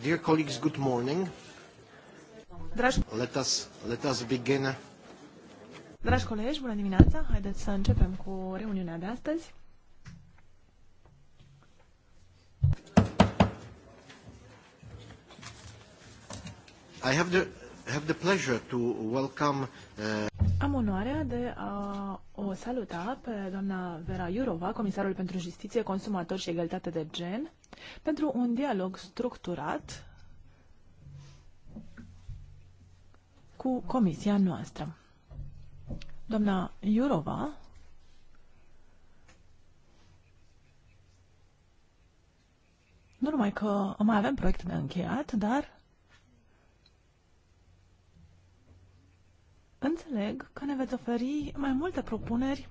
Dear colleagues, good morning. Dragi... Let us, let us begin. Dragi colegi, bună dimineața. Haideți să începem cu reuniunea de astăzi. I have the, have the pleasure to welcome uh... Am onoarea de a o saluta pe doamna Vera Iurova, comisarul pentru justiție, consumator și egalitate de gen, pentru un dialog structurat cu comisia noastră. Doamna Iurova nu numai că mai avem proiecte de încheiat, dar Înțeleg că ne veți oferi mai multe propuneri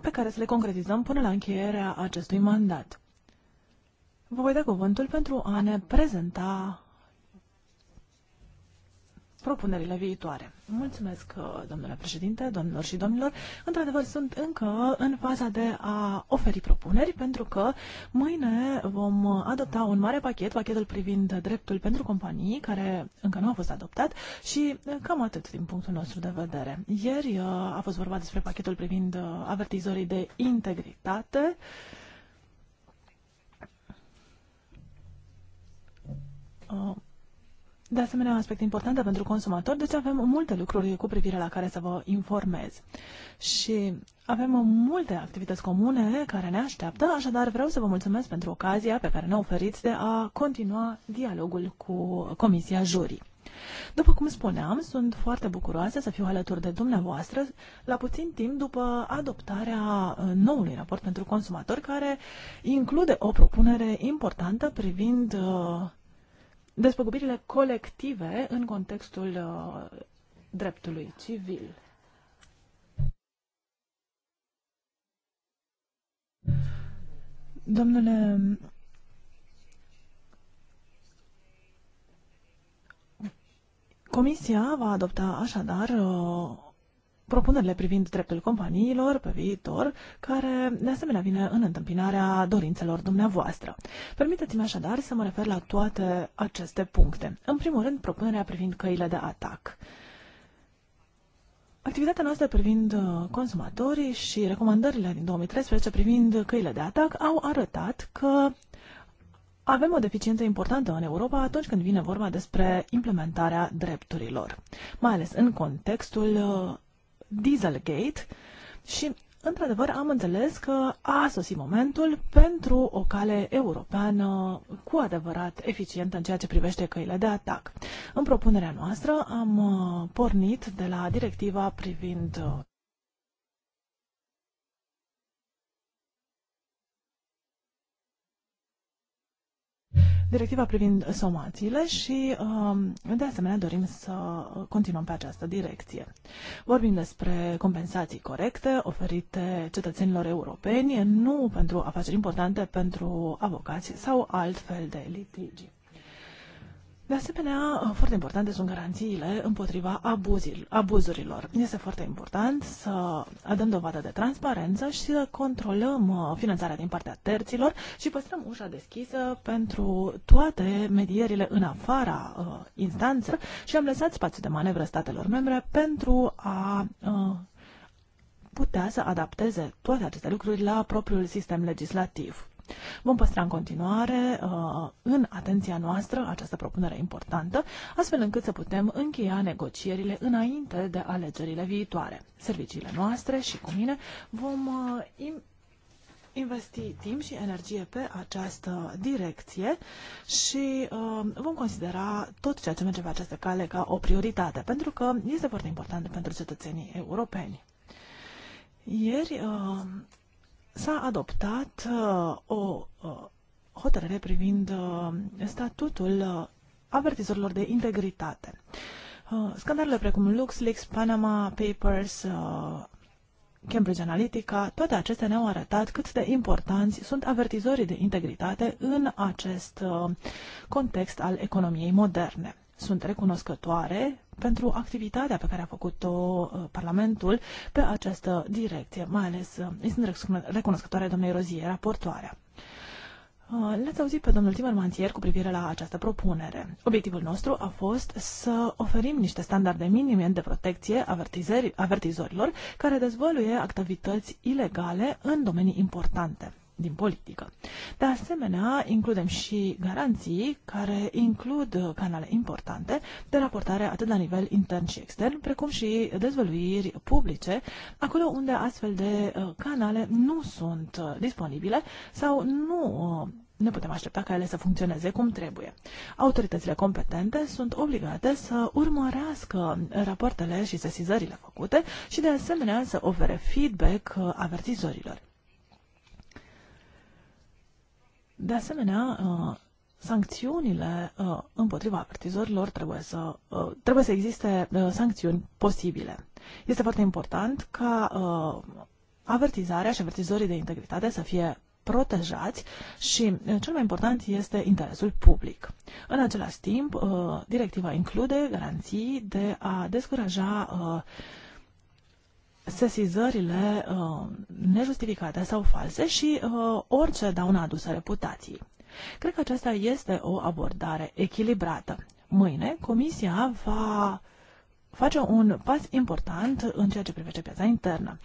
pe care să le concretizăm până la încheierea acestui mandat. Vă voi da cuvântul pentru a ne prezenta propunerile viitoare. Mulțumesc, uh, domnule președinte, domnilor și domnilor. Într-adevăr, sunt încă în faza de a oferi propuneri, pentru că mâine vom adopta un mare pachet, pachetul privind dreptul pentru companii, care încă nu a fost adoptat și uh, cam atât din punctul nostru de vedere. Ieri uh, a fost vorba despre pachetul privind avertizorii de integritate. Uh, de asemenea un aspect important pentru consumator, deci avem multe lucruri cu privire la care să vă informez. Și avem multe activități comune care ne așteaptă, așadar vreau să vă mulțumesc pentru ocazia pe care ne oferiți de a continua dialogul cu Comisia Jurii. După cum spuneam, sunt foarte bucuroasă să fiu alături de dumneavoastră la puțin timp după adoptarea uh, noului raport pentru consumatori, care include o propunere importantă privind uh, despăgubirile colective în contextul uh, dreptului civil. Domnule Comisia va adopta așadar uh, propunerile privind dreptul companiilor pe viitor, care de asemenea vine în întâmpinarea dorințelor dumneavoastră. Permiteți-mi așadar să mă refer la toate aceste puncte. În primul rând, propunerea privind căile de atac. Activitatea noastră privind uh, consumatorii și recomandările din 2013 privind căile de atac au arătat că avem o deficiență importantă în Europa atunci când vine vorba despre implementarea drepturilor, mai ales în contextul uh, Dieselgate și, într-adevăr, am înțeles că a sosit momentul pentru o cale europeană cu adevărat eficientă în ceea ce privește căile de atac. În propunerea noastră am uh, pornit de la directiva privind uh, directiva privind somațiile și, um, de asemenea, dorim să continuăm pe această direcție. Vorbim despre compensații corecte oferite cetățenilor europeni, nu pentru afaceri importante, pentru avocați sau alt fel de litigi. De asemenea, uh, foarte importante sunt garanțiile împotriva abuzurilor. Este foarte important să dăm dovadă de transparență și să controlăm uh, finanțarea din partea terților și păstrăm ușa deschisă pentru toate medierile în afara instanței uh, instanțelor și am lăsat spațiu de manevră statelor membre pentru a putea să adapteze toate aceste lucruri la propriul sistem legislativ. Vom păstra în continuare uh, în atenția noastră această propunere importantă, astfel încât să putem încheia negocierile înainte de alegerile viitoare. Serviciile noastre și cu mine vom uh, investi timp și energie pe această direcție și uh, vom considera tot ceea ce merge pe această cale ca o prioritate, pentru că este foarte important pentru cetățenii europeni. Ieri uh, s-a adoptat uh, o uh, hotărâre privind uh, statutul avertizorilor de integritate. Scandalurile precum LuxLeaks, Panama Papers, Cambridge Analytica, toate acestea ne-au arătat cât de importanți sunt avertizorii de integritate în acest context al economiei moderne. Sunt recunoscătoare pentru activitatea pe care a făcut-o uh, Parlamentul pe această direcție, mai ales uh, îi sunt recunoscătoare domnului Rozie, raportoarea. Uh, Le ați auzit pe domnul Timmermans ieri cu privire la această propunere. Obiectivul nostru a fost să oferim niște standarde minime de protecție avertizorilor care dezvăluie activități ilegale în domenii importante din politică. De asemenea, includem și garanții care includ canale importante de raportare atât la nivel intern și extern, precum și dezvăluiri publice, acolo unde astfel de uh, canale nu sunt uh, disponibile sau nu uh, ne putem aștepta ca ele să funcționeze cum trebuie. Autoritățile competente sunt obligate să urmărească rapoartele și sesizările făcute și de asemenea să ofere feedback avertizorilor. De asemenea, uh, sancțiunile uh, împotriva avertizorilor trebuie să, uh, trebuie să existe sancțiuni posibile. Este foarte important ca avertizarea și avertizorii de integritate să fie protejați și cel mai important este interesul public. În același timp, directiva include garanții de a descuraja sesizările uh, nejustificate sau false și uh, orice daună adusă reputației. Cred că aceasta este o abordare echilibrată. Mâine, Comisia va face un pas important în ceea ce privește piața internă.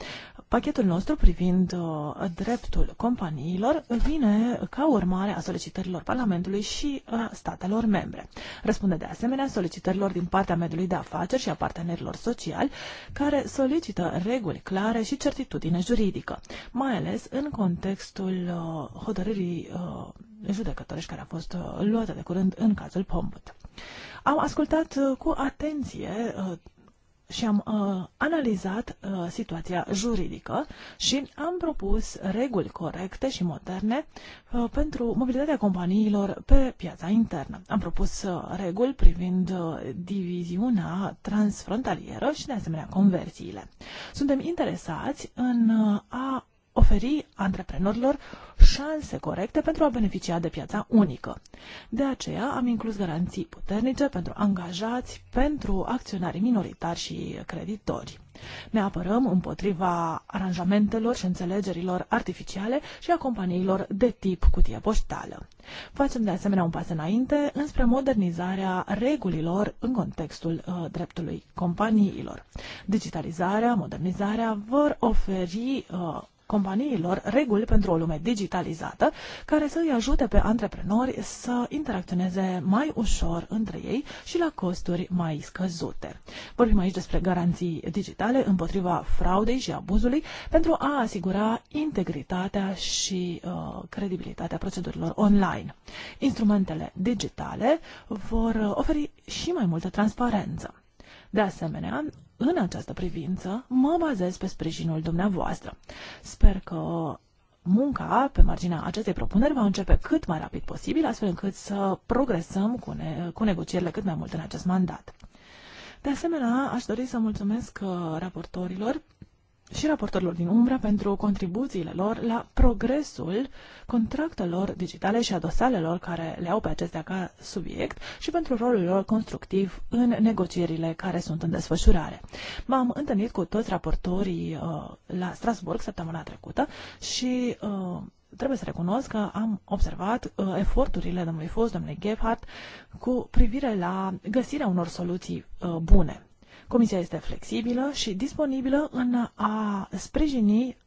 Pachetul nostru privind uh, dreptul companiilor vine ca urmare a solicitărilor Parlamentului și a statelor membre. Răspunde de asemenea solicitărilor din partea mediului de afaceri și a partenerilor sociali care solicită reguli clare și certitudine juridică, mai ales în contextul uh, hotărârii uh, judecătorești care a fost uh, luată de curând în cazul Pombut. Am ascultat uh, cu atenție uh, și am uh, analizat situația juridică și am propus reguli corecte și moderne pentru mobilitatea companiilor pe piața internă. Am propus reguli privind diviziunea transfrontalieră și de asemenea conversiile. Suntem interesați în a oferi antreprenorilor șanse corecte pentru a beneficia de piața unică. De aceea am inclus garanții puternice pentru angajați, pentru acționarii minoritari și creditori. Ne apărăm împotriva aranjamentelor și înțelegerilor artificiale și a companiilor de tip cutie poștală. Facem de asemenea un pas înainte înspre modernizarea regulilor în contextul uh, dreptului companiilor. Digitalizarea, modernizarea vor oferi uh, companiilor reguli pentru o lume digitalizată care să îi ajute pe antreprenori să interacționeze mai ușor între ei și la costuri mai scăzute. Vorbim aici despre garanții digitale împotriva fraudei și abuzului pentru a asigura integritatea și uh, credibilitatea procedurilor online. Instrumentele digitale vor uh, oferi și mai multă transparență. De asemenea, în această privință, mă bazez pe sprijinul dumneavoastră. Sper că munca pe marginea acestei propuneri va începe cât mai rapid posibil, astfel încât să progresăm cu, ne- cu negocierile cât mai mult în acest mandat. De asemenea, aș dori să mulțumesc uh, raportorilor și raportorilor din umbră pentru contribuțiile lor la progresul contractelor digitale și a dosarelor care le au pe acestea ca subiect și pentru rolul lor constructiv în negocierile care sunt în desfășurare. M-am întâlnit cu toți raportorii uh, la Strasburg săptămâna trecută și uh, trebuie să recunosc că am observat uh, eforturile domnului Fos, domnului Gebhardt, cu privire la găsirea unor soluții uh, bune. Comisia este flexibilă și disponibilă în a sprijini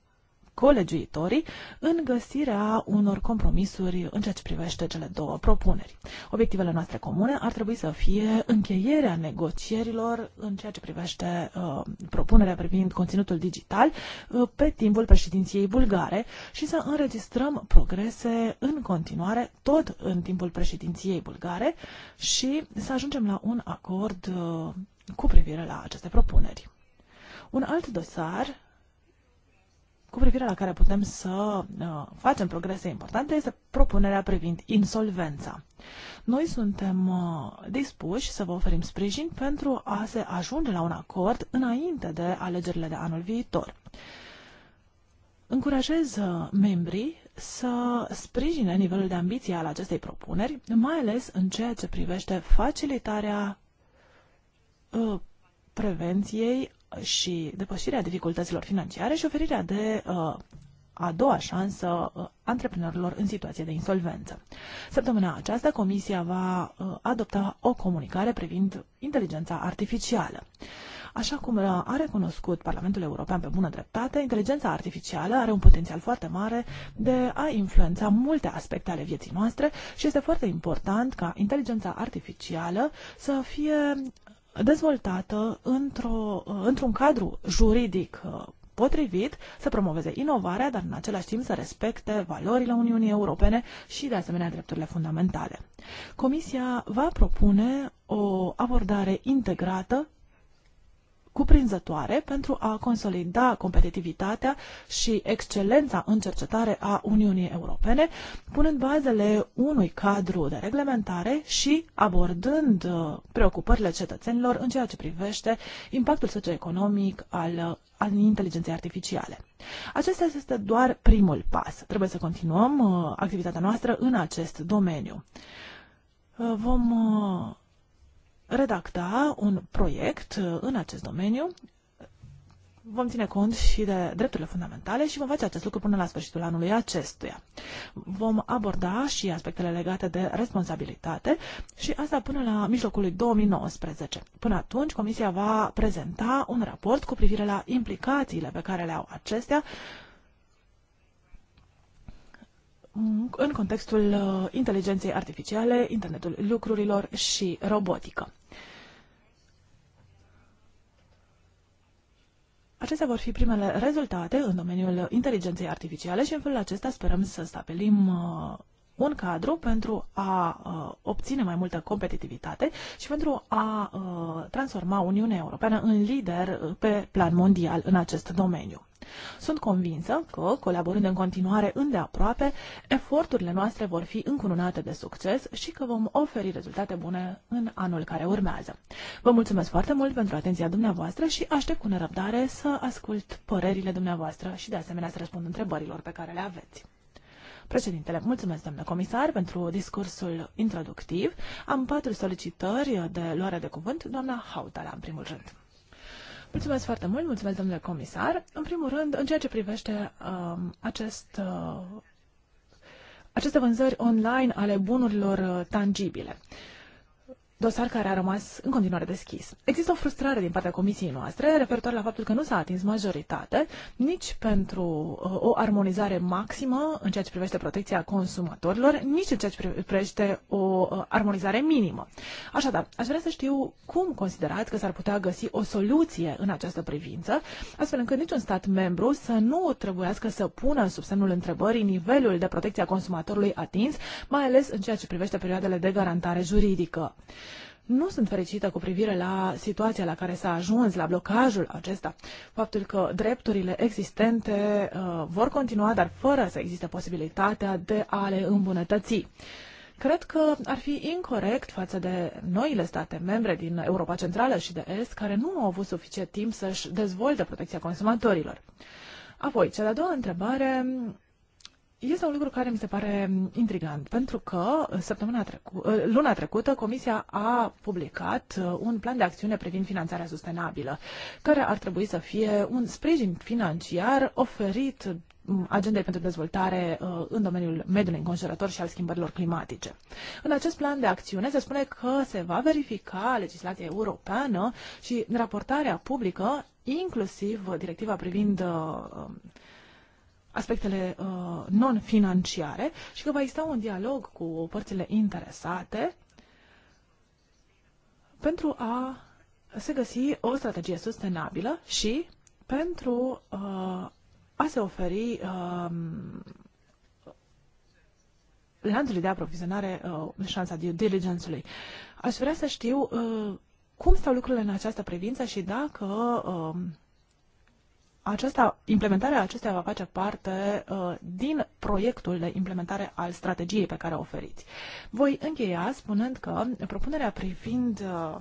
colegiuitorii în găsirea unor compromisuri în ceea ce privește cele două propuneri. Obiectivele noastre comune ar trebui să fie încheierea negocierilor în ceea ce privește uh, propunerea privind conținutul digital uh, pe timpul președinției bulgare și să înregistrăm progrese în continuare tot în timpul președinției bulgare și să ajungem la un acord uh, cu privire la aceste propuneri. Un alt dosar cu privire la care putem să uh, facem progrese importante este propunerea privind insolvența. Noi suntem uh, dispuși să vă oferim sprijin pentru a se ajunge la un acord înainte de alegerile de anul viitor. Încurajez uh, membrii să sprijine nivelul de ambiție al acestei propuneri, mai ales în ceea ce privește facilitarea Uh, prevenției și depășirea dificultăților financiare și oferirea de uh, a doua șansă uh, antreprenorilor în situație de insolvență. Săptămâna aceasta, Comisia va adopta o comunicare privind inteligența artificială. Așa cum a recunoscut Parlamentul European pe bună dreptate, inteligența artificială are un potențial foarte mare de a influența multe aspecte ale vieții noastre și este foarte important ca inteligența artificială să fie dezvoltată într-o, într-un cadru juridic uh, potrivit, să promoveze inovarea, dar în același timp să respecte valorile Uniunii Europene și, de asemenea, drepturile fundamentale. Comisia va propune o abordare integrată cuprinzătoare pentru a consolida competitivitatea și excelența în cercetare a Uniunii Europene, punând bazele unui cadru de reglementare și abordând uh, preocupările cetățenilor în ceea ce privește impactul socioeconomic al, al inteligenței artificiale. Acesta este doar primul pas. Trebuie să continuăm uh, activitatea noastră în acest domeniu. Uh, vom redacta un proiect uh, în acest domeniu. Vom ține cont și de drepturile fundamentale și vom face acest lucru până la sfârșitul anului acestuia. Vom aborda și aspectele legate de responsabilitate și asta până la mijlocul lui 2019. Până atunci, Comisia va prezenta un raport cu privire la implicațiile pe care le au acestea Mm, în contextul uh, inteligenței artificiale, internetul lucrurilor și robotică. Acestea vor fi primele rezultate în domeniul inteligenței artificiale și în felul acesta sperăm să stabilim uh, un cadru pentru a uh, obține mai multă competitivitate și pentru a uh, transforma Uniunea Europeană în lider uh, pe plan mondial în acest domeniu. Sunt convinsă că, colaborând în continuare îndeaproape, eforturile noastre vor fi încununate de succes și că vom oferi rezultate bune în anul care urmează. Vă mulțumesc foarte mult pentru atenția dumneavoastră și aștept cu nerăbdare să ascult părerile dumneavoastră și de asemenea să răspund întrebărilor pe care le aveți. Președintele, mulțumesc, doamnă comisar, pentru discursul introductiv. Am patru solicitări de luare de cuvânt. Doamna Hautala, în primul rând. Mulțumesc foarte mult, mulțumesc, domnule comisar. În primul rând, în ceea ce privește um, acest, uh, aceste vânzări online ale bunurilor uh, tangibile. Uh, dosar care a rămas în continuare deschis. Există o frustrare din partea comisiei noastre referitor la faptul că nu s-a atins majoritate nici pentru uh, o armonizare maximă în ceea ce privește protecția consumatorilor, nici în ceea ce privește o uh, armonizare minimă. Așadar, aș vrea să știu cum considerați că s-ar putea găsi o soluție în această privință, astfel încât niciun stat membru să nu trebuiască să pună sub semnul întrebării nivelul de protecție a consumatorului atins, mai ales în ceea ce privește perioadele de garantare juridică. Nu sunt fericită cu privire la situația la care s-a ajuns, la blocajul acesta. Faptul că drepturile existente uh, vor continua, dar fără să existe posibilitatea de a le îmbunătăți. Cred că ar fi incorrect față de noile state membre din Europa Centrală și de Est, care nu au avut suficient timp să-și dezvolte protecția consumatorilor. Apoi, cea de-a doua întrebare este un lucru care mi se pare mm, intrigant, pentru că uh, săptămâna trecu- uh, luna trecută Comisia a publicat uh, un plan de acțiune privind finanțarea sustenabilă, care ar trebui să fie un sprijin financiar oferit mm, agendei pentru dezvoltare în domeniul mediului înconjurător și al schimbărilor climatice. În acest plan de acțiune se spune că se va verifica legislația europeană și raportarea publică, inclusiv directiva privind um, aspectele uh, non-financiare și că va exista un dialog cu părțile interesate pentru a se găsi o strategie sustenabilă și pentru uh, a se oferi uh, lanțului de aprovizionare uh, șansa de diligence-ului. Aș vrea să știu uh, cum stau lucrurile în această privință și dacă uh, aceasta, implementarea acesteia va face parte uh, din proiectul de implementare al strategiei pe care o oferiți. Voi încheia spunând că propunerea privind uh,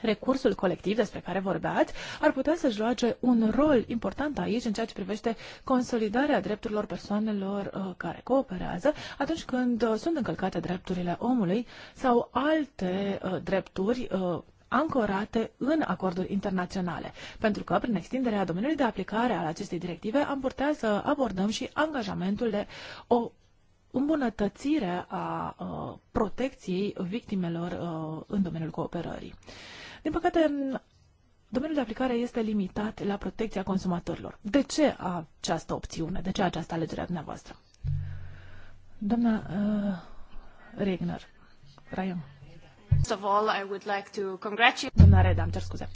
recursul colectiv despre care vorbeați ar putea să joace un rol important aici în ceea ce privește consolidarea drepturilor persoanelor uh, care cooperează atunci când uh, sunt încălcate drepturile omului sau alte uh, drepturi uh, ancorate în acorduri internaționale, pentru că prin extinderea domeniului de aplicare al acestei directive am putea să abordăm și angajamentul de o îmbunătățire a uh, protecției victimelor uh, în domeniul cooperării. Din păcate, domeniul de aplicare este limitat la protecția consumatorilor. De ce această opțiune? De ce această alegere a dumneavoastră? Doamna uh, Regner, Raion. First of all, Doamna Reda, am cer scuze.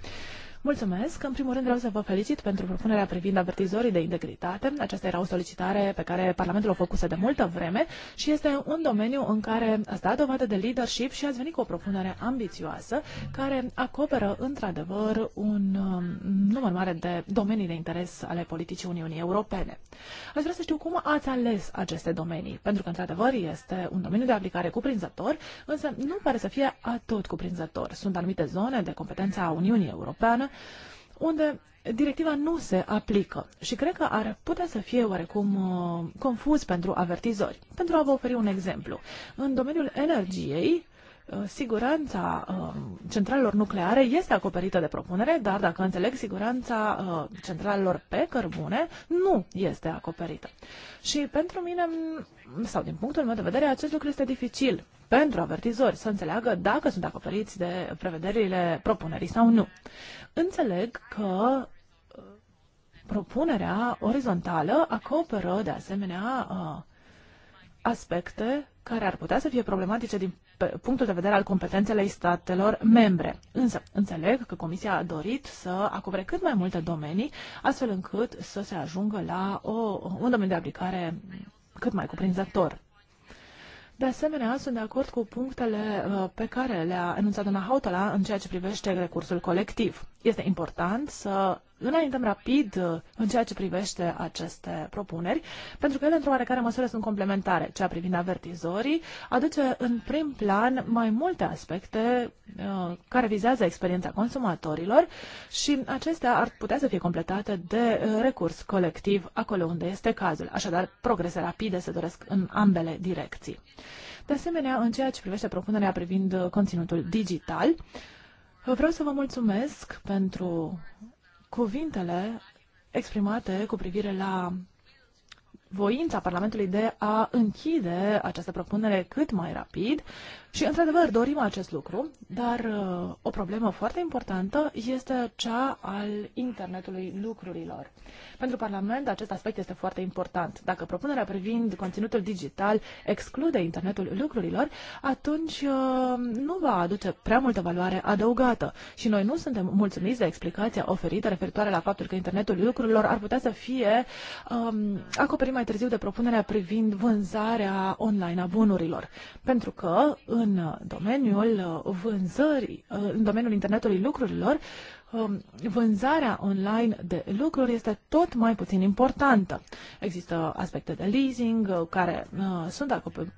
Mulțumesc! În primul rând vreau să vă felicit pentru propunerea privind avertizorii de integritate. Aceasta era o solicitare pe care Parlamentul o făcuse de multă vreme și este un domeniu în care ați dat dovadă de leadership și ați venit cu o propunere ambițioasă care acoperă într-adevăr un um, număr mare de domenii de interes ale politicii Uniunii Europene. Aș vrea să știu cum ați ales aceste domenii, pentru că într-adevăr este un domeniu de aplicare cuprinzător, însă nu pare să fie atot cuprinzător. Sunt anumite zone de competența a Uniunii Europene unde directiva nu se aplică și cred că ar putea să fie oarecum uh, confuz pentru avertizori. Pentru a vă oferi un exemplu, în domeniul energiei, uh, siguranța uh, centralelor nucleare este acoperită de propunere, dar dacă înțeleg, siguranța uh, centralelor pe cărbune nu este acoperită. Și pentru mine, sau din punctul meu de vedere, acest lucru este dificil pentru avertizori să înțeleagă dacă sunt acoperiți de prevederile propunerii sau nu. Înțeleg că uh, propunerea orizontală acoperă de asemenea uh, aspecte care ar putea să fie problematice din punctul de vedere al competențelei statelor membre. Însă, înțeleg că Comisia a dorit să acopere cât mai multe domenii, astfel încât să se ajungă la o, un domeniu de aplicare cât mai cuprinzător. De asemenea, sunt de acord cu punctele uh, pe care le-a enunțat doamna Hautala în ceea ce privește recursul colectiv este important să înaintăm rapid uh, în ceea ce privește aceste propuneri, pentru că ele, într-o oarecare măsură, sunt complementare. Cea privind avertizorii aduce în prim plan mai multe aspecte uh, care vizează experiența consumatorilor și acestea ar putea să fie completate de uh, recurs colectiv acolo unde este cazul. Așadar, progrese rapide se doresc în ambele direcții. De asemenea, în ceea ce privește propunerea privind uh, conținutul digital, uh, Vreau să vă mulțumesc pentru cuvintele exprimate cu privire la voința Parlamentului de a închide această propunere cât mai rapid și, într-adevăr, dorim acest lucru, dar uh, o problemă foarte importantă este cea al internetului lucrurilor. Pentru Parlament, acest aspect este foarte important. Dacă propunerea privind conținutul digital exclude internetul lucrurilor, atunci uh, nu va aduce prea multă valoare adăugată. Și noi nu suntem mulțumiți de explicația oferită referitoare la faptul că internetul lucrurilor ar putea să fie um, acoperit mai târziu de propunerea privind vânzarea online a bunurilor. Pentru că, în în domeniul uh, vânzării, uh, în domeniul internetului lucrurilor, um, vânzarea online de lucruri este tot mai puțin importantă. Există aspecte de leasing uh, care sunt acoperite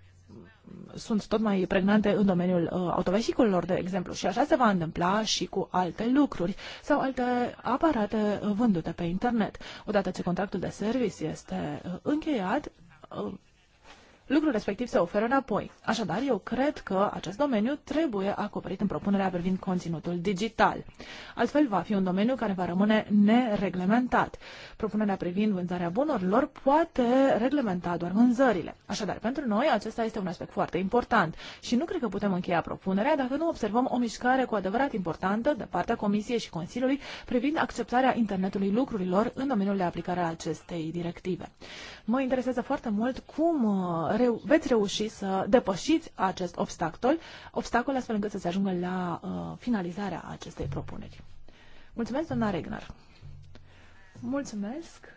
sunt tot mai pregnante în domeniul uh, autovehiculelor, de exemplu, și așa se va întâmpla și cu alte lucruri sau alte aparate vândute pe internet. Odată ce contractul de service este uh, încheiat, uh, lucrul respectiv se oferă înapoi. Așadar, eu cred că acest domeniu trebuie acoperit în propunerea privind conținutul digital. Altfel, va fi un domeniu care va rămâne nereglementat. Propunerea privind vânzarea bunurilor poate reglementa doar vânzările. Așadar, pentru noi, acesta este un aspect foarte important și nu cred că putem încheia propunerea dacă nu observăm o mișcare cu adevărat importantă de partea Comisiei și Consiliului privind acceptarea internetului lucrurilor în domeniul de aplicare a acestei directive. Mă interesează foarte mult cum uh, reu- veți reuși să depășiți acest obstacol, obstacol astfel încât să se ajungă la uh, finalizarea acestei propuneri. Mulțumesc, doamna Regner. Mulțumesc,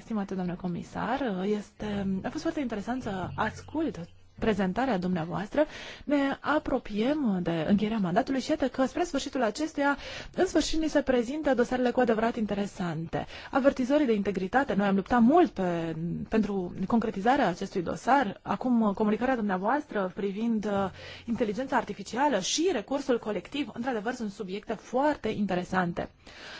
stimate domnule comisar. Este, a fost foarte interesant să ascult prezentarea dumneavoastră, ne apropiem de încheierea mandatului și iată că spre sfârșitul acestuia, în sfârșit, ni se prezintă dosarele cu adevărat interesante. Avertizorii de integritate, noi am luptat mult pe, pentru concretizarea acestui dosar. Acum, comunicarea dumneavoastră privind uh, inteligența artificială și recursul colectiv, într-adevăr, sunt subiecte foarte interesante.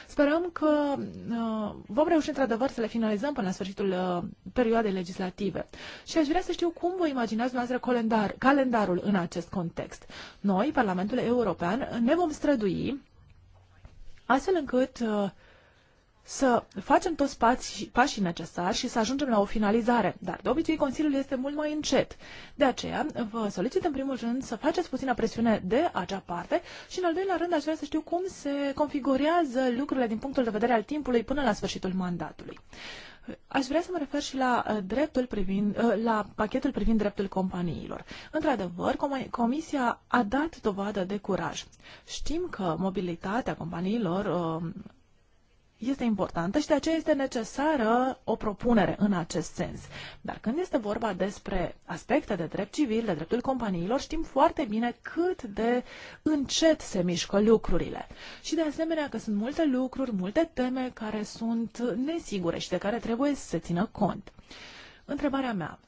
Sperăm că uh, vom reuși, într-adevăr, să le finalizăm până la sfârșitul uh, perioadei legislative. Și aș vrea să știu cum vă imaginați noastră calendar, calendarul în acest context. Noi, Parlamentul European, ne vom strădui astfel încât uh, să facem toți pași, pașii necesari și să ajungem la o finalizare. Dar, de obicei, Consiliul este mult mai încet. De aceea, vă solicit în primul rând să faceți puțină presiune de acea parte și, în al doilea rând, aș vrea să știu cum se configurează lucrurile din punctul de vedere al timpului până la sfârșitul mandatului. Aș vrea să mă refer și la, uh, dreptul privind, uh, la pachetul privind dreptul companiilor. Într-adevăr, Comisia a dat dovadă de curaj. Știm că mobilitatea companiilor uh, este importantă și de aceea este necesară o propunere în acest sens. Dar când este vorba despre aspecte de drept civil, de dreptul companiilor, știm foarte bine cât de încet se mișcă lucrurile. Și de asemenea că sunt multe lucruri, multe teme care sunt nesigure și de care trebuie să se țină cont. Întrebarea mea,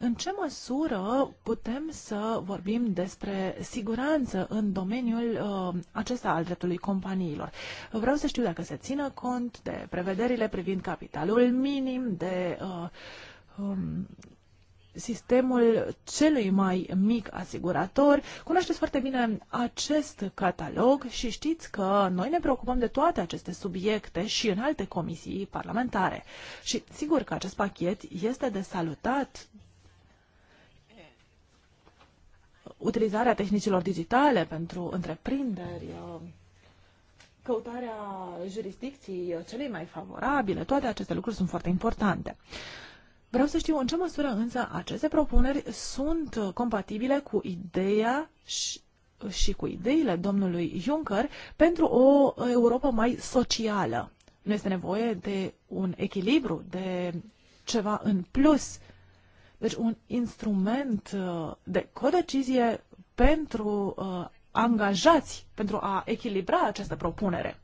în ce măsură putem să vorbim despre siguranță în domeniul uh, acesta al dreptului companiilor? Vreau să știu dacă se țină cont de prevederile privind capitalul minim, de uh, um, sistemul celui mai mic asigurator. Cunoașteți foarte bine acest catalog și știți că noi ne preocupăm de toate aceste subiecte și în alte comisii parlamentare. Și sigur că acest pachet este de salutat utilizarea tehnicilor digitale pentru întreprinderi, uh, căutarea jurisdicției uh, celei mai favorabile, toate aceste lucruri sunt foarte importante. Vreau să știu în ce măsură însă aceste propuneri sunt uh, compatibile cu ideea și, și cu ideile domnului Juncker pentru o Europa mai socială. Nu este nevoie de un echilibru, de ceva în plus deci un instrument uh, de codecizie pentru uh, angajați, pentru a echilibra această propunere.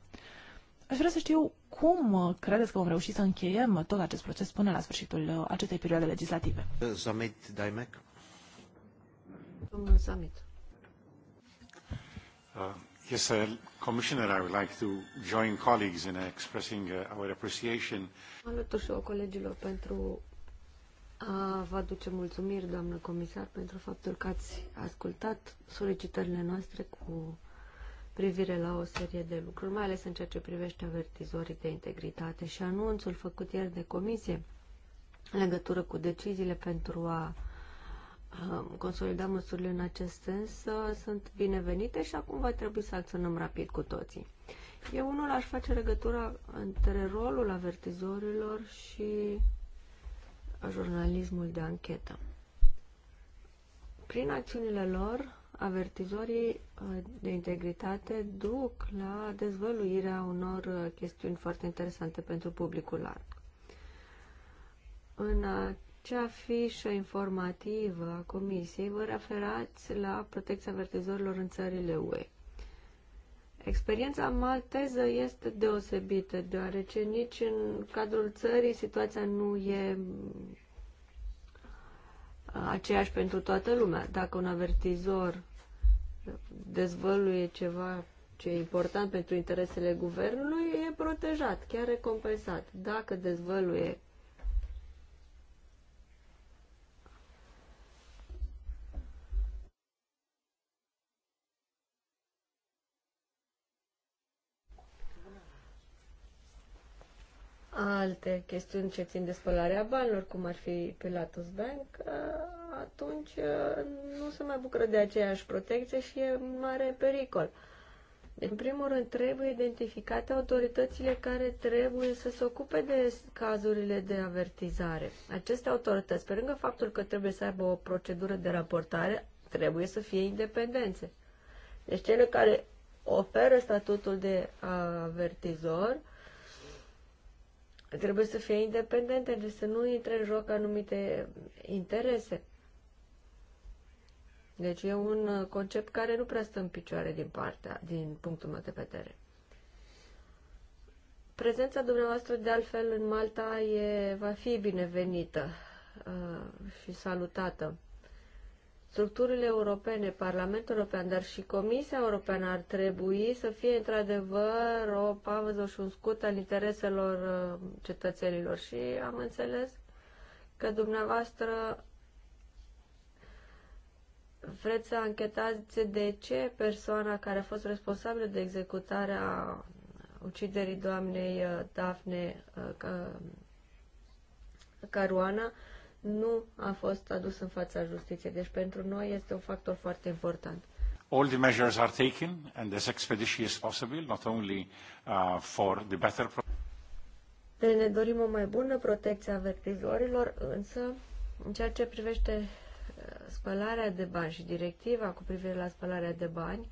Aș vrea să știu cum uh, credeți că vom reuși să încheiem tot acest proces până la sfârșitul acestei perioade legislative? Zamit Daimec. Domnul Zamit. Uh, yes, sir. Commissioner, I would like to join colleagues in expressing uh, our appreciation. Mă alătur și eu colegilor pentru Vă aduce mulțumiri, doamnă comisar, pentru faptul că ați ascultat solicitările noastre cu privire la o serie de lucruri, mai ales în ceea ce privește avertizorii de integritate și anunțul făcut ieri de comisie în legătură cu deciziile pentru a consolida măsurile în acest sens sunt binevenite și acum va trebui să acționăm rapid cu toții. Eu unul aș face legătura între rolul avertizorilor și jurnalismul de anchetă. Prin acțiunile lor, avertizorii uh, de integritate duc la dezvăluirea unor uh, chestiuni foarte interesante pentru publicul larg. În acea fișă informativă a Comisiei vă referați la protecția avertizorilor în țările UE. Experiența malteză este deosebită, deoarece nici în cadrul țării situația nu e aceeași pentru toată lumea. Dacă un avertizor dezvăluie ceva ce e important pentru interesele guvernului, e protejat, chiar recompensat. Dacă dezvăluie alte chestiuni ce țin de spălarea banilor, cum ar fi Pilatus Bank, atunci nu se mai bucură de aceeași protecție și e mare pericol. în primul rând, trebuie identificate autoritățile care trebuie să se ocupe de cazurile de avertizare. Aceste autorități, pe lângă faptul că trebuie să aibă o procedură de raportare, trebuie să fie independențe. Deci, cele care oferă statutul de avertizor uh, trebuie să fie independente, deci să nu intre în joc anumite interese. Deci e un concept care nu prea stă în picioare din partea, din punctul meu de vedere. Prezența dumneavoastră, de altfel, în Malta e, va fi binevenită uh, și salutată structurile europene, Parlamentul European, dar și Comisia Europeană ar trebui să fie într-adevăr o pauză și un scut al intereselor uh, cetățenilor. Și am înțeles că dumneavoastră vreți să anchetați de ce persoana care a fost responsabilă de executarea uciderii doamnei uh, Dafne uh, Caruana nu a fost adus în fața justiției. Deci pentru noi este un factor foarte important. All the measures are taken and as expeditious as possible, not only uh, for the better deci ne dorim o mai bună protecție a avertizorilor, însă în ceea ce privește uh, spălarea de bani și directiva cu privire la spălarea de bani, uh,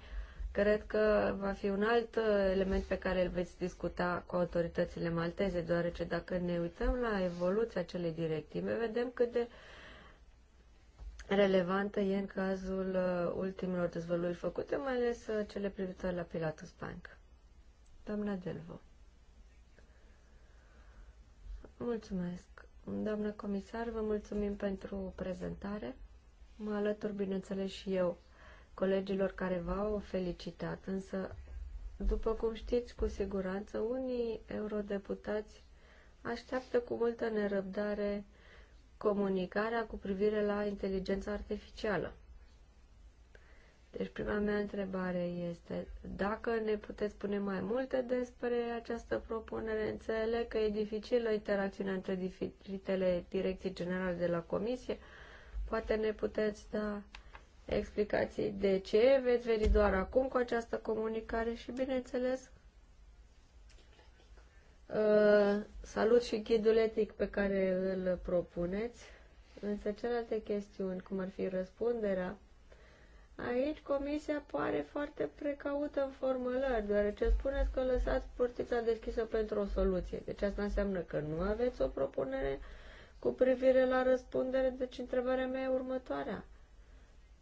Cred că va fi un alt uh, element pe care îl veți discuta cu autoritățile malteze, deoarece dacă ne uităm la evoluția acelei directive, vedem cât de relevantă e în cazul uh, ultimilor dezvăluiri făcute, mai ales uh, cele privitoare la Pilatus Bank. Doamna Delvo. Mulțumesc. Doamna comisar, vă mulțumim pentru prezentare. Mă alătur, bineînțeles, și eu colegilor care v-au felicitat, însă, după cum știți cu siguranță, unii eurodeputați așteaptă cu multă nerăbdare comunicarea cu privire la inteligența artificială. Deci prima mea întrebare este dacă ne puteți spune mai multe despre această propunere. Înțeleg că e dificilă interacțiunea între diferitele direcții generale de la Comisie. Poate ne puteți da explicații de ce, veți veni doar acum cu această comunicare și, bineînțeles, uh, salut și ghidul etic pe care îl propuneți, însă celelalte chestiuni, cum ar fi răspunderea, aici comisia pare foarte precaută în formulări, deoarece spuneți că lăsați portița deschisă pentru o soluție. Deci asta înseamnă că nu aveți o propunere cu privire la răspundere, deci întrebarea mea e următoarea.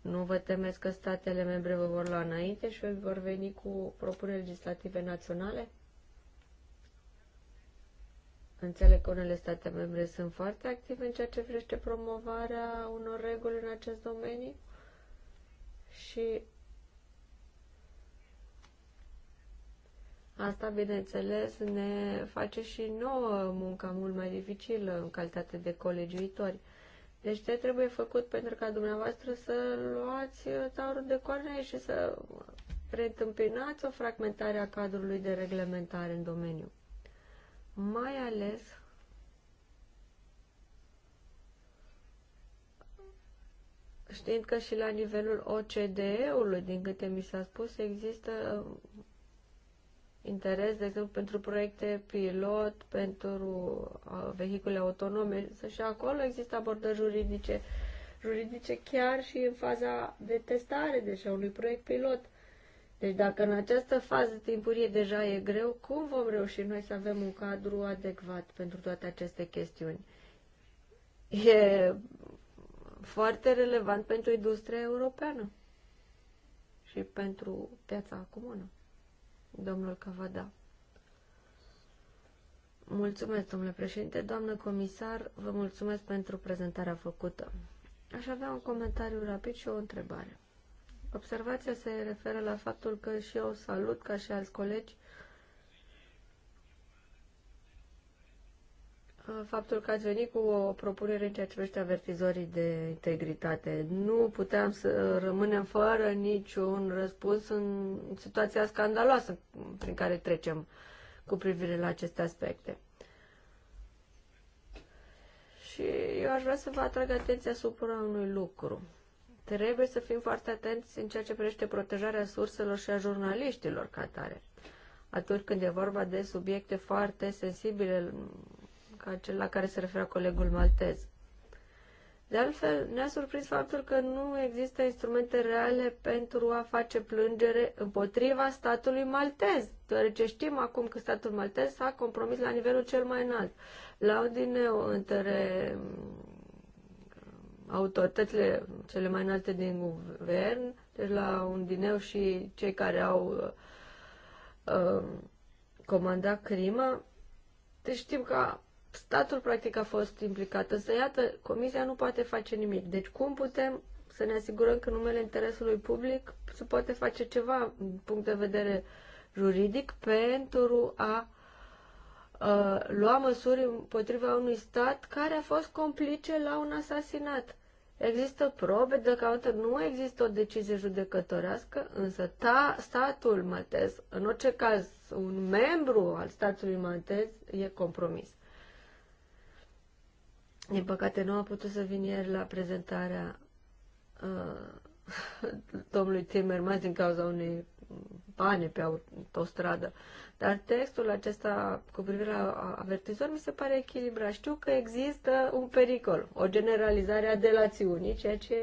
Nu vă temeți că statele membre vă vor lua înainte și vor veni cu propuneri legislative naționale? Înțeleg că unele state membre sunt foarte active în ceea ce privește promovarea unor reguli în acest domeniu și Asta, bineînțeles, ne face și nouă munca mult mai dificilă în calitate de colegiuitori. Deci ce trebuie făcut pentru ca dumneavoastră să luați uh, taurul de coarne și să preîntâmpinați o fragmentare a cadrului de reglementare în domeniu. Mai ales știind că și la nivelul OCDE-ului, din câte mi s-a spus, există interes, de exemplu, pentru proiecte pilot, pentru uh, vehicule autonome, să și acolo există abordări juridice, juridice chiar și în faza de testare, deci unui proiect pilot. Deci dacă în această fază timpurie deja e greu, cum vom reuși noi să avem un cadru adecvat pentru toate aceste chestiuni? E foarte relevant pentru industria europeană și pentru piața comună domnul Cavada. Mulțumesc, domnule președinte. Doamnă comisar, vă mulțumesc pentru prezentarea făcută. Aș avea un comentariu rapid și o întrebare. Observația se referă la faptul că și eu salut, ca și alți colegi, faptul că ați venit cu o propunere în ceea ce privește avertizorii de integritate. Nu puteam să rămânem fără niciun răspuns în situația scandaloasă prin care trecem cu privire la aceste aspecte. Și eu aș vrea să vă atrag atenția asupra unui lucru. Trebuie să fim foarte atenți în ceea ce privește protejarea surselor și a jurnaliștilor ca tare. Atunci când e vorba de subiecte foarte sensibile ca cel la care se referă colegul maltez. De altfel, ne-a surprins faptul că nu există instrumente reale pentru a face plângere împotriva statului maltez, deoarece știm acum că statul maltez s-a compromis la nivelul cel mai înalt. La ordineu între mm, autoritățile cele mai înalte din guvern, deci la un dineu și cei care au uh, uh comandat crimă. deci știm că statul practic a fost implicat. Însă, iată, comisia nu poate face nimic. Deci, cum putem să ne asigurăm că numele interesului public se poate face ceva din punct de vedere juridic pentru a uh, lua măsuri împotriva unui stat care a fost complice la un asasinat. Există probe de caută, nu există o decizie judecătorească, însă ta, statul maltez, în orice caz un membru al statului maltez, e compromis. Din păcate nu a putut să vin ieri la prezentarea uh, domnului Timmermans din cauza unei bani pe autostradă. Dar textul acesta cu privire la avertizor mi se pare echilibrat. Știu că există un pericol, o generalizare a delațiunii, ceea ce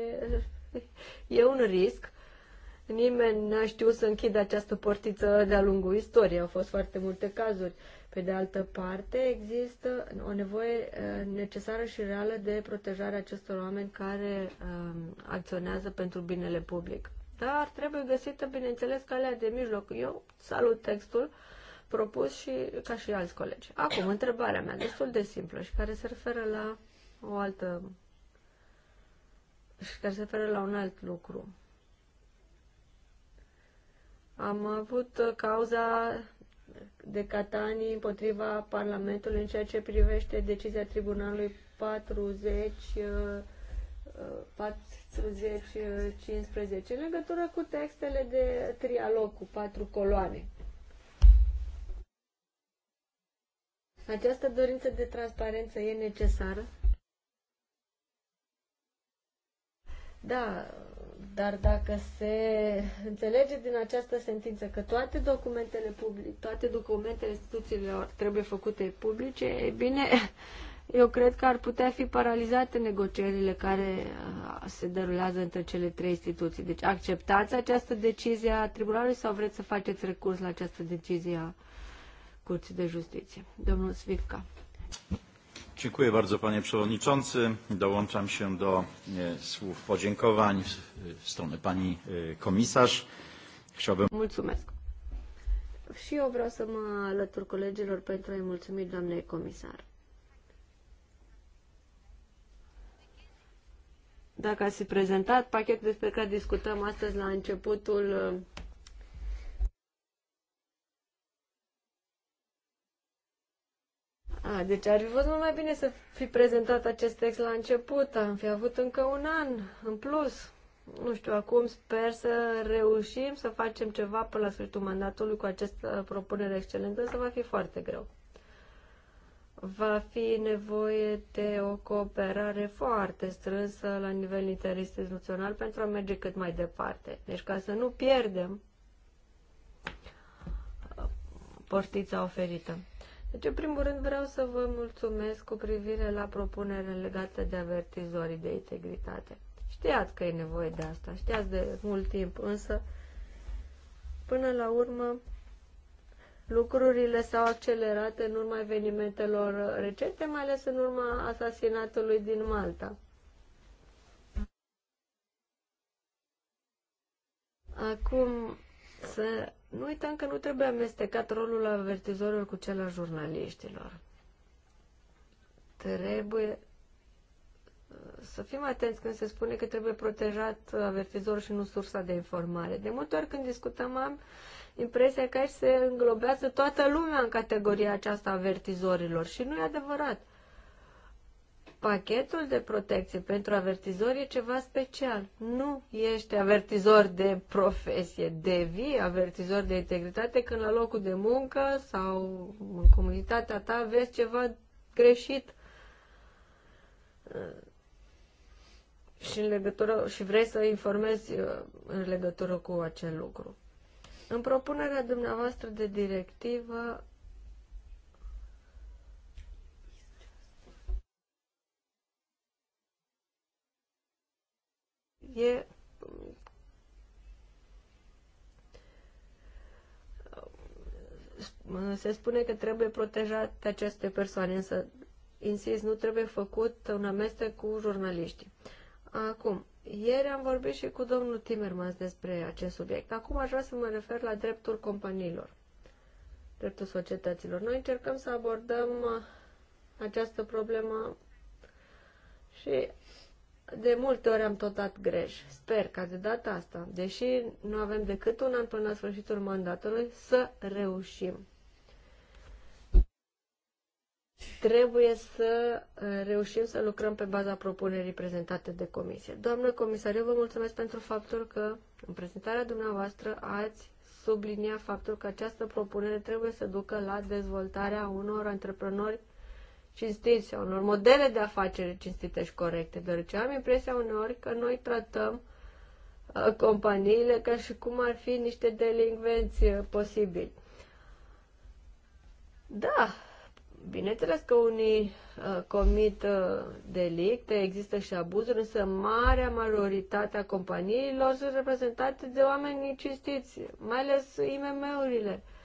e un risc, nimeni n-a știut să închidă această portiță de-a lungul istoriei. Au fost foarte multe cazuri. Pe de altă parte, există o nevoie uh, necesară și reală de protejarea acestor oameni care um, acționează pentru binele public. Dar trebuie găsită, bineînțeles, calea de mijloc. Eu salut textul propus și ca și alți colegi. Acum, întrebarea mea, destul de simplă și care se referă la o altă și care se referă la un alt lucru. Am avut uh, cauza de Catanii împotriva Parlamentului în ceea ce privește decizia Tribunalului 40 40-15 uh, uh, în legătură cu textele de trialog cu patru coloane. Această dorință de transparență e necesară? Da, dar dacă se înțelege din această sentință că toate documentele publice, toate documentele instituțiilor trebuie făcute publice, e bine, eu cred că ar putea fi paralizate negocierile care uh, se derulează între cele trei instituții. Deci acceptați această decizie a tribunalului sau vreți să faceți recurs la această decizie a Curții de Justiție? Domnul Svivka. Dziękuję bardzo panie przewodniczący. Dołączam się do słów podziękowań w stronę pani komisarz. Chciałbym... Mulțumesc. Și eu vreau să mă alătur colegilor pentru a-i mulțumi doamnei comisar. Dacă ați prezentat pachetul despre care discutăm astăzi la începutul A, deci ar fi fost mult mai bine să fi prezentat acest text la început, am fi avut încă un an în plus. Nu știu, acum sper să reușim să facem ceva până la sfârșitul mandatului cu această propunere excelentă, să va fi foarte greu. Va fi nevoie de o cooperare foarte strânsă la nivel interinstituțional pentru a merge cât mai departe. Deci ca să nu pierdem uh, portița oferită. Deci, în primul rând, vreau să vă mulțumesc cu privire la propunerea legată de avertizorii de integritate. Știați că e nevoie de asta, știați de mult timp, însă, până la urmă, lucrurile s-au accelerat în urma evenimentelor recente, mai ales în urma asasinatului din Malta. Acum să nu uităm că nu trebuie amestecat rolul avertizorilor cu cel al jurnaliștilor. Trebuie uh, să fim atenți când se spune că trebuie protejat avertizorul și nu sursa de informare. De multe ori când discutăm am impresia că aici se înglobează toată lumea în categoria aceasta avertizorilor și nu e adevărat. Pachetul de protecție pentru avertizor e ceva special. Nu ești avertizor de profesie, devii avertizor de integritate când la locul de muncă sau în comunitatea ta vezi ceva greșit și, în legătură, și vrei să informezi uh, în legătură cu acel lucru. În propunerea dumneavoastră de directivă e se spune că trebuie protejate aceste persoane, însă, insist, nu trebuie făcut un amestec cu jurnaliștii. Acum, ieri am vorbit și cu domnul Timmermans despre acest subiect. Acum aș vrea să mă refer la dreptul companiilor, dreptul societăților. Noi încercăm să abordăm această problemă și de multe ori am tot dat greș. Sper ca de data asta, deși nu avem decât un an până la sfârșitul mandatului, să reușim. Trebuie să uh, reușim să lucrăm pe baza propunerii prezentate de comisie. Doamnă comisar, eu vă mulțumesc pentru faptul că în prezentarea dumneavoastră ați sublinia faptul că această propunere trebuie să ducă la dezvoltarea unor antreprenori cinstiți sau unor modele de afacere cinstite și corecte, deoarece am impresia uneori că noi tratăm uh, companiile ca și cum ar fi niște delinvenți uh, posibili. Da, bineînțeles că unii uh, comit uh, delicte, există și abuzuri, însă marea majoritate a companiilor sunt reprezentate de oameni cinstiți, mai ales IMM-urile. Uh,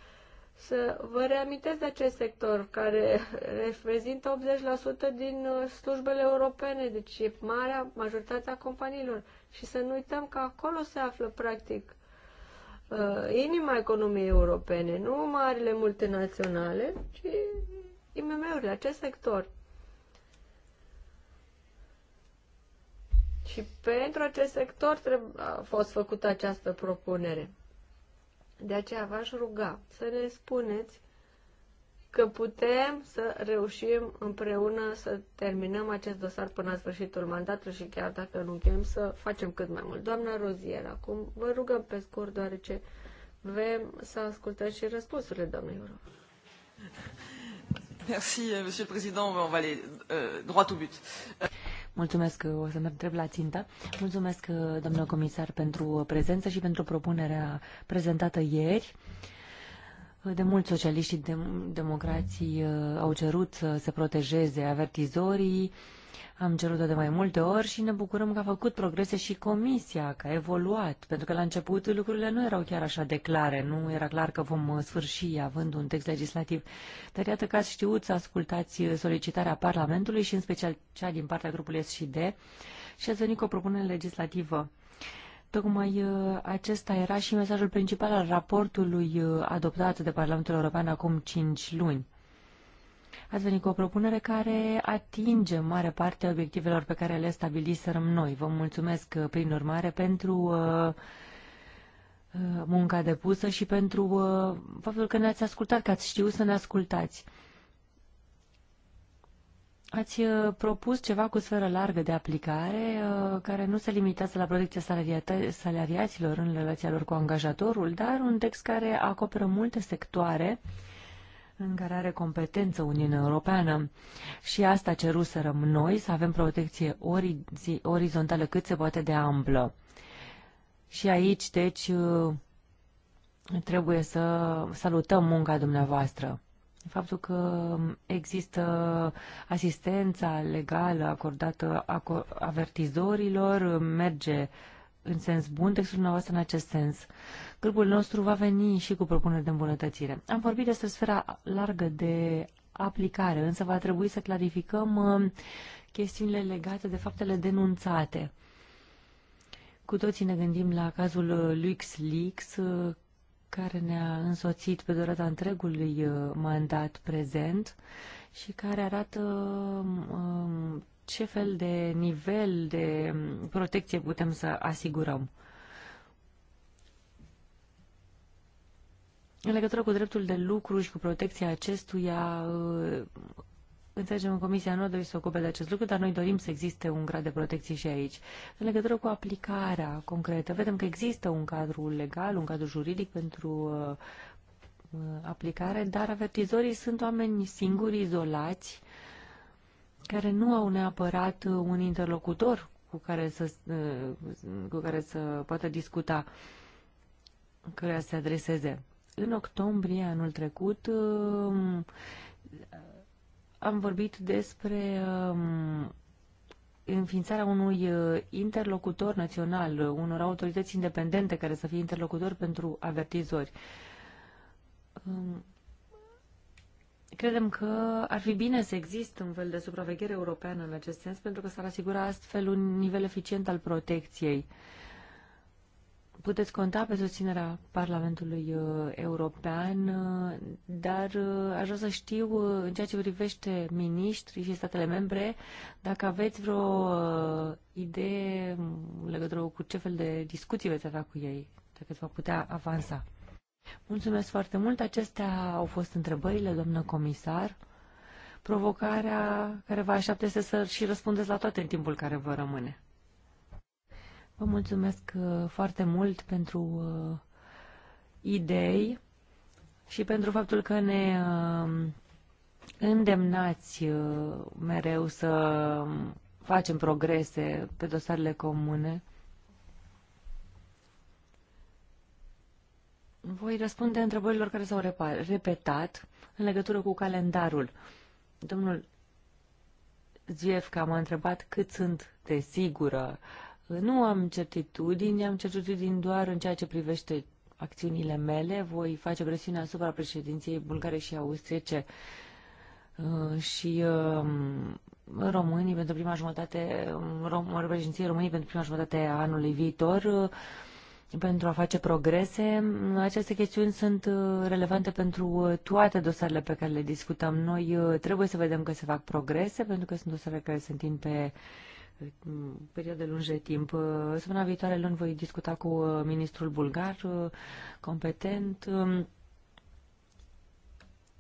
să vă reamintesc de acest sector care reprezintă 80% din uh, slujbele europene, deci e marea majoritatea companiilor. Și să nu uităm că acolo se află practic uh, inima economiei europene, nu marile multinaționale, ci IMM-urile, acest sector. Și pentru acest sector a fost făcută această propunere. De aceea v-aș ruga să ne spuneți că putem să reușim împreună să terminăm acest dosar până la sfârșitul mandatului și chiar dacă nu încheiem să facem cât mai mult. Doamna Rozier, acum vă rugăm pe scurt deoarece vrem să ascultăm și răspunsurile doamnei Euro. Merci, euh, Monsieur le Président. On va aller euh, droit au but. Euh... Mulțumesc că o să merg drept la țintă. Mulțumesc, domnule comisar, pentru prezență și pentru propunerea prezentată ieri. De mulți socialiști și democrații uh, au cerut să se protejeze avertizorii, am cerut-o de mai multe ori și ne bucurăm că a făcut progrese și comisia, că a evoluat, pentru că la început lucrurile nu erau chiar așa de clare, nu era clar că vom uh, sfârși având un text legislativ. Dar iată că ați știut să ascultați uh, solicitarea Parlamentului și în special cea din partea grupului S&D și ați venit cu o propunere legislativă. Tocmai uh, acesta era și mesajul principal al raportului adoptat de Parlamentul European acum 5 luni. Ați venit cu o propunere care atinge mare parte obiectivelor pe care le stabiliserăm noi. Vă mulțumesc, uh, prin urmare, pentru uh, uh, munca depusă și pentru faptul că ne-ați ascultat, că ați știut să ne ascultați. Ați propus ceva cu sferă largă de aplicare, care nu se limitează la protecția salariaților în relația lor cu angajatorul, dar un text care acoperă multe sectoare în care are competență Uniunea Europeană și asta ceruserăm noi, să avem protecție ori- orizontală cât se poate de amplă. Și aici, deci, uh, trebuie să salutăm munca dumneavoastră. Faptul că există asistența legală acordată avertizorilor merge în sens bun textul dumneavoastră în acest sens. Grupul nostru va veni și cu propuneri de îmbunătățire. Am vorbit despre sfera largă de aplicare, însă va trebui să clarificăm uh, chestiunile legate de faptele denunțate. Cu toții ne gândim la cazul uh, LuxLeaks, uh, care ne-a însoțit pe durata întregului mandat prezent și care arată um, ce fel de nivel de protecție putem să asigurăm. În legătură cu dreptul de lucru și cu protecția acestuia, ă, înțelegem în Comisia nu dori să ocupe de acest lucru, dar noi dorim să existe un grad de protecție și aici. În legătură cu aplicarea concretă, vedem că există un cadru legal, un cadru juridic pentru ă, ă, aplicare, dar avertizorii sunt oameni singuri, izolați, care nu au neapărat un interlocutor cu care să, cu care să poată discuta, care să se adreseze. În octombrie anul trecut um, am vorbit despre um, înființarea unui uh, interlocutor național, unor autorități independente care să fie interlocutori pentru avertizori. Um, Credem că ar fi bine să există un fel de supraveghere europeană în acest sens, pentru că s-ar asigura astfel un nivel eficient al protecției. Puteți conta pe susținerea Parlamentului uh, European, uh, dar uh, aș vrea să știu, în ceea ce privește miniștri și statele membre, dacă aveți vreo idee în legătură cu ce fel de discuții veți avea cu ei, dacă îți va putea avansa. Mulțumesc foarte mult. Acestea au fost întrebările, doamnă comisar. Provocarea care vă așteaptă este să și răspundeți la toate în timpul care vă rămâne. Vă mulțumesc uh, foarte mult pentru uh, idei și pentru faptul că ne um, îndemnați uh, mereu să um, facem progrese pe dosarele comune. Voi răspunde întrebărilor care s-au repetat în legătură cu calendarul. Domnul Ziefca m-a întrebat cât sunt de sigură. Nu am certitudini, am certitudini doar în ceea ce privește acțiunile mele. Voi face presiune asupra președinției bulgare și austriece uh, și um, românii pentru prima jumătate, um, rom, președinției românii pentru prima jumătate a anului viitor uh, pentru a face progrese. Aceste chestiuni sunt uh, relevante pentru uh, toate dosarele pe care le discutăm. Noi uh, trebuie să vedem că se fac progrese, pentru că sunt dosare care se întind pe perioade lungi de timp. Săptămâna viitoare luni voi discuta cu ministrul bulgar competent. Um,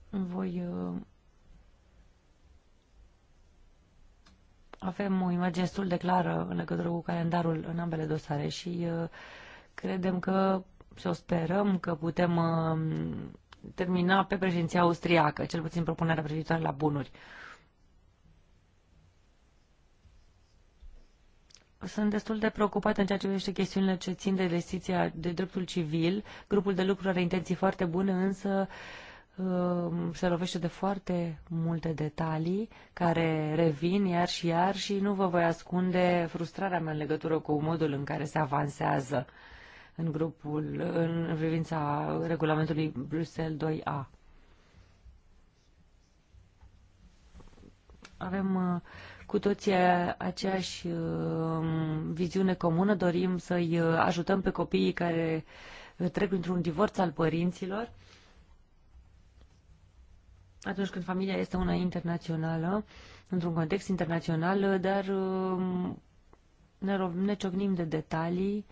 voi avem o imagine destul de clară în legătură cu calendarul în ambele dosare și uh, Credem că și o sperăm că putem uh, termina pe președinția austriacă, cel puțin propunerea privitoare la bunuri. Sunt destul de preocupată în ceea ce privește chestiunile ce țin de investiția de dreptul civil. Grupul de lucru are intenții foarte bune, însă uh, se lovește de foarte multe detalii care revin iar și iar și nu vă voi ascunde frustrarea mea în legătură cu modul în care se avansează în grupul, în privința regulamentului Bruxelles 2A. Avem uh, cu toții aceeași uh, viziune comună, dorim să-i uh, ajutăm pe copiii care trec într-un divorț al părinților atunci când familia este una internațională, într-un context internațional, dar ne, ne ciocnim de detalii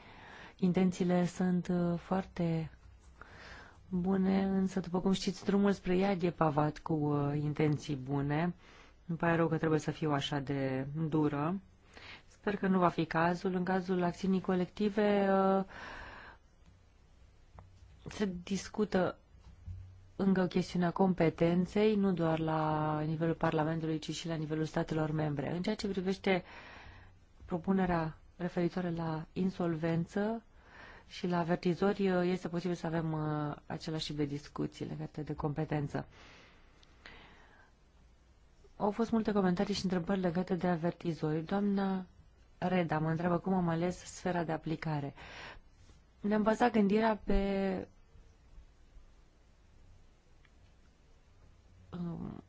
Intențiile sunt uh, foarte bune, însă, după cum știți, drumul spre iad e pavat cu uh, intenții bune. Îmi pare rău că trebuie să fiu așa de dură. Sper că nu va fi cazul. În cazul acțiunii colective uh, se discută încă chestiunea competenței, nu doar la nivelul Parlamentului, ci și la nivelul statelor membre. În ceea ce privește propunerea referitoare la insolvență, și la avertizori uh, este posibil să avem uh, același tip de discuții legate de competență. Au fost multe comentarii și întrebări legate de avertizori. Doamna Reda mă întreabă cum am ales sfera de aplicare. Ne-am bazat gândirea pe um,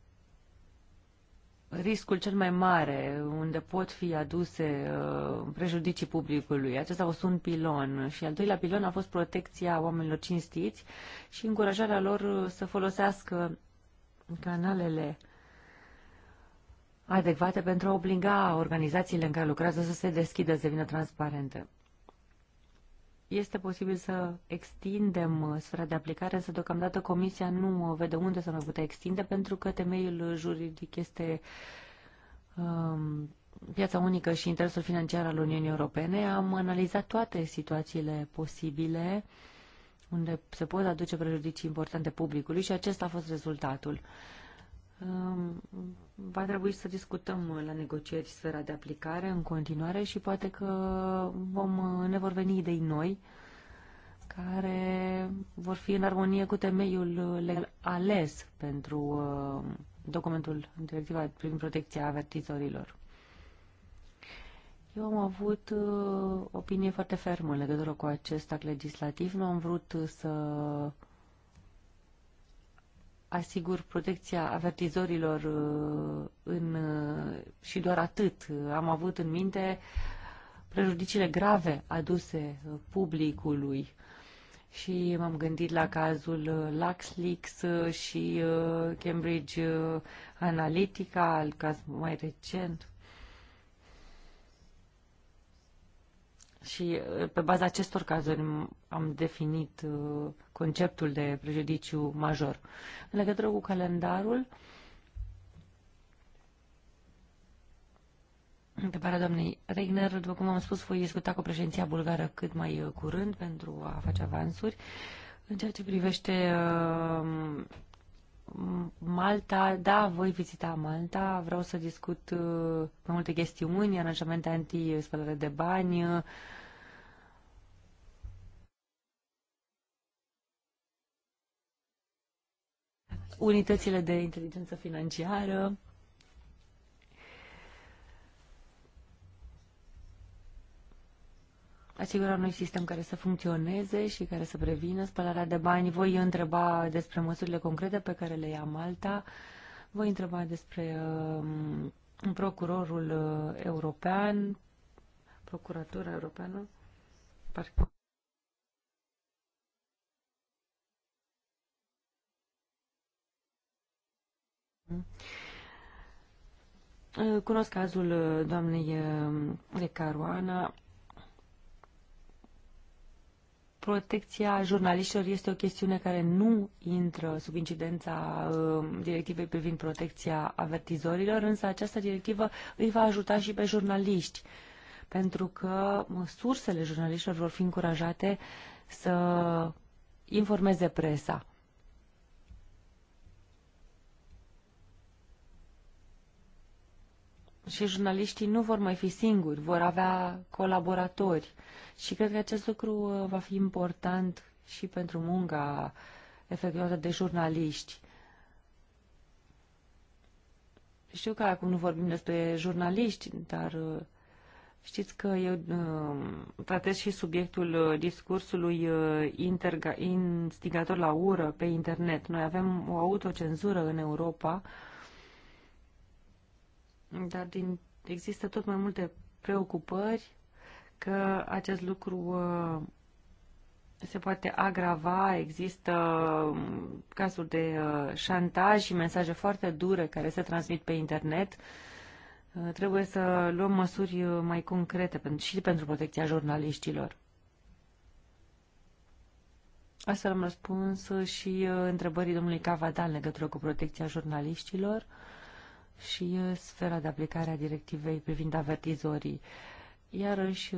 riscul cel mai mare, unde pot fi aduse uh, prejudicii publicului. Acesta a fost un pilon și al doilea pilon a fost protecția oamenilor cinstiți și încurajarea lor uh, să folosească canalele adecvate pentru a obliga organizațiile în care lucrează să se deschidă, să devină transparente. Este posibil să extindem uh, sfera de aplicare, însă deocamdată Comisia nu vede unde să mai putea extinde, pentru că temeiul juridic este um, piața unică și interesul financiar al Uniunii Europene. Am analizat toate situațiile posibile unde se pot aduce prejudicii importante publicului și acesta a fost rezultatul. Uh, Va trebui să discutăm la negocieri sfera de aplicare în continuare și poate că vom, ne vor veni idei noi care vor fi în armonie cu temeiul legal ales pentru uh, documentul, directiva privind protecția avertizorilor. Eu am avut uh, opinie foarte fermă în legătură cu acest act legislativ. Nu am vrut să asigur protecția avertizorilor uh, în, uh, și doar atât. Am avut în minte prejudiciile grave aduse publicului și m-am gândit la cazul uh, LuxLeaks și Cambridge Analytica, al caz mai recent. Și uh, pe baza acestor cazuri am definit uh, conceptul de prejudiciu major. În legătură cu calendarul, Întrebarea doamnei Regner, după cum am spus, voi discuta cu președinția bulgară cât mai uh, curând pentru a face avansuri. În ceea ce privește uh, Malta, da, voi vizita Malta, vreau să discut uh, pe multe chestiuni, aranjamente anti-spălare de bani, uh. unitățile de inteligență financiară. asigura unui sistem care să funcționeze și care să prevină spălarea de bani. Voi întreba despre măsurile concrete pe care le ia Malta. Voi întreba despre uh, procurorul uh, european, procuratura europeană. Parcă. Cunosc cazul uh, doamnei uh, Caruana protecția jurnaliștilor este o chestiune care nu intră sub incidența um, directivei privind protecția avertizorilor, însă această directivă îi va ajuta și pe jurnaliști, pentru că uh, sursele jurnaliștilor vor fi încurajate să informeze presa și jurnaliștii nu vor mai fi singuri, vor avea colaboratori. Și cred că acest lucru uh, va fi important și pentru munca efectuată de jurnaliști. Știu că acum nu vorbim despre jurnaliști, dar uh, știți că eu uh, tratez și subiectul discursului instigator la ură pe internet. Noi avem o autocenzură în Europa dar din, există tot mai multe preocupări că acest lucru uh, se poate agrava, există um, cazuri de uh, șantaj și mesaje foarte dure care se transmit pe internet. Uh, trebuie să luăm măsuri mai concrete și pentru protecția jurnaliștilor. Astfel am răspuns și întrebării domnului Cavadal în legătură cu protecția jurnaliștilor și sfera de aplicare a directivei privind avertizorii. Iarăși,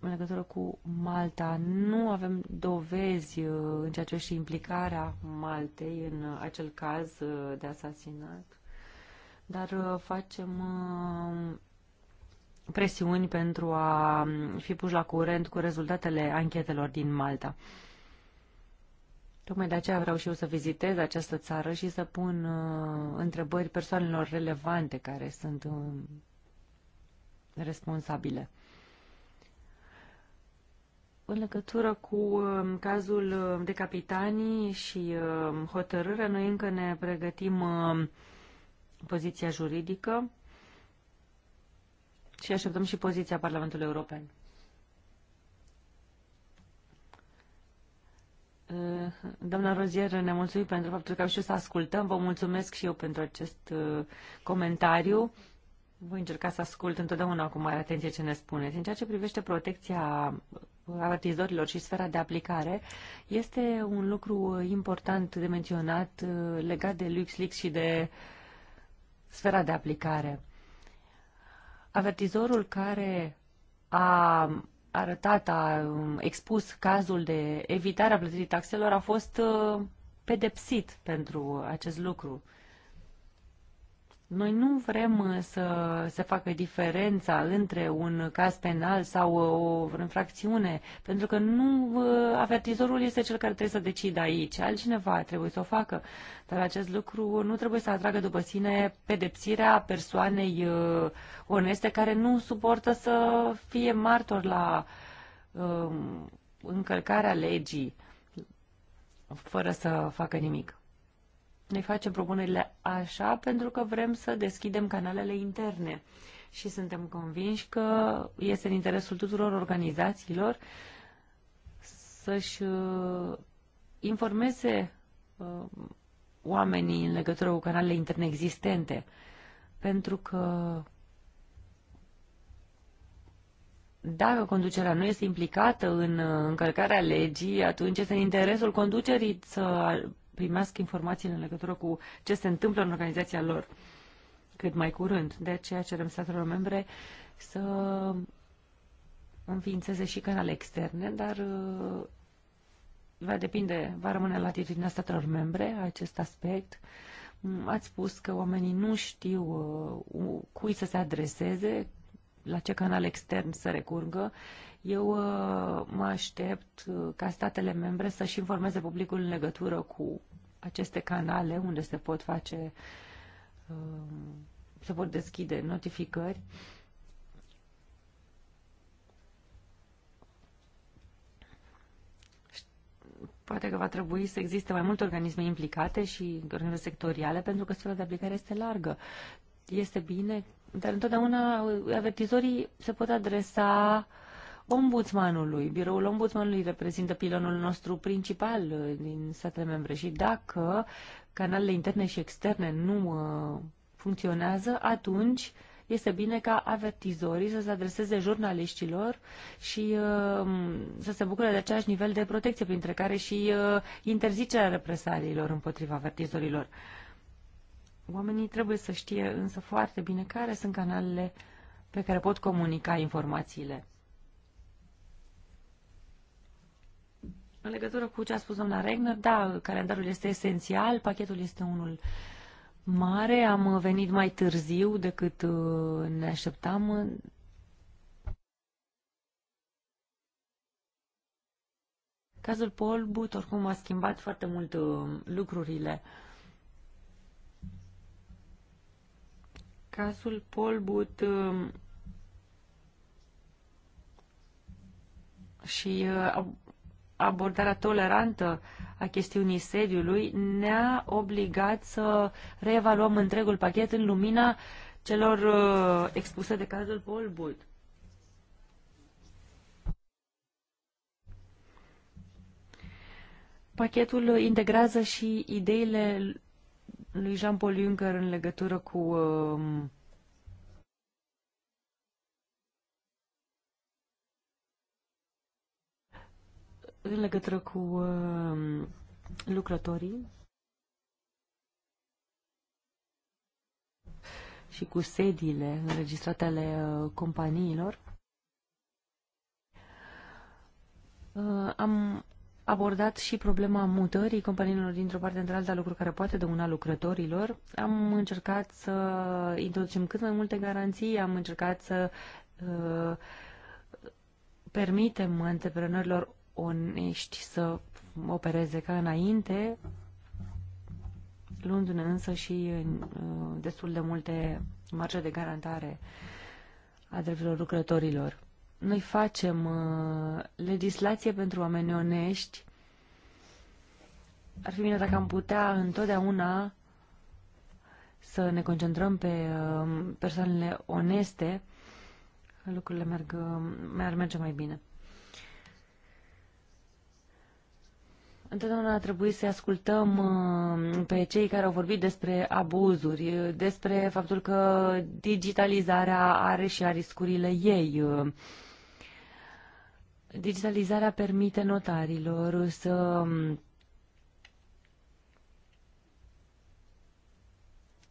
în legătură cu Malta, nu avem dovezi în ceea ce și implicarea Maltei în acel caz de asasinat, dar facem presiuni pentru a fi puși la curent cu rezultatele anchetelor din Malta. Tocmai de aceea vreau și eu să vizitez această țară și să pun uh, întrebări persoanelor relevante care sunt uh, responsabile. În legătură cu uh, cazul um, de capitanii și uh, hotărârea, noi încă ne pregătim uh, poziția juridică și așteptăm și poziția Parlamentului European. Eh, doamna Rozier, ne mulțumim pentru faptul că am știut să ascultăm. Vă mulțumesc și eu pentru acest eh, comentariu. Voi încerca să ascult întotdeauna cu mare atenție ce ne spuneți. În ceea ce privește protecția avertizorilor și sfera de aplicare, este un lucru important de menționat eh, legat de LuxLeaks și de sfera de aplicare. Avertizorul care a arătat, a um, expus cazul de evitare a plătirii taxelor, a fost uh, pedepsit pentru acest lucru. Noi nu vrem uh, să se facă diferența între un caz penal sau uh, o infracțiune, pentru că nu uh, avertizorul este cel care trebuie să decidă aici, altcineva trebuie să o facă. Dar acest lucru nu trebuie să atragă după sine pedepsirea persoanei oneste care nu suportă să fie martor la um, încălcarea legii fără să facă nimic. Noi facem propunerile așa pentru că vrem să deschidem canalele interne și suntem convinși că este în interesul tuturor organizațiilor să-și uh, informeze uh, oamenii în legătură cu canalele interne existente, pentru că dacă conducerea nu este implicată în uh, încălcarea legii, atunci este în interesul conducerii să primească informațiile în legătură cu ce se întâmplă în organizația lor cât mai curând. De aceea cerem statelor membre să înființeze și canale externe, dar uh, va depinde, va rămâne la latitudinea statelor membre acest aspect. Mm, ați spus că oamenii nu știu uh, cui să se adreseze, la ce canal extern să recurgă. Eu uh, mă aștept ca statele membre să-și informeze publicul în legătură cu aceste canale unde se pot face, um, se pot deschide notificări. Poate că va trebui să existe mai multe organisme implicate și organisme sectoriale, pentru că sfera de aplicare este largă. Este bine, dar întotdeauna avertizorii se pot adresa uh, ombudsmanului. Biroul ombudsmanului reprezintă pilonul nostru principal uh, din statele membre și dacă canalele interne și externe nu uh, funcționează, atunci este bine ca avertizorii să se adreseze jurnaliștilor și uh, să se bucure de același nivel de protecție, printre care și uh, interzicerea represaliilor împotriva avertizorilor. Oamenii trebuie să știe însă foarte bine care sunt canalele pe care pot comunica informațiile. În legătură cu ce a spus doamna Regner, da, calendarul este esențial, pachetul este unul mare, am venit mai târziu decât uh, ne așteptam. Cazul Polbut oricum a schimbat foarte mult uh, lucrurile. Cazul Polbut uh, și abordarea tolerantă a chestiunii sediului ne-a obligat să reevaluăm întregul pachet în lumina celor uh, expuse de cazul Paul Bult. Pachetul integrează și ideile lui Jean-Paul Juncker în legătură cu uh, în legătură cu uh, lucrătorii și cu sediile înregistrate ale uh, companiilor, uh, am abordat și problema mutării companiilor dintr-o parte într-alta, lucru care poate dăuna lucrătorilor. Am încercat să introducem cât mai multe garanții, am încercat să uh, permitem antreprenorilor onești să opereze ca înainte, luându-ne însă și uh, destul de multe marge de garantare a drepturilor lucrătorilor. Noi facem uh, legislație pentru oameni onești. Ar fi bine dacă am putea întotdeauna să ne concentrăm pe uh, persoanele oneste, lucrurile merg, ar merge mai bine. Întotdeauna a trebuit să ascultăm uh, pe cei care au vorbit despre abuzuri, uh, despre faptul că digitalizarea are și a riscurile ei. Uh. Digitalizarea permite notarilor să um,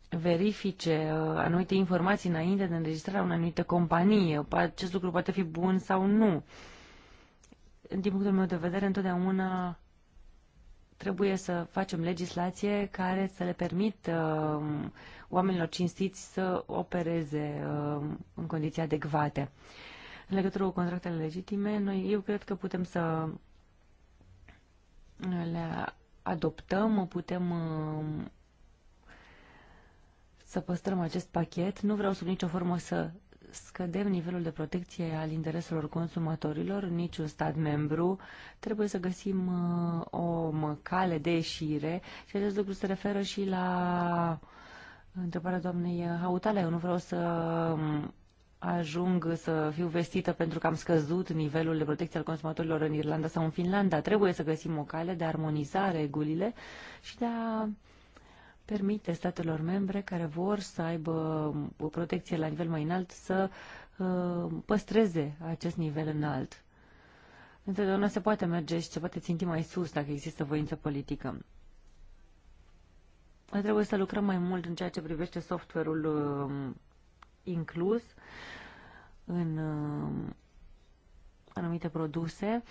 verifice anumite informații înainte de înregistrarea unei anumite companie. Acest lucru poate fi bun sau nu. Din punctul meu de vedere, întotdeauna Trebuie să facem legislație care să le permită uh, oamenilor cinstiți să opereze uh, în condiții adecvate. În legătură cu contractele legitime, noi, eu cred că putem să uh, le adoptăm, putem să păstrăm acest pachet. Nu vreau sub nicio formă să scădem nivelul de protecție al intereselor consumatorilor, niciun stat membru, trebuie să găsim uh, o cale de ieșire și acest lucru se referă și la întrebarea doamnei Hautala. Eu nu vreau să um, ajung să fiu vestită pentru că am scăzut nivelul de protecție al consumatorilor în Irlanda sau în Finlanda. Trebuie să găsim o cale de a armoniza regulile și de a permite statelor membre care vor să aibă o protecție la nivel mai înalt să uh, păstreze acest nivel înalt. Întotdeauna se poate merge și se poate ținti mai sus dacă există voință politică. Trebuie să lucrăm mai mult în ceea ce privește software-ul uh, inclus în uh, anumite produse,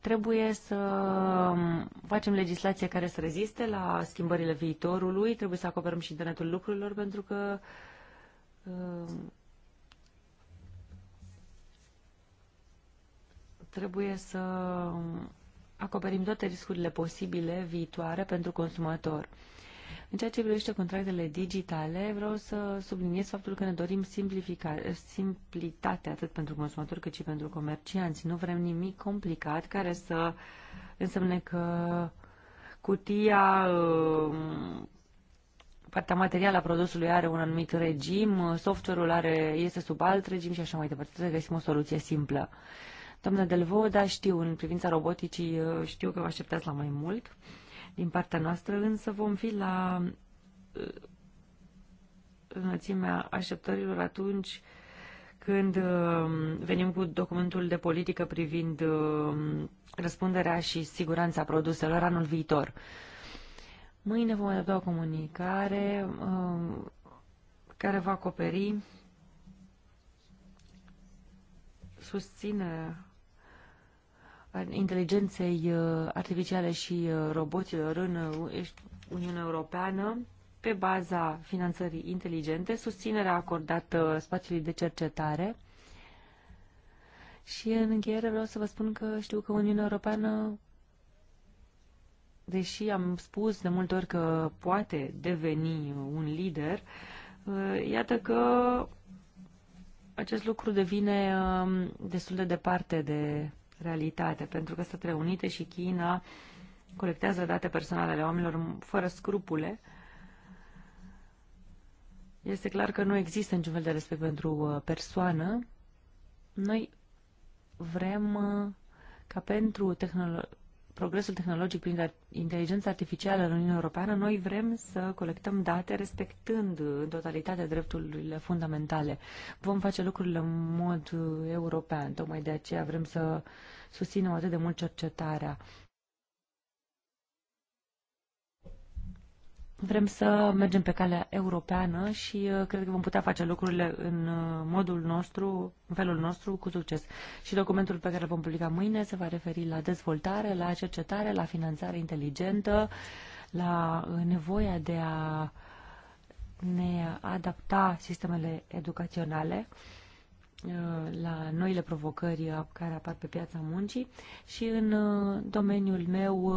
trebuie să um, facem legislație care să reziste la schimbările viitorului, trebuie să acoperăm și internetul lucrurilor, pentru că um, trebuie să um, acoperim toate riscurile posibile viitoare pentru consumator. În ceea ce privește contractele digitale, vreau să subliniez faptul că ne dorim simplitate atât pentru consumatori cât și pentru comercianți. Nu vrem nimic complicat care să însemne că cutia, um, partea materială a produsului are un anumit regim, software-ul are, este sub alt regim și așa mai departe. Trebuie să găsim o soluție simplă. Doamna Delvo, da, știu, în privința roboticii, știu că vă așteptați la mai mult din partea noastră, însă vom fi la uh, înălțimea așteptărilor atunci când uh, venim cu documentul de politică privind uh, răspunderea și siguranța produselor anul viitor. Mâine vom adopta o comunicare care va acoperi susținerea inteligenței uh, artificiale și uh, roboților în uh, Uniunea Europeană pe baza finanțării inteligente, susținerea acordată spațiului de cercetare. Și în încheiere vreau să vă spun că știu că Uniunea Europeană, deși am spus de multe ori că poate deveni un lider, iată că acest lucru devine um, destul de departe de realitate, pentru că Statele Unite și China colectează date personale ale oamenilor fără scrupule, este clar că nu există niciun fel de respect pentru uh, persoană. Noi vrem uh, ca pentru tehnologie progresul tehnologic prin inteligența artificială în Uniunea Europeană, noi vrem să colectăm date respectând în totalitate drepturile fundamentale. Vom face lucrurile în mod european, tocmai de aceea vrem să susținem atât de mult cercetarea Vrem să mergem pe calea europeană și uh, cred că vom putea face lucrurile în uh, modul nostru, în felul nostru, cu succes. Și documentul pe care îl vom publica mâine se va referi la dezvoltare, la cercetare, la finanțare inteligentă, la uh, nevoia de a ne adapta sistemele educaționale la noile provocări care apar pe piața muncii și în domeniul meu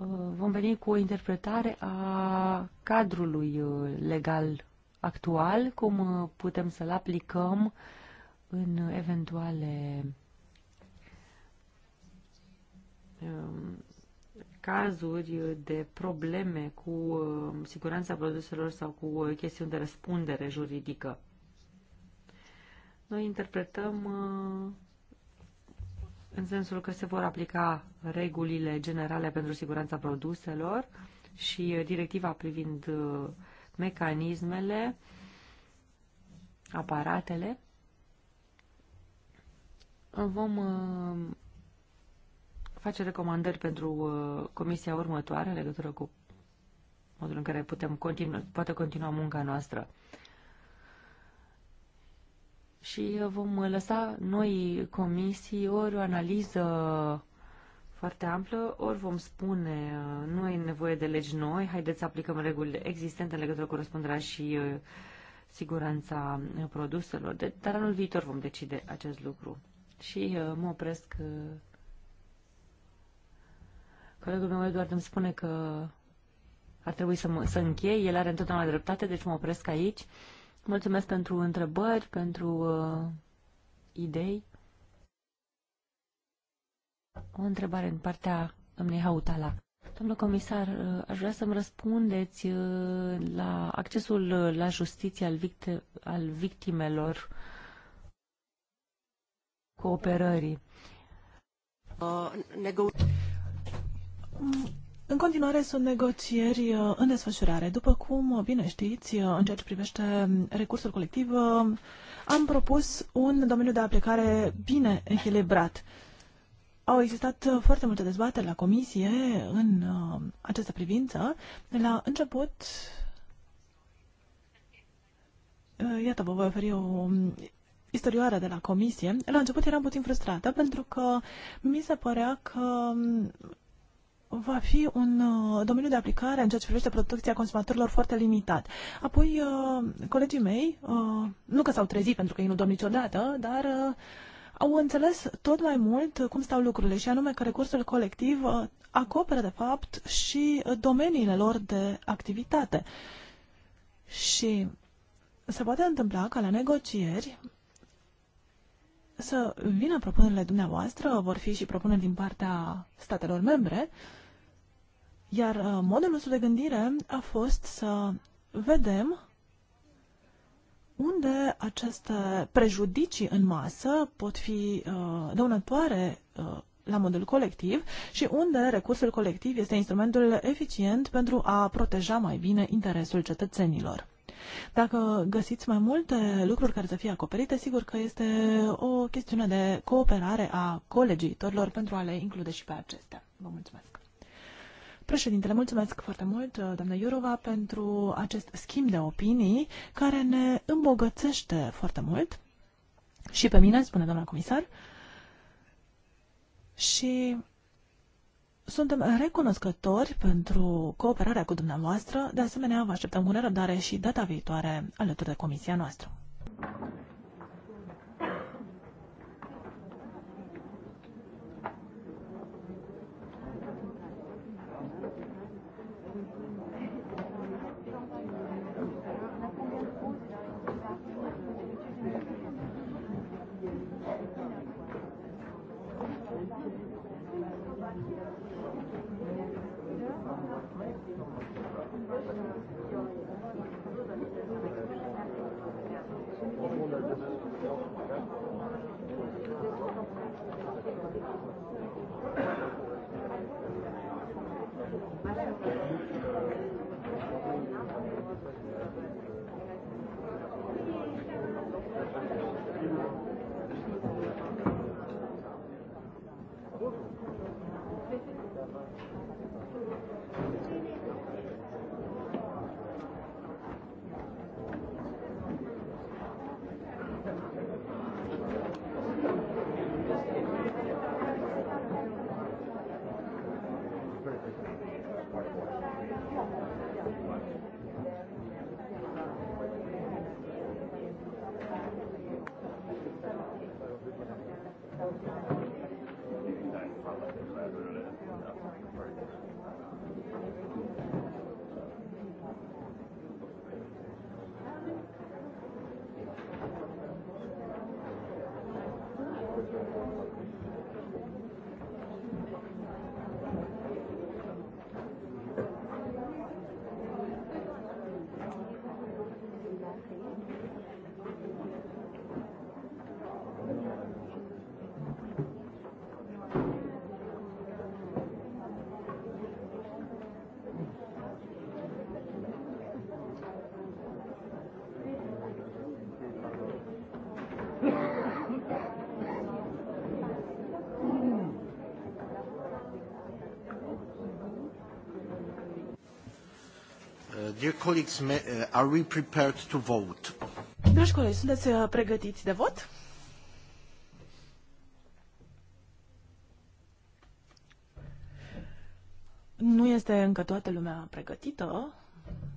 Uh, vom veni cu o interpretare a cadrului uh, legal actual, cum uh, putem să-l aplicăm în eventuale um, cazuri de probleme cu siguranța produselor sau cu chestiuni de răspundere juridică. Noi interpretăm în sensul că se vor aplica regulile generale pentru siguranța produselor și uh, directiva privind uh, mecanismele, aparatele. Vom uh, face recomandări pentru comisia următoare în legătură cu modul în care putem continua, poate continua munca noastră și uh, vom uh, lăsa noi comisii ori o analiză foarte amplă, ori vom spune uh, nu e nevoie de legi noi, haideți să aplicăm regulile existente în legătură cu răspunderea și siguranța produselor. De, dar anul viitor vom decide acest lucru. Și mă opresc. Colegul meu Eduard îmi spune că ar trebui să, mă, să închei, el are întotdeauna dreptate, deci mă opresc aici. Mulțumesc pentru întrebări, pentru uh, idei. O întrebare în partea domnului Hautala. Domnul comisar, uh, aș vrea să-mi răspundeți uh, la accesul uh, la justiție al, vict- al victimelor cooperării. Uh, mm, în continuare sunt negocieri uh, în desfășurare. După cum bine știți, uh, în ceea ce privește recursul colectiv, uh, am propus un domeniu de aplicare bine echilibrat. Au existat foarte multe dezbateri la comisie în această privință. La început, iată, vă voi oferi o um, istorioară de la comisie. La început eram puțin frustrată pentru că mi se părea că um, va fi un uh, domeniu de aplicare în ceea ce privește protecția consumatorilor foarte limitat. Apoi, uh, colegii mei, uh, nu că s-au trezit pentru că ei nu dorm niciodată, dar uh, au înțeles tot mai mult cum stau lucrurile și anume că recursul colectiv uh, acoperă de fapt și domeniile lor de activitate. Și se poate întâmpla ca la negocieri să vină propunerile dumneavoastră, vor fi și propuneri din partea statelor membre, uh, iar uh, modelul nostru de gândire a fost să vedem unde aceste prejudicii în masă pot fi uh, dăunătoare uh, la modul colectiv și unde recursul colectiv este instrumentul eficient pentru a proteja mai bine interesul cetățenilor. Dacă găsiți mai multe lucruri care să fie acoperite, sigur că este o chestiune de cooperare a colegiitorilor pentru a le include și pe acestea. Vă mulțumesc! Președintele, mulțumesc foarte mult, uh, doamna Iurova, pentru acest schimb de opinii care ne îmbogățește foarte mult și pe mine, spune doamna comisar, și suntem recunoscători pentru cooperarea cu dumneavoastră. De asemenea, vă așteptăm cu nerăbdare și data viitoare alături de comisia noastră. Dear colleagues, uh, are we prepared to vote? Dragi colegi, sunteți uh, pregătiți de vot? Nu este încă toată lumea pregătită,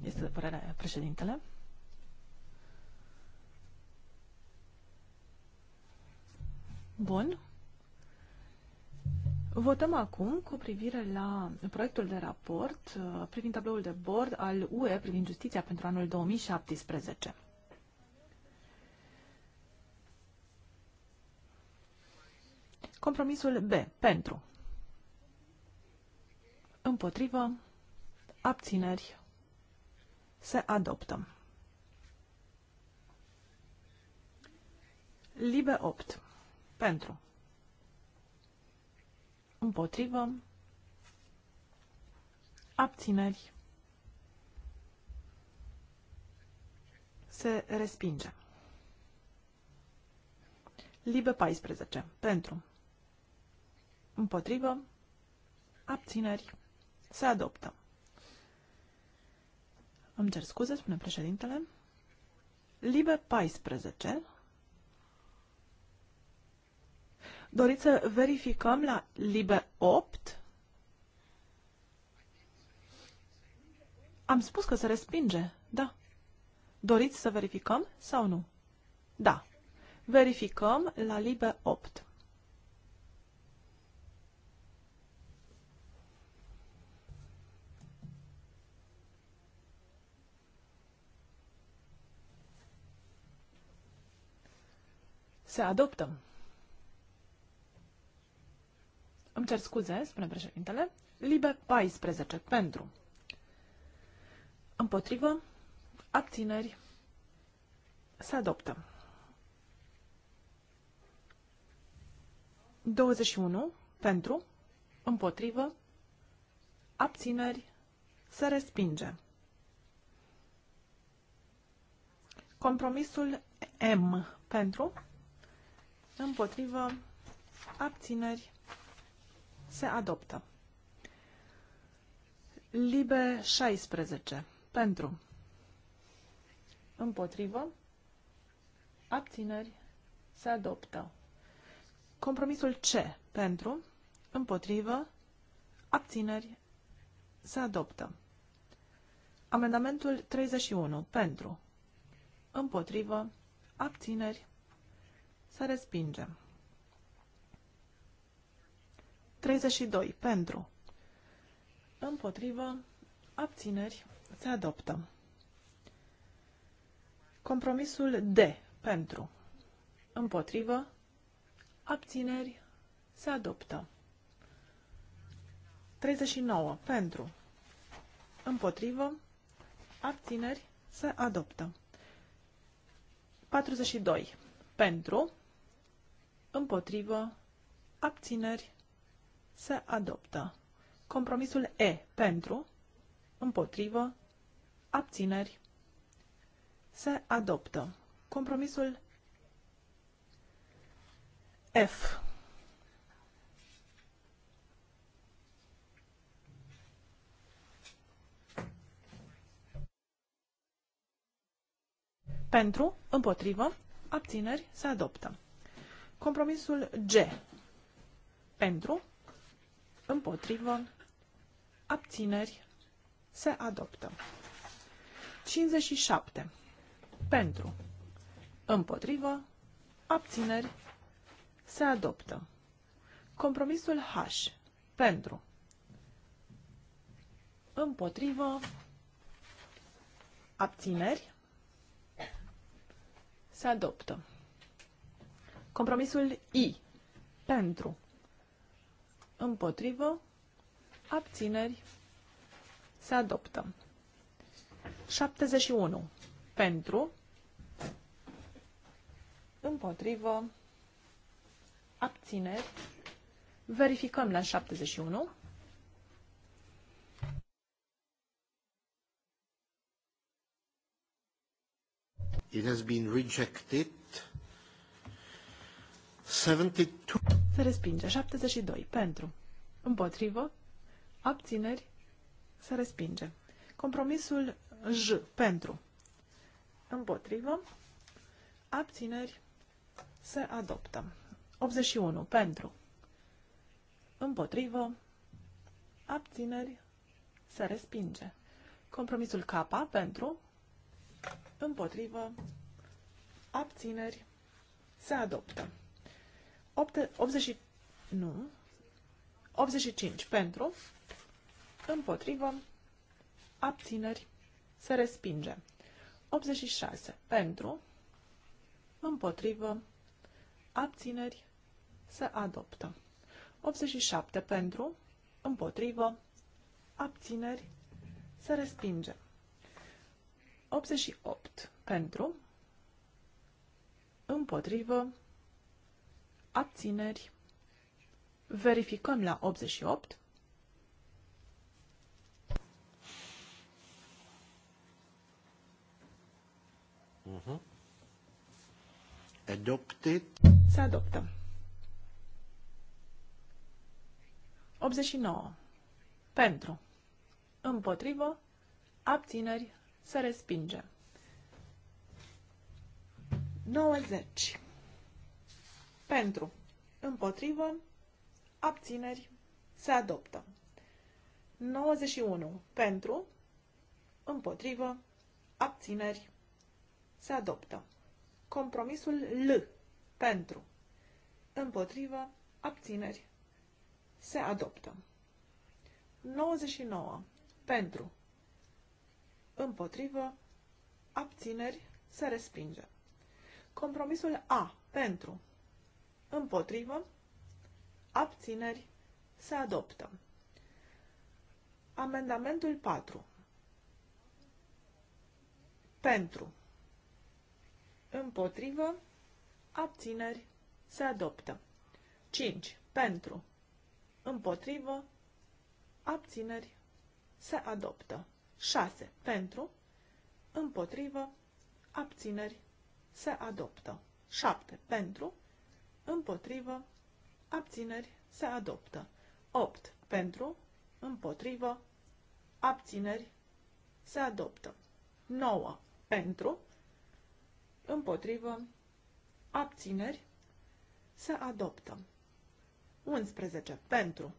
este de părerea președintele. Votăm acum cu privire la proiectul de raport uh, privind tabloul de bord al UE privind justiția pentru anul 2017. Compromisul B. Pentru. Împotrivă. Abțineri. Se adoptă. Libe 8. Pentru. Împotrivă. Abțineri. Se respinge. Libe 14. Pentru. Împotrivă. Abțineri. Se adoptă. Îmi cer scuze, spune președintele. Libe 14. Doriți să verificăm la Libe 8? Am spus că se respinge, da. Doriți să verificăm sau nu? Da. Verificăm la Libe 8. Se adoptă. Îmi cer scuze, spune președintele. Libe 14 pentru. Împotrivă. Abțineri. Se adoptă. 21 pentru. Împotrivă. Abțineri. Se respinge. Compromisul M pentru. Împotrivă. Abțineri se adoptă. Libe 16. Pentru. Împotrivă. Abțineri. Se adoptă. Compromisul C. Pentru. Împotrivă. Abțineri. Se adoptă. Amendamentul 31. Pentru. Împotrivă. Abțineri. Să respingem. 32. Pentru. Împotrivă. Abțineri. Se adoptă. Compromisul D. Pentru. Împotrivă. Abțineri. Se adoptă. 39. Pentru. Împotrivă. Abțineri. Se adoptă. 42. Pentru. Împotrivă. Abțineri se adoptă. Compromisul E pentru, împotrivă, abțineri, se adoptă. Compromisul F Pentru, împotrivă, abțineri se adoptă. Compromisul G. Pentru, împotrivă, abțineri, se adoptă. 57. Pentru, împotrivă, abțineri, se adoptă. Compromisul H. Pentru, împotrivă, abțineri, se adoptă. Compromisul I. Pentru, Împotrivă. Abțineri. Se adoptă. 71. Pentru. Împotrivă. Abțineri. Verificăm la 71. It has been rejected. 72. Se respinge. 72. Pentru. Împotrivă. Abțineri. Se respinge. Compromisul J. Pentru. Împotrivă. Abțineri. Se adoptă. 81. Pentru. Împotrivă. Abțineri. Se respinge. Compromisul K. Pentru. Împotrivă. Abțineri. Se adoptă. 8, 80, nu, 85 pentru, împotrivă, abțineri, se respinge. 86 pentru, împotrivă, abțineri, se adoptă. 87 pentru, împotrivă, abțineri, se respinge. 88 pentru, împotrivă, abțineri. Verificăm la 88. Uh-huh. Mhm. Adopted. Se adoptă. 89. Pentru. Împotrivă. Abțineri. Se respinge. 90. Pentru. Împotrivă. Abțineri. Se adoptă. 91. Pentru. Împotrivă. Abțineri. Se adoptă. Compromisul L. Pentru. Împotrivă. Abțineri. Se adoptă. 99. Pentru. Împotrivă. Abțineri. Se respinge. Compromisul A. Pentru împotrivă, abțineri, se adoptă. Amendamentul 4. Pentru, împotrivă, abțineri, se adoptă. 5. Pentru, împotrivă, abțineri, se adoptă. 6. Pentru, împotrivă, abțineri, se adoptă. 7. Pentru, împotrivă, abțineri, se adoptă. 8 pentru, împotrivă, abțineri, se adoptă. 9 pentru, împotrivă, abțineri, se adoptă. 11 pentru,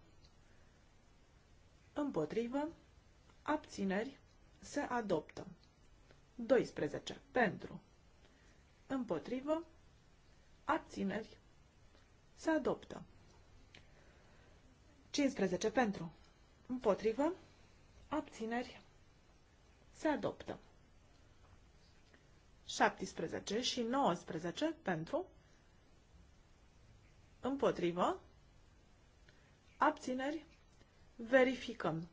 împotrivă, abțineri, se adoptă. 12 pentru, împotrivă, abțineri, se adoptă. Se adoptă. 15 pentru. Împotrivă. Abțineri. Se adoptă. 17 și 19 pentru. Împotrivă. Abțineri. Verificăm.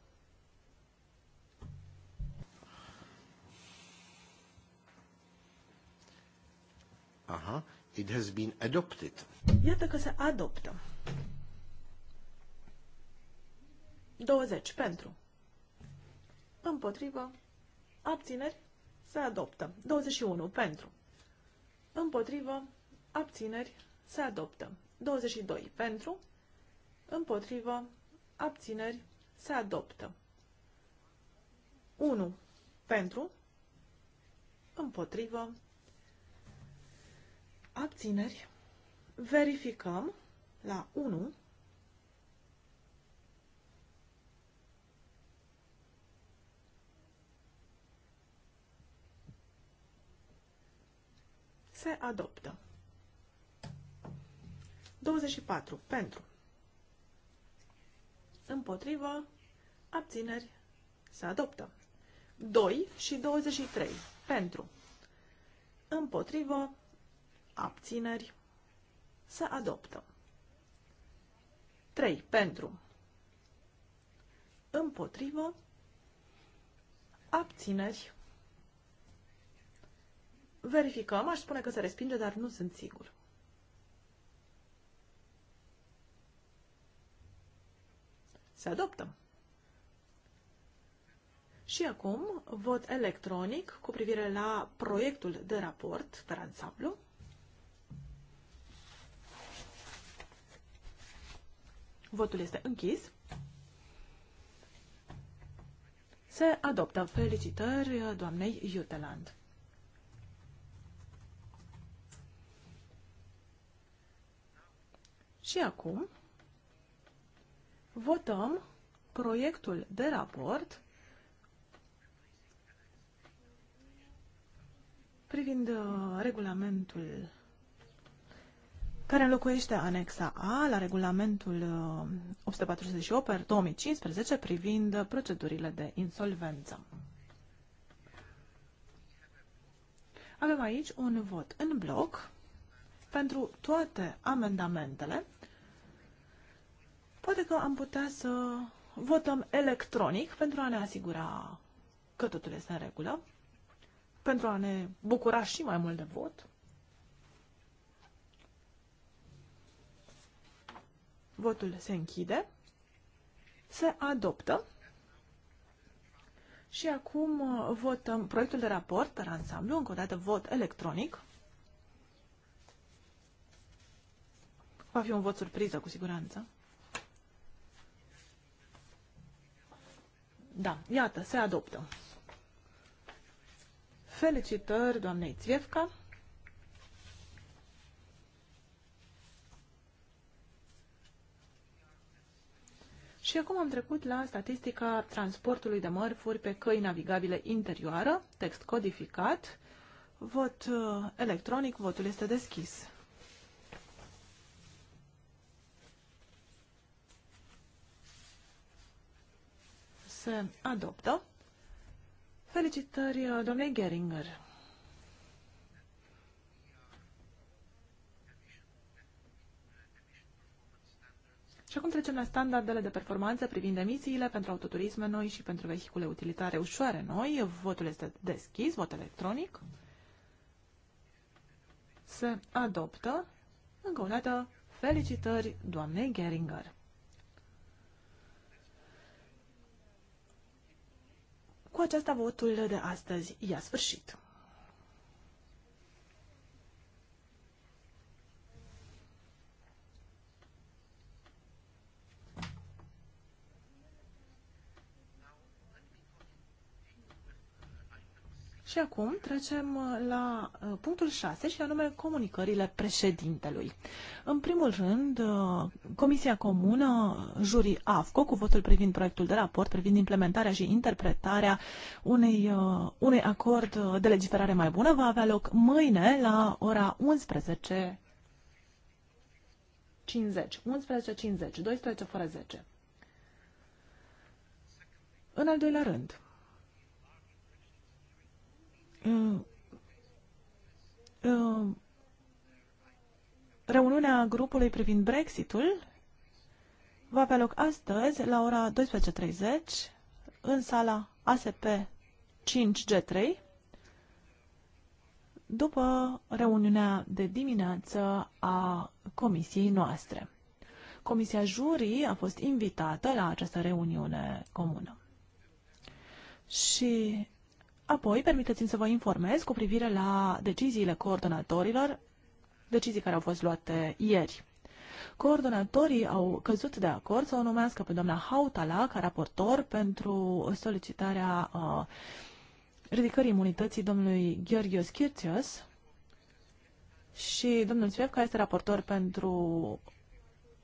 Aha. It has been adopted. Iată că se adoptă. 20 pentru. Împotrivă. Abțineri. Se adoptă. 21 pentru. Împotrivă. Abțineri. Se adoptă. 22 pentru. Împotrivă. Abțineri. Se adoptă. 1 pentru. Împotrivă abțineri, verificăm la 1. Se adoptă. 24. Pentru. Împotrivă. Abțineri. Se adoptă. 2 și 23. Pentru. Împotrivă abțineri, să adoptă. 3. Pentru, împotrivă, abțineri, verificăm, aș spune că se respinge, dar nu sunt sigur. Se adoptă. Și acum, vot electronic cu privire la proiectul de raport per ansamblu. Votul este închis. Se adoptă. Felicitări doamnei Juteland. Și acum votăm proiectul de raport privind uh, regulamentul care înlocuiește anexa A la regulamentul 848 uh, per 2015 privind procedurile de insolvență. Avem aici un vot în bloc pentru toate amendamentele. Poate că am putea să votăm electronic pentru a ne asigura că totul este în regulă, pentru a ne bucura și mai mult de vot. Votul se închide. Se adoptă. Și acum uh, votăm proiectul de raport în ansamblu, încă o dată vot electronic. Va fi un vot surpriză, cu siguranță. Da, iată, se adoptă. Felicitări doamnei Țiefca! Și acum am trecut la statistica transportului de mărfuri pe căi navigabile interioară, text codificat, vot uh, electronic, votul este deschis. Se adoptă. Felicitări, uh, domnule Geringer. Și acum trecem la standardele de performanță privind emisiile pentru autoturisme noi și pentru vehicule utilitare ușoare noi. Votul este deschis, vot electronic. Se adoptă. Încă o dată, felicitări doamnei Geringer. Cu aceasta votul de astăzi i-a sfârșit. Și acum trecem uh, la uh, punctul 6 și anume comunicările președintelui. În primul rând, uh, Comisia Comună, jurii AFCO, cu votul privind proiectul de raport, privind implementarea și interpretarea unei, unei acord de legiferare mai bună, va avea loc mâine la ora 11. 50, 11, 50, 12 fără 10. În al doilea rând, Uh, uh, reuniunea grupului privind Brexitul va avea loc astăzi la ora 12.30 în sala ASP 5G3 după reuniunea de dimineață a comisiei noastre. Comisia Jurii a fost invitată la această reuniune comună. Și Apoi, permiteți-mi să vă informez cu privire la deciziile coordonatorilor, decizii care au fost luate ieri. Coordonatorii au căzut de acord să o numească pe doamna Hautala ca raportor pentru solicitarea uh, ridicării imunității domnului Gheorghios Kirtios și domnul Țuiev, care este raportor pentru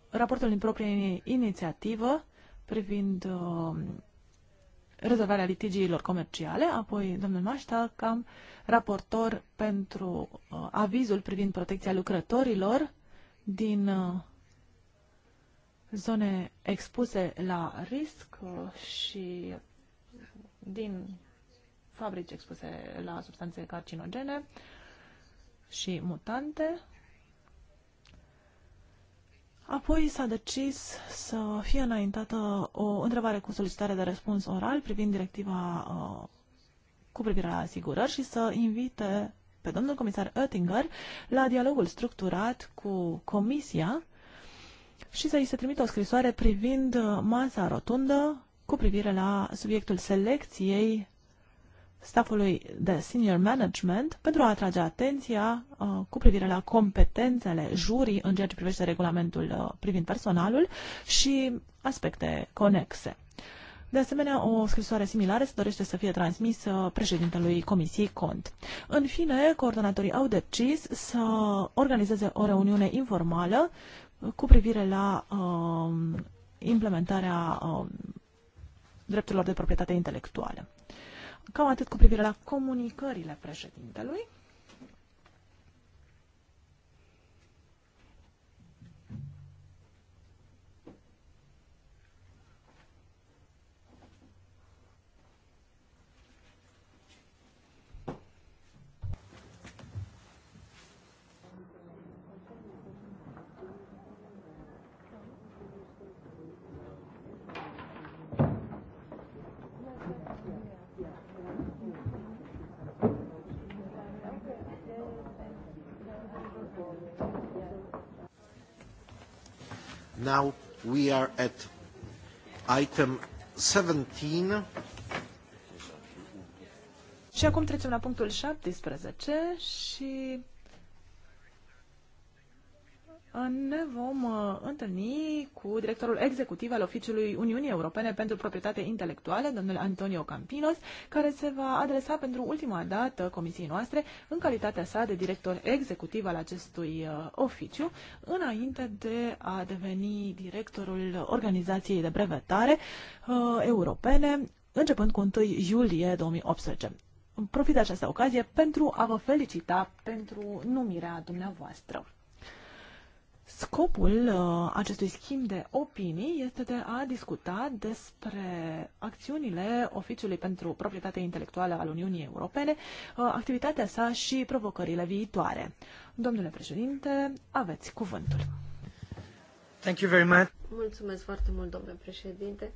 raportul din proprie inițiativă privind uh, rezolvarea litigiilor comerciale, apoi domnul Mașta, cam raportor pentru uh, avizul privind protecția lucrătorilor din uh, zone expuse la risc uh, și din fabrici expuse la substanțe carcinogene și mutante. Apoi s-a decis să fie înaintată o întrebare cu solicitare de răspuns oral privind directiva uh, cu privire la asigurări și să invite pe domnul comisar Oettinger la dialogul structurat cu Comisia și să i se trimită o scrisoare privind masa rotundă cu privire la subiectul selecției staffului de senior management pentru a atrage atenția uh, cu privire la competențele jurii în ceea ce privește regulamentul uh, privind personalul și aspecte conexe. De asemenea, o scrisoare similară se dorește să fie transmisă președintelui Comisiei Cont. În fine, coordonatorii au decis să organizeze o reuniune informală uh, cu privire la uh, implementarea uh, drepturilor de proprietate intelectuală. Cam atât cu privire la comunicările președintelui. Now we are at item 17. Și acum trecem la punctul 17 și ne vom uh, întâlni cu directorul executiv al Oficiului Uniunii Europene pentru Proprietate Intelectuală, domnul Antonio Campinos, care se va adresa pentru ultima dată comisiei noastre în calitatea sa de director executiv al acestui uh, oficiu, înainte de a deveni directorul Organizației de Brevetare uh, Europene, începând cu 1 iulie 2018 profit de această ocazie pentru a vă felicita pentru numirea dumneavoastră. Scopul uh, acestui schimb de opinii este de a discuta despre acțiunile Oficiului pentru Proprietatea Intelectuală al Uniunii Europene, uh, activitatea sa și provocările viitoare. Domnule președinte, aveți cuvântul. Thank you very much. Mulțumesc foarte mult, domnule președinte.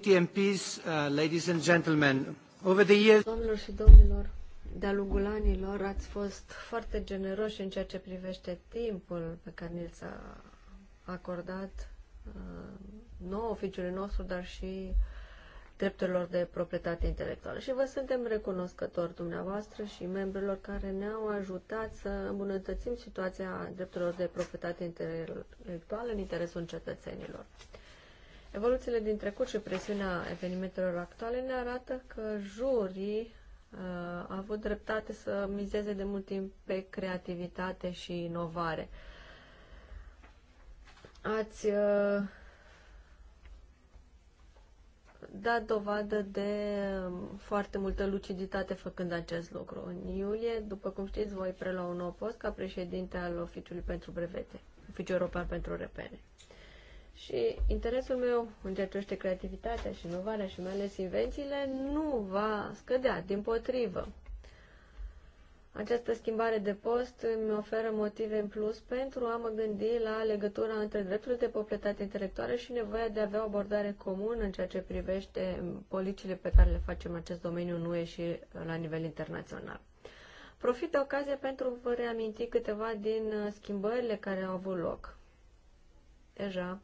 TMPs, uh, ladies and gentlemen, over the years... Domnilor și domnilor, de-a lungul anilor ați fost foarte generoși în ceea ce privește timpul pe care ni l-a acordat uh, nou oficiului nostru, dar și drepturilor de proprietate intelectuală. Și vă suntem recunoscători dumneavoastră și membrilor care ne-au ajutat să îmbunătățim situația drepturilor de proprietate intelectuală în interesul cetățenilor. Evoluțiile din trecut și presiunea evenimentelor actuale ne arată că jurii a avut dreptate să mizeze de mult timp pe creativitate și inovare. Ați uh, dat dovadă de um, foarte multă luciditate făcând acest lucru. În iulie, după cum știți, voi prelua un nou post ca președinte al Oficiului pentru Brevete, Oficiul European pentru Repere. Și interesul meu în ceea ce privește creativitatea și inovarea și mai ales invențiile nu va scădea, din potrivă. Această schimbare de post îmi oferă motive în plus pentru a mă gândi la legătura între dreptul de proprietate intelectuală și nevoia de a avea o abordare comună în ceea ce privește politicile pe care le facem în acest domeniu în UE și la nivel internațional. Profit de ocazie pentru a vă reaminti câteva din schimbările care au avut loc. Deja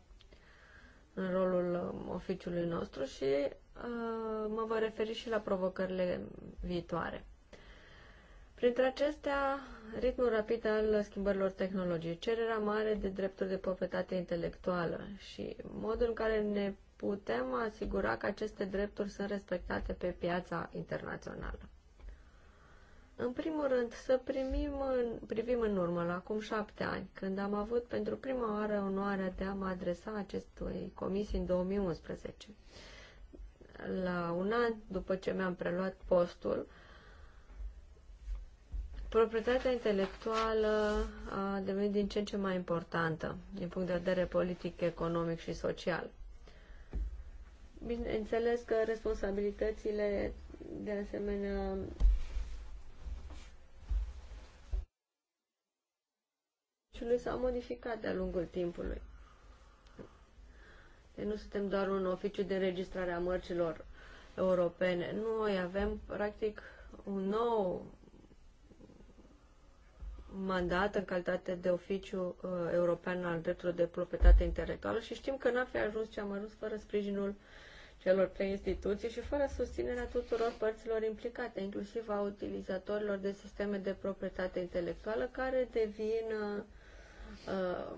în rolul um, oficiului nostru și uh, mă voi referi și la provocările viitoare. Printre acestea, ritmul rapid al schimbărilor tehnologice, cererea mare de drepturi de proprietate intelectuală și modul în care ne putem asigura că aceste drepturi sunt respectate pe piața internațională. În primul rând, să primim în, privim în urmă la acum șapte ani, când am avut pentru prima oară onoarea de a mă adresa acestui comisii în 2011. La un an după ce mi-am preluat postul, proprietatea intelectuală a devenit din ce în ce mai importantă din punct de vedere politic, economic și social. Bineînțeles că responsabilitățile de asemenea oficiului s au modificat de-a lungul timpului. Deci nu suntem doar un oficiu de înregistrare a mărcilor europene. Noi avem, practic, un nou mandat în calitate de oficiu uh, european al drepturilor de proprietate intelectuală și știm că n-ar fi ajuns ce am ajuns fără sprijinul celor trei instituții și fără susținerea tuturor părților implicate, inclusiv a utilizatorilor de sisteme de proprietate intelectuală care devin uh, Uh,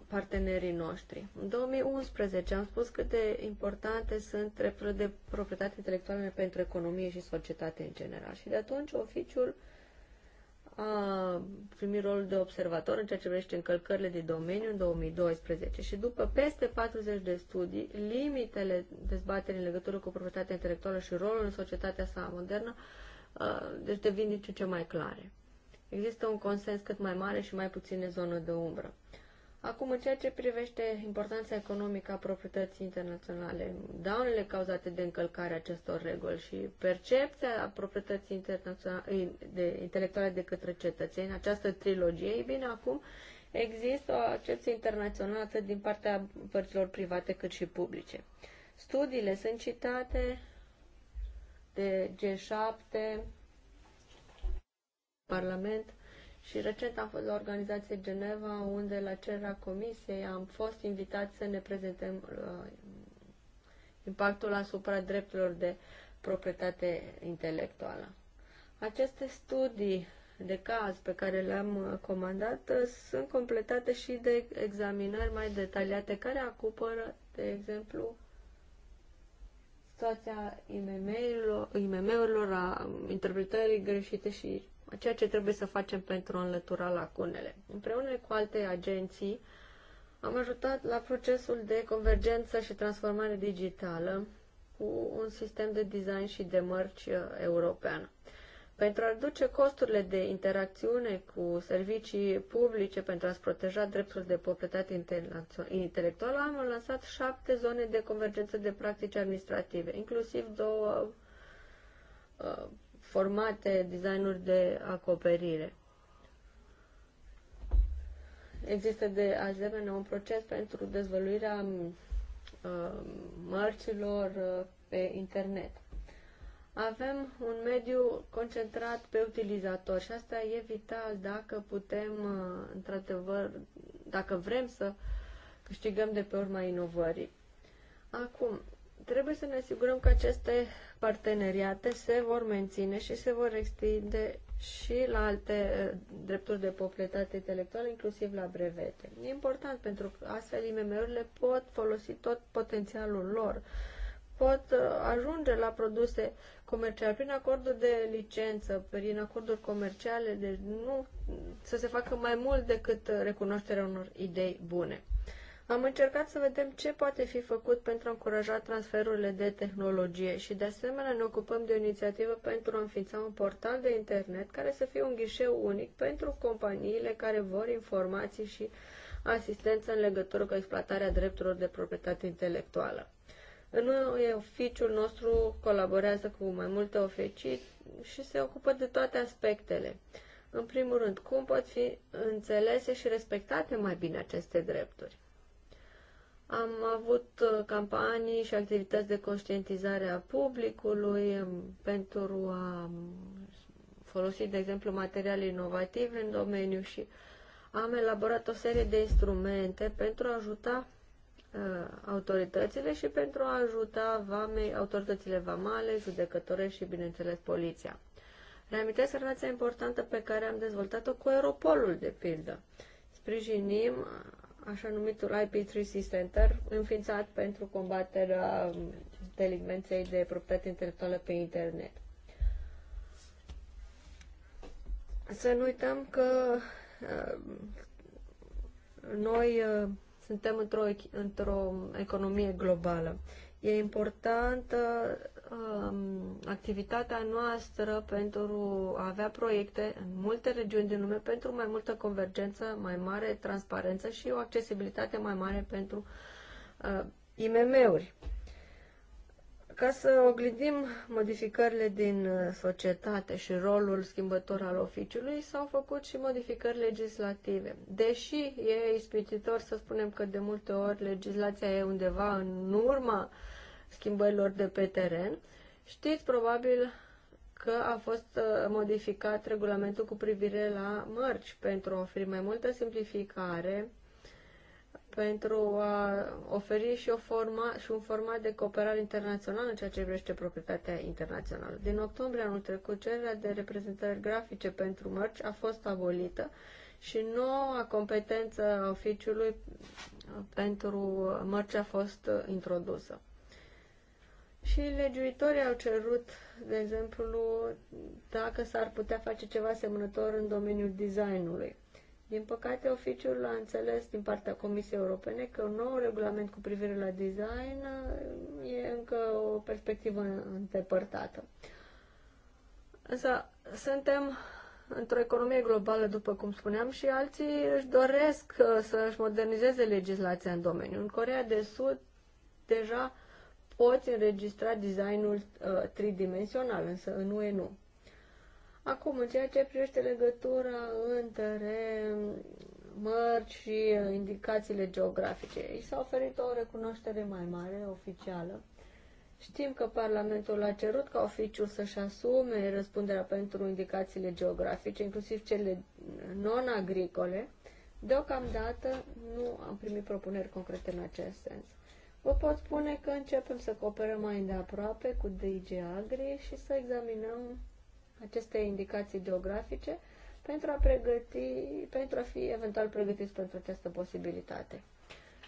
partenerii noștri. În 2011 am spus cât de importante sunt drepturile de proprietate intelectuală pentru economie și societate în general. Și de atunci oficiul a primit rolul de observator în ceea ce privește încălcările de domeniu în 2012 și după peste 40 de studii, limitele dezbaterii în legătură cu proprietatea intelectuală și rolul în societatea sa modernă uh, deci devin din ce mai clare. Există un consens cât mai mare și mai puține zonă de umbră. Acum, în ceea ce privește importanța economică a proprietății internaționale, daunele cauzate de încălcarea acestor reguli și percepția proprietății internaționale, de, intelectuale de către cetățeni, această trilogie, e bine, acum există o accepție internațională atât din partea părților private cât și publice. Studiile sunt citate de G7, Parlament, și recent am fost la organizație Geneva, unde la cererea comisiei am fost invitați să ne prezentăm uh, impactul asupra drepturilor de proprietate intelectuală. Aceste studii de caz pe care le-am uh, comandat uh, sunt completate și de examinări mai detaliate care acoperă, de exemplu, situația IMM-urilor, IMM a interpretării greșite și ceea ce trebuie să facem pentru a înlătura lacunele. Împreună cu alte agenții, am ajutat la procesul de convergență și transformare digitală cu un sistem de design și de mărci uh, european. Pentru a reduce costurile de interacțiune cu servicii publice pentru a-ți proteja dreptul de proprietate intelectuală, am lansat șapte zone de convergență de practici administrative, inclusiv două uh, formate designuri de acoperire. Există de asemenea un proces pentru dezvăluirea uh, mărcilor uh, pe internet. Avem un mediu concentrat pe utilizator și asta e vital dacă putem, uh, într-adevăr, dacă vrem să câștigăm de pe urma inovării. Acum, Trebuie să ne asigurăm că aceste parteneriate se vor menține și se vor extinde și la alte eh, drepturi de proprietate intelectuală, inclusiv la brevete. E important pentru că astfel IMM-urile pot folosi tot potențialul lor, pot eh, ajunge la produse comerciale prin acorduri de licență, prin acorduri comerciale, deci nu să se facă mai mult decât recunoașterea unor idei bune. Am încercat să vedem ce poate fi făcut pentru a încuraja transferurile de tehnologie și de asemenea ne ocupăm de o inițiativă pentru a înființa un portal de internet care să fie un ghișeu unic pentru companiile care vor informații și asistență în legătură cu exploatarea drepturilor de proprietate intelectuală. În oficiul nostru colaborează cu mai multe oficii și se ocupă de toate aspectele. În primul rând, cum pot fi înțelese și respectate mai bine aceste drepturi. Am avut uh, campanii și activități de conștientizare a publicului um, pentru a um, folosi, de exemplu, materiale inovative în domeniu și am elaborat o serie de instrumente pentru a ajuta uh, autoritățile și pentru a ajuta vame, autoritățile vamale, judecătorești și, bineînțeles, poliția. Reamintesc relația importantă pe care am dezvoltat-o cu aeropolul, de pildă. Sprijinim așa numitul IP3 Center, înființat pentru combaterea um, delinvenței de proprietate intelectuală pe internet. Să nu uităm că um, noi uh, suntem într-o, într, într -o economie globală. E important Um, activitatea noastră pentru a avea proiecte în multe regiuni din lume pentru mai multă convergență, mai mare transparență și o accesibilitate mai mare pentru uh, IMM-uri. Ca să oglindim modificările din uh, societate și rolul schimbător al oficiului, s-au făcut și modificări legislative. Deși e ispititor să spunem că de multe ori legislația e undeva în urma uh, schimbărilor de pe teren. Știți probabil că a fost uh, modificat regulamentul cu privire la mărci pentru a oferi mai multă simplificare, pentru a oferi și, o forma, și un format de cooperare internațională în ceea ce privește proprietatea internațională. Din octombrie anul trecut, cererea de reprezentări grafice pentru mărci a fost abolită și noua competență a oficiului pentru mărci a fost uh, introdusă. Și legiuitorii au cerut, de exemplu, dacă s-ar putea face ceva semănător în domeniul designului. Din păcate, oficiul a înțeles din partea Comisiei Europene că un nou regulament cu privire la design e încă o perspectivă îndepărtată. Însă suntem într-o economie globală, după cum spuneam, și alții își doresc să-și modernizeze legislația în domeniu. În Corea de Sud deja poți înregistra designul uh, tridimensional, însă în UE nu. Acum, în ceea ce privește legătura între mărci și uh, indicațiile geografice, i s-a oferit o recunoaștere mai mare, oficială. Știm că Parlamentul a cerut ca oficiul să-și asume răspunderea pentru indicațiile geografice, inclusiv cele non-agricole. Deocamdată nu am primit propuneri concrete în acest sens. Vă pot spune că începem să cooperăm mai îndeaproape cu DG Agri și să examinăm aceste indicații geografice pentru a, pregăti, pentru a fi eventual pregătiți pentru această posibilitate.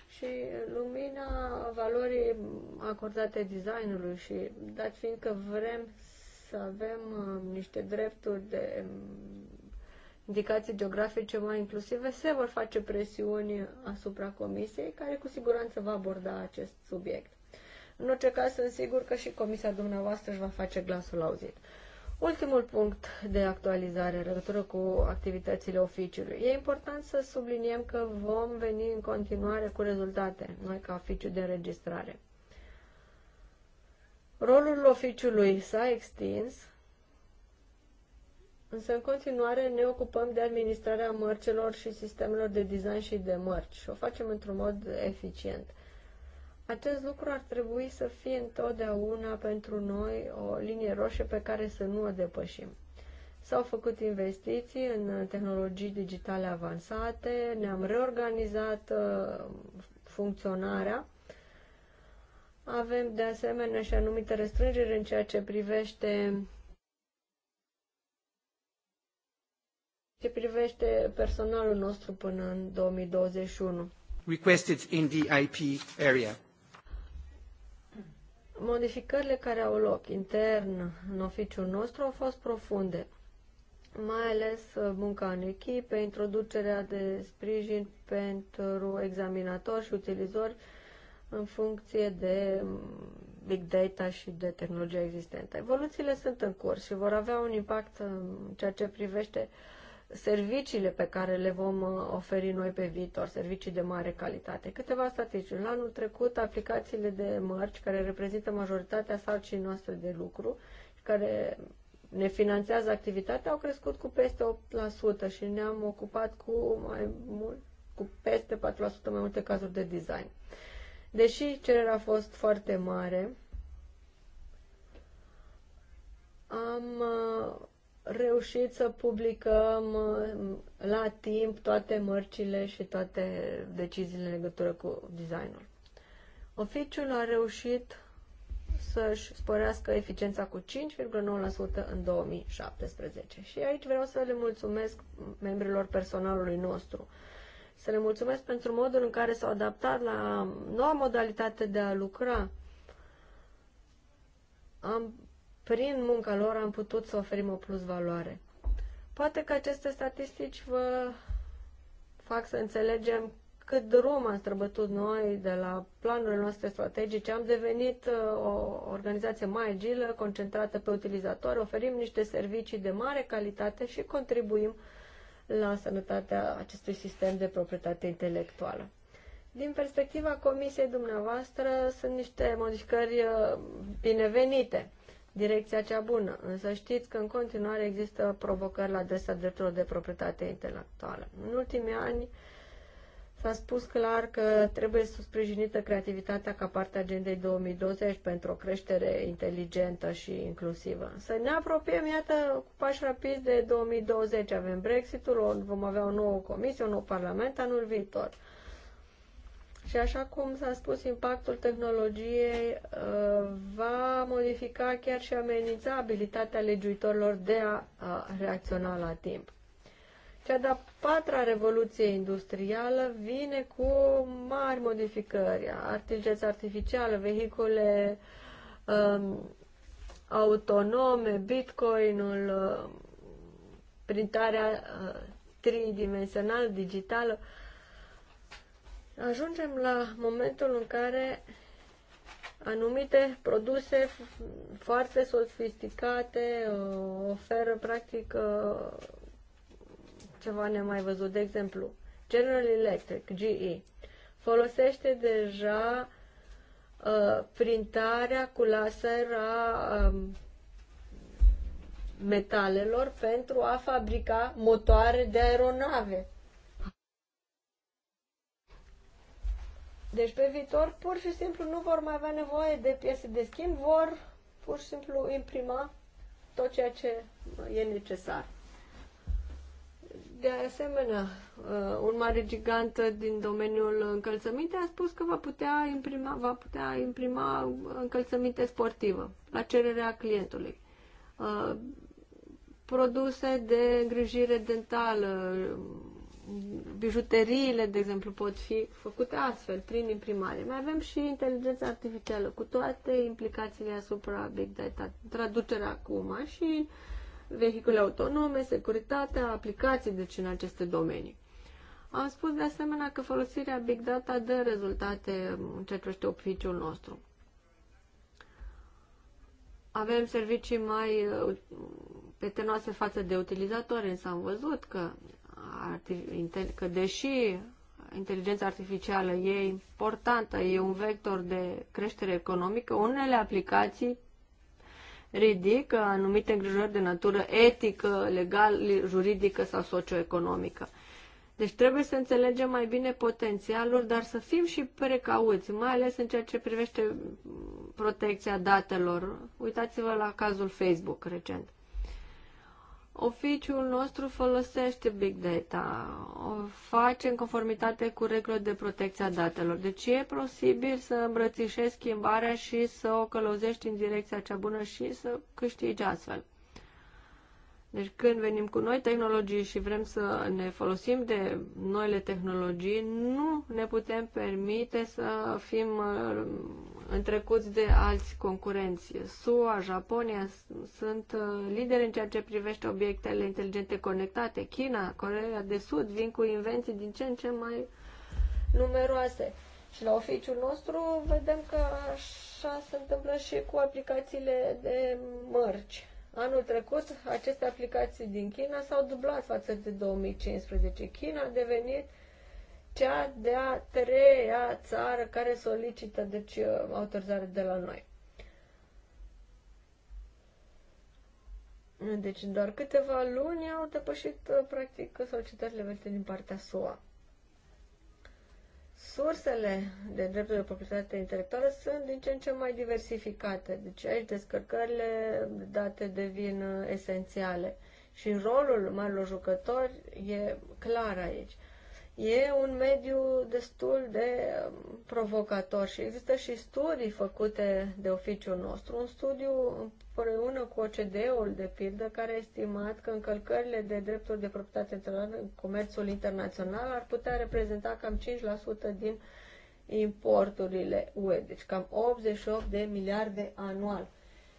Și lumina valorii acordate designului și dat fiind că vrem să avem uh, niște drepturi de indicații geografice mai inclusive, se vor face presiuni asupra comisiei, care cu siguranță va aborda acest subiect. În orice caz, sunt sigur că și comisia dumneavoastră își va face glasul auzit. Ultimul punct de actualizare în legătură cu activitățile oficiului. E important să subliniem că vom veni în continuare cu rezultate, noi ca oficiu de înregistrare. Rolul oficiului s-a extins Însă, în continuare, ne ocupăm de administrarea mărcelor și sistemelor de design și de mărci și o facem într-un mod eficient. Acest lucru ar trebui să fie întotdeauna pentru noi o linie roșie pe care să nu o depășim. S-au făcut investiții în tehnologii digitale avansate, ne-am reorganizat uh, funcționarea. Avem de asemenea și anumite restrângeri în ceea ce privește ce privește personalul nostru până în 2021. Requested in the IP area. Modificările care au loc intern în oficiul nostru au fost profunde, mai ales uh, munca în echipe, introducerea de sprijin pentru examinatori și utilizori în funcție de mm, big data și de tehnologia existentă. Evoluțiile sunt în curs și vor avea un impact uh, în ceea ce privește uh, serviciile pe care le vom uh, oferi noi pe viitor, servicii de mare calitate. Câteva statistici. În anul trecut, aplicațiile de mărci, care reprezintă majoritatea sarcinii noastre de lucru, care ne finanțează activitatea, au crescut cu peste 8% și ne-am ocupat cu mai mult, cu peste 4% mai multe cazuri de design. Deși cererea a fost foarte mare, am uh, reușit să publicăm uh, la timp toate mărcile și toate deciziile în legătură cu designul. Oficiul a reușit să-și sporească eficiența cu 5,9% în 2017. Și aici vreau să le mulțumesc membrilor personalului nostru. Să le mulțumesc pentru modul în care s-au adaptat la noua modalitate de a lucra. Am prin munca lor am putut să oferim o plus valoare. Poate că aceste statistici vă fac să înțelegem cât drum am străbătut noi de la planurile noastre strategice. Am devenit uh, o organizație mai agilă, concentrată pe utilizatori, oferim niște servicii de mare calitate și contribuim la sănătatea acestui sistem de proprietate intelectuală. Din perspectiva comisiei dumneavoastră, sunt niște modificări uh, binevenite direcția cea bună, însă știți că în continuare există provocări la adresa drepturilor de proprietate intelectuală. În ultimii ani s-a spus clar că trebuie sprijinită creativitatea ca parte a agendei 2020 pentru o creștere inteligentă și inclusivă. Să ne apropiem, iată, cu pași rapizi de 2020. Avem Brexitul, vom avea o nouă comisie, un nou parlament anul viitor. Și așa cum s-a spus, impactul tehnologiei uh, va modifica chiar și amenința abilitatea legiuitorilor de a reacționa la timp. Cea de-a patra revoluție industrială vine cu mari modificări. Artigeța artificială, vehicule um, autonome, bitcoinul, uh, printarea uh, tridimensională, digitală. Uh, ajungem la momentul în care anumite produse foarte sofisticate uh, oferă practic uh, ceva nemai văzut. De exemplu, General Electric, GE, folosește deja uh, printarea cu laser a um, metalelor pentru a fabrica motoare de aeronave. Deci pe viitor pur și simplu nu vor mai avea nevoie de piese de schimb, vor pur și simplu imprima tot ceea ce e necesar. De asemenea, uh, un mare gigant din domeniul încălțăminte a spus că va putea imprima, va putea imprima încălțăminte sportivă la cererea clientului. Uh, produse de îngrijire dentală, bijuteriile, de exemplu, pot fi făcute astfel, prin imprimare. Mai avem și inteligența artificială, cu toate implicațiile asupra big data, traducerea acum și vehicule autonome, securitatea, aplicații, deci în aceste domenii. Am spus de asemenea că folosirea big data dă rezultate în ceea ce este oficiul nostru. Avem servicii mai uh, petenoase față de utilizatori, însă am văzut că că deși inteligența artificială e importantă, e un vector de creștere economică, unele aplicații ridică anumite îngrijorări de natură etică, legal, juridică sau socioeconomică. Deci trebuie să înțelegem mai bine potențialul, dar să fim și precauți, mai ales în ceea ce privește protecția datelor. Uitați-vă la cazul Facebook recent. Oficiul nostru folosește big data, o face în conformitate cu regulile de protecție a datelor. Deci e posibil să îmbrățișezi schimbarea și să o călăuzești în direcția cea bună și să câștigi astfel. Deci când venim cu noi tehnologii și vrem să ne folosim de noile tehnologii, nu ne putem permite să fim uh, întrecuți de alți concurenți. SUA, Japonia sunt uh, lideri în ceea ce privește obiectele inteligente conectate. China, Corea de Sud vin cu invenții din ce în ce mai numeroase. Și la oficiul nostru vedem că așa se întâmplă și cu aplicațiile de mărci Anul trecut, aceste aplicații din China s-au dublat față de 2015. China a devenit cea de-a treia țară care solicită deci, uh, autorizare de la noi. Deci doar câteva luni au depășit uh, practic solicitările venite din partea SUA. Sursele de drepturi de proprietate intelectuală sunt din ce în ce mai diversificate, deci aici descărcările de date devin uh, esențiale și rolul marilor jucători e clar aici. E un mediu destul de um, provocator și există și studii făcute de oficiul nostru, un studiu împreună cu OCDE-ul, de pildă, care a estimat că încălcările de drepturi de proprietate intelectuală în comerțul internațional ar putea reprezenta cam 5% din importurile UE, deci cam 88 de miliarde anual.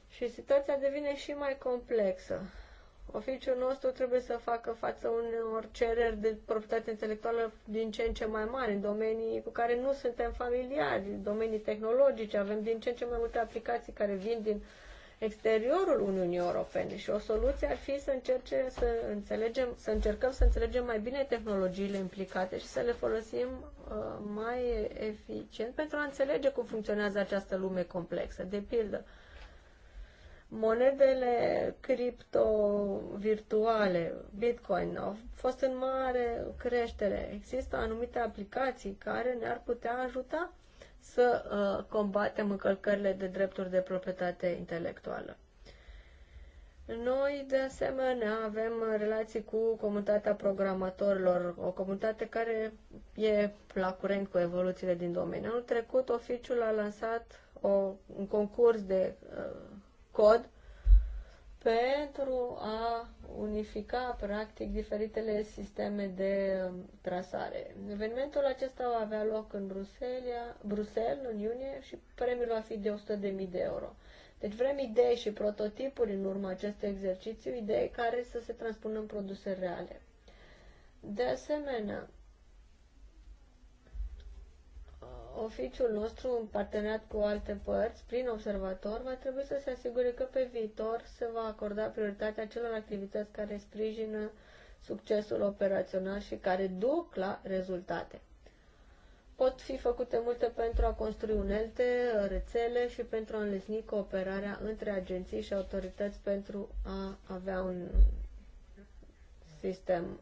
Și situația devine și mai complexă. Oficiul nostru trebuie să facă față unor cereri de proprietate intelectuală din ce în ce mai mari, în domenii cu care nu suntem familiari, în domenii tehnologice. Avem din ce în ce mai multe aplicații care vin din exteriorul Uniunii Europene și o soluție ar fi să, încerce, să, înțelegem, să încercăm să înțelegem mai bine tehnologiile implicate și să le folosim uh, mai eficient pentru a înțelege cum funcționează această lume complexă. De pildă, uh, Monedele cripto-virtuale, Bitcoin, au fost în mare creștere. Există anumite aplicații care ne-ar putea ajuta să uh, combatem încălcările de drepturi de proprietate intelectuală. Noi, de asemenea, avem relații cu comunitatea programatorilor, o comunitate care e la curent cu evoluțiile din domeniu. Anul trecut, oficiul a lansat o, un concurs de uh, cod pentru a unifica, practic, diferitele sisteme de um, trasare. Evenimentul acesta va avea loc în Bruselia, Bruxelles, în iunie, și premiul va fi de 100.000 de euro. Deci vrem idei și prototipuri în urma acestui exercițiu, idei care să se transpună în produse reale. De asemenea, oficiul nostru, în parteneriat cu alte părți, prin observator, va trebui să se asigure că pe viitor se va acorda prioritatea celor activități care sprijină succesul operațional și care duc la rezultate. Pot fi făcute multe pentru a construi unelte, rețele și pentru a înlesni cooperarea între agenții și autorități pentru a avea un sistem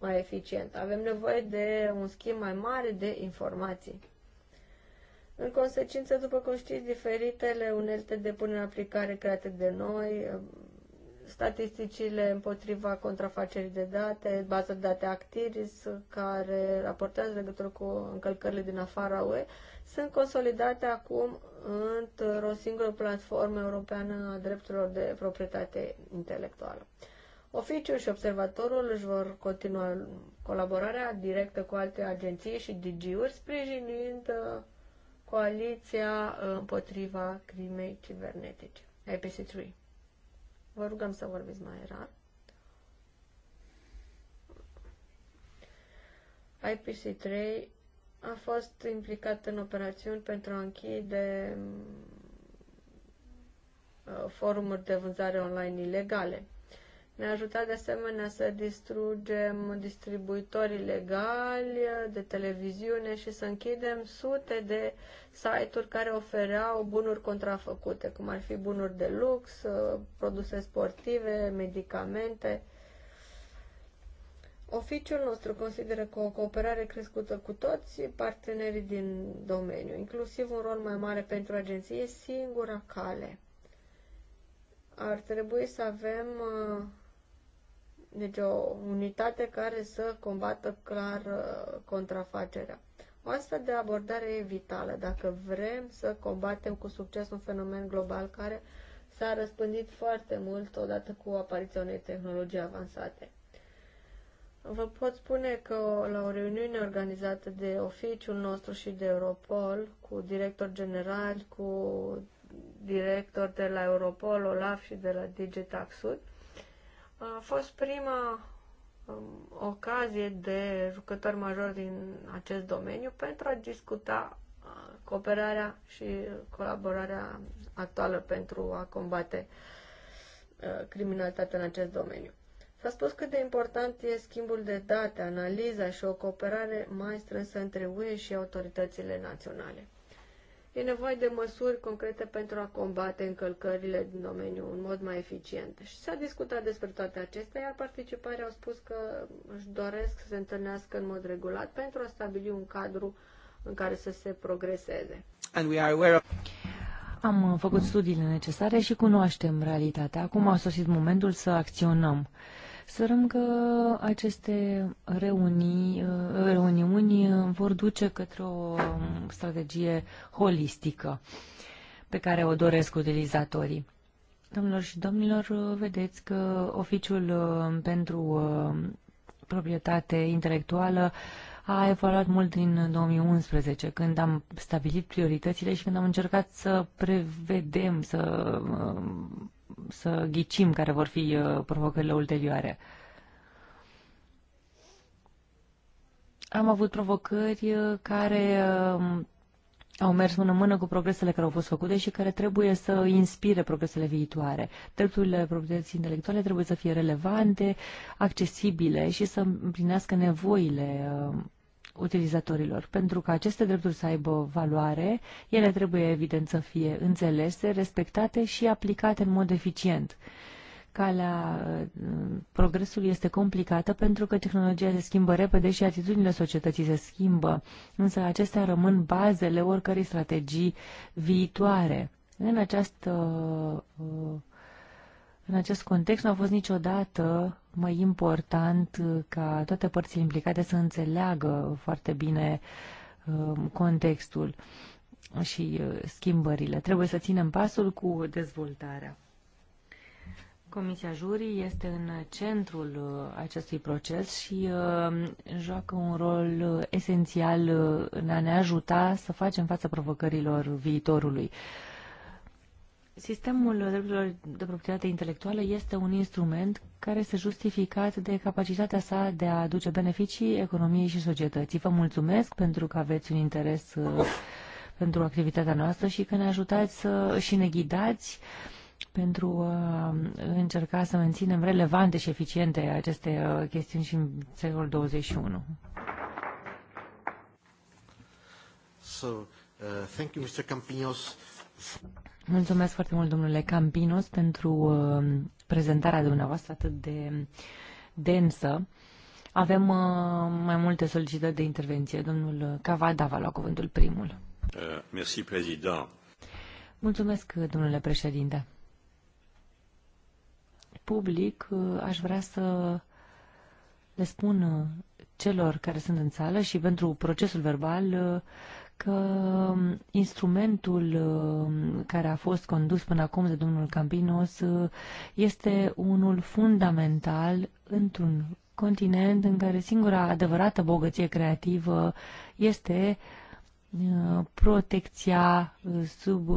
mai eficient. Avem nevoie de un schimb mai mare de informații. În consecință, după cum știți, diferitele unelte de pune în aplicare create de noi, um, statisticile împotriva contrafacerii de date, bază de date Actiris, care raportează legătură cu încălcările din afara UE, sunt consolidate acum într-o singură platformă europeană a drepturilor de proprietate intelectuală. Oficiul și observatorul își vor continua colaborarea directă cu alte agenții și DG-uri, sprijinind uh, Coaliția împotriva crimei cibernetice, IPC3. Vă rugăm să vorbiți mai rar. IPC3 a fost implicat în operațiuni pentru a închide uh, forumuri de vânzare online ilegale. Ne-a ajutat de asemenea să distrugem distribuitori ilegali de televiziune și să închidem sute de site-uri care ofereau bunuri contrafăcute, cum ar fi bunuri de lux, produse sportive, medicamente. Oficiul nostru consideră că o cooperare crescută cu toți partenerii din domeniu, inclusiv un rol mai mare pentru agenție, e singura cale. Ar trebui să avem uh, deci o unitate care să combată clar uh, contrafacerea. O astfel de abordare e vitală dacă vrem să combatem cu succes un fenomen global care s-a răspândit foarte mult odată cu apariția unei tehnologii avansate. Vă pot spune că la o reuniune organizată de oficiul nostru și de Europol, cu director general, cu director de la Europol, OLAF și de la Digitaxul, a fost prima um, ocazie de jucător major din acest domeniu pentru a discuta cooperarea și colaborarea actuală pentru a combate criminalitatea în acest domeniu. S-a spus cât de important e schimbul de date, analiza și o cooperare mai strânsă între UE și autoritățile naționale. E nevoie de măsuri concrete pentru a combate încălcările din domeniu în mod mai eficient. Și s-a discutat despre toate acestea, iar participarea au spus că își doresc să se întâlnească în mod regulat pentru a stabili un cadru în care să se progreseze. And we are aware of... Am făcut studiile necesare și cunoaștem realitatea. Acum a sosit momentul să acționăm. Sperăm că aceste reuni, uh, reuniuni vor duce către o um, strategie holistică pe care o doresc utilizatorii. Domnilor și domnilor, uh, vedeți că oficiul uh, pentru proprietate intelectuală a evoluat mult din 2011, când am stabilit prioritățile și când am încercat să prevedem, să să ghicim care vor fi uh, provocările ulterioare. Am avut provocări uh, care um, au mers mână-mână cu progresele care au fost făcute și care trebuie să inspire progresele viitoare. Drepturile proprietății intelectuale trebuie să fie relevante, accesibile și să împlinească nevoile um, utilizatorilor. Pentru ca aceste drepturi să aibă valoare, ele trebuie evident să fie înțelese, respectate și aplicate în mod eficient. Calea uh, progresului este complicată pentru că tehnologia se schimbă repede și atitudinile societății se schimbă, însă acestea rămân bazele oricărei strategii viitoare. În, această, uh, în acest context nu a fost niciodată mai important ca toate părțile implicate să înțeleagă foarte bine um, contextul și uh, schimbările. Trebuie să ținem pasul cu dezvoltarea. Comisia Jurii este în centrul uh, acestui proces și um, joacă un rol uh, esențial în a ne ajuta să facem față provocărilor viitorului. Sistemul drepturilor de proprietate intelectuală este un instrument care este justificat de capacitatea sa de a aduce beneficii economiei și societății. Vă mulțumesc pentru că aveți un interes uh, pentru activitatea noastră și că ne ajutați să, și ne ghidați pentru a încerca să menținem relevante și eficiente aceste uh, chestiuni și în secolul 21. So, uh, thank you, Mr. Campinos. Mulțumesc foarte mult, domnule Campinos, pentru uh, prezentarea dumneavoastră atât de densă. Avem uh, mai multe solicitări de intervenție. Domnul Cavada va lua cuvântul primul. Uh, merci, prezident. Mulțumesc, domnule președinte. Public, aș vrea să le spun celor care sunt în sală și pentru procesul verbal că um, instrumentul um, care a fost condus până acum de domnul Campinos uh, este unul fundamental într-un continent în care singura adevărată bogăție creativă este uh, protecția uh, sub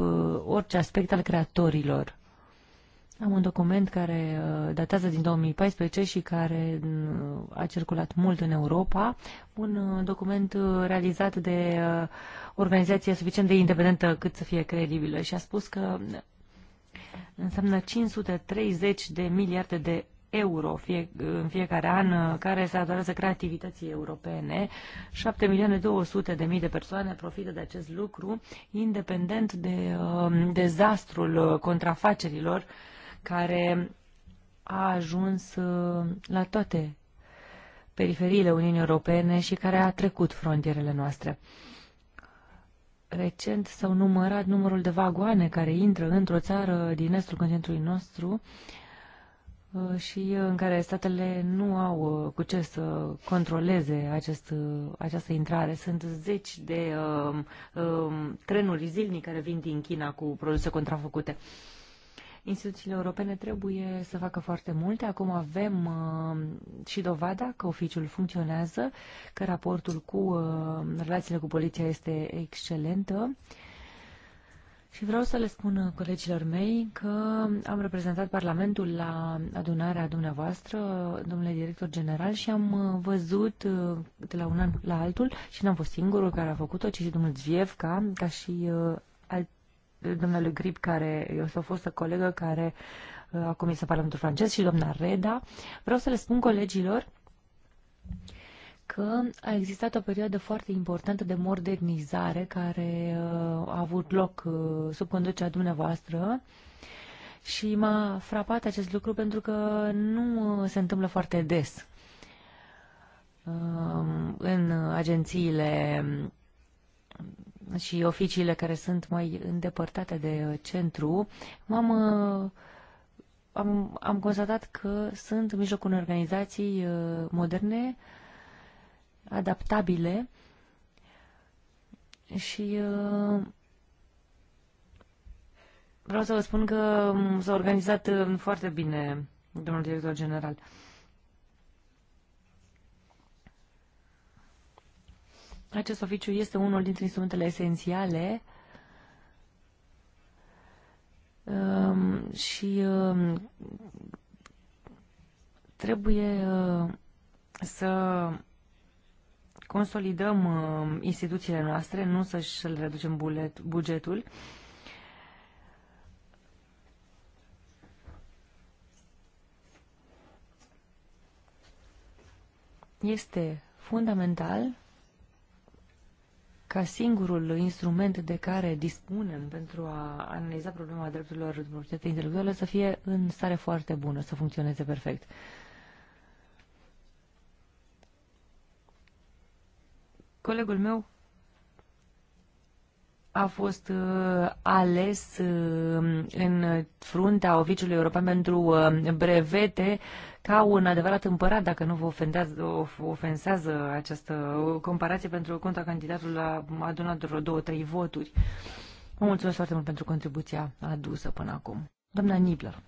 orice aspect al creatorilor. Am un document care uh, datează din 2014 și care uh, a circulat mult în Europa, un uh, document realizat de organizație suficient de independentă cât să fie credibilă și a spus că înseamnă 530 de miliarde de euro fie, în fiecare an care se adorează creativității europene. 7 milioane 200 de mii de persoane profită de acest lucru, independent de uh, dezastrul contrafacerilor uh, care a ajuns uh, la toate periferiile Uniunii Europene și care a trecut frontierele noastre. Recent s-au numărat numărul de vagoane care intră într-o țară din estul continentului nostru uh, și uh, în care statele nu au cu ce să controleze acest, această intrare. Sunt zeci de uh, uh, trenuri zilnic care vin din China cu produse contrafăcute. Uh, Instituțiile europene trebuie să facă foarte multe. Acum avem uh, și dovada că oficiul funcționează, că raportul cu uh, relațiile cu poliția este excelentă. Și vreau să le spun colegilor mei că am reprezentat Parlamentul la adunarea dumneavoastră, domnule director general, și am uh, văzut de la un an la altul și n-am fost singurul care a făcut-o, ci și domnul Zvievca, ca și Domnule Grip, care este o fostă colegă care uh, acum este Parlamentul francez și doamna Reda. Vreau să le spun colegilor că a existat o perioadă foarte importantă de modernizare care uh, a avut loc uh, sub conducerea dumneavoastră și m-a frapat acest lucru pentru că nu se întâmplă foarte des în agențiile și oficiile care sunt mai îndepărtate de centru, m-am uh, am, am constatat că sunt în mijlocul unei organizații uh, moderne, adaptabile și uh, vreau să vă spun că s-a organizat foarte bine domnul director general. Acest oficiu este unul dintre instrumentele esențiale um, și um, trebuie uh, să consolidăm uh, instituțiile noastre, nu să-și le reducem bulet, bugetul. Este fundamental ca singurul instrument de care dispunem pentru a analiza problema drepturilor de proprietate intelectuală să fie în stare foarte bună, să funcționeze perfect. Colegul meu a fost uh, ales uh, în fruntea Oficiului European pentru uh, brevete uh, ca un adevărat împărat, dacă nu vă ofensează această comparație pentru contra candidatul a adunat doar două, trei voturi. Vă mulțumesc foarte mult pentru contribuția adusă până acum. Doamna Nibler.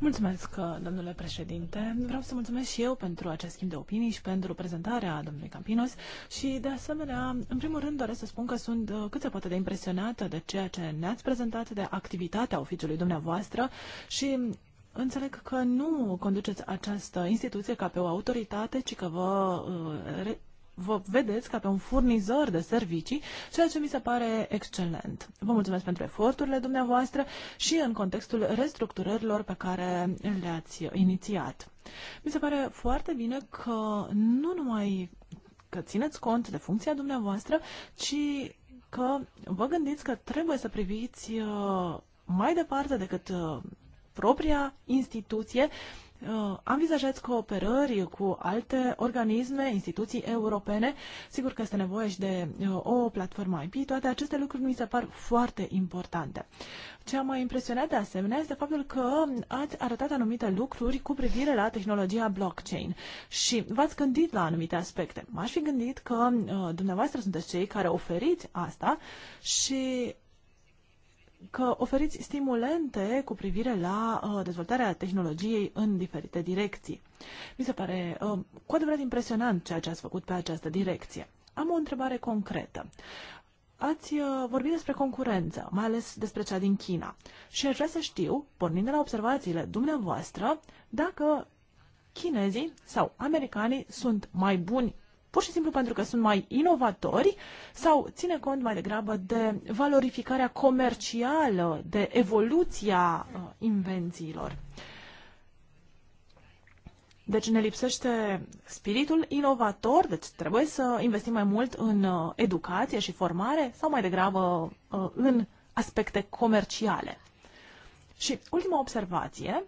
Mulțumesc, domnule președinte. Vreau să mulțumesc și eu pentru acest schimb de opinii și pentru prezentarea domnului Campinos și, de asemenea, în primul rând doresc să spun că sunt uh, cât se poate de impresionată de ceea ce ne-ați prezentat, de activitatea oficiului dumneavoastră și Înțeleg că nu conduceți această instituție ca pe o autoritate, ci că vă, uh, vă vedeți ca pe un furnizor de servicii, ceea ce mi se pare excelent. Vă mulțumesc pentru eforturile dumneavoastră și în contextul restructurărilor pe care le-ați inițiat. Mi se pare foarte bine că nu numai că țineți cont de funcția dumneavoastră, ci că vă gândiți că trebuie să priviți uh, mai departe decât uh, propria instituție, uh, am cooperări cu alte organisme, instituții europene. Sigur că este nevoie și de uh, o platformă IP. Toate aceste lucruri mi se par foarte importante. Ce am mai impresionat de asemenea este faptul că ați arătat anumite lucruri cu privire la tehnologia blockchain și v-ați gândit la anumite aspecte. M-aș fi gândit că uh, dumneavoastră sunteți cei care oferiți asta și că oferiți stimulente cu privire la uh, dezvoltarea tehnologiei în diferite direcții. Mi se pare uh, cu adevărat impresionant ceea ce ați făcut pe această direcție. Am o întrebare concretă. Ați uh, vorbit despre concurență, mai ales despre cea din China. Și aș vrea să știu, pornind de la observațiile dumneavoastră, dacă chinezii sau americanii sunt mai buni pur și simplu pentru că sunt mai inovatori sau ține cont mai degrabă de valorificarea comercială, de evoluția uh, invențiilor. Deci ne lipsește spiritul inovator, deci trebuie să investim mai mult în uh, educație și formare sau mai degrabă uh, în aspecte comerciale. Și ultima observație,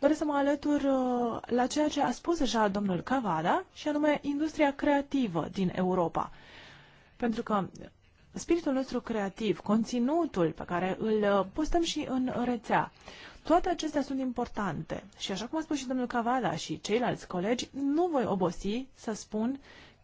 Doresc să mă alătur uh, la ceea ce a spus deja domnul Cavada, și anume industria creativă din Europa. Pentru că spiritul nostru creativ, conținutul pe care îl uh, postăm și în rețea, toate acestea sunt importante. Și așa cum a spus și domnul Cavada și ceilalți colegi, nu voi obosi să spun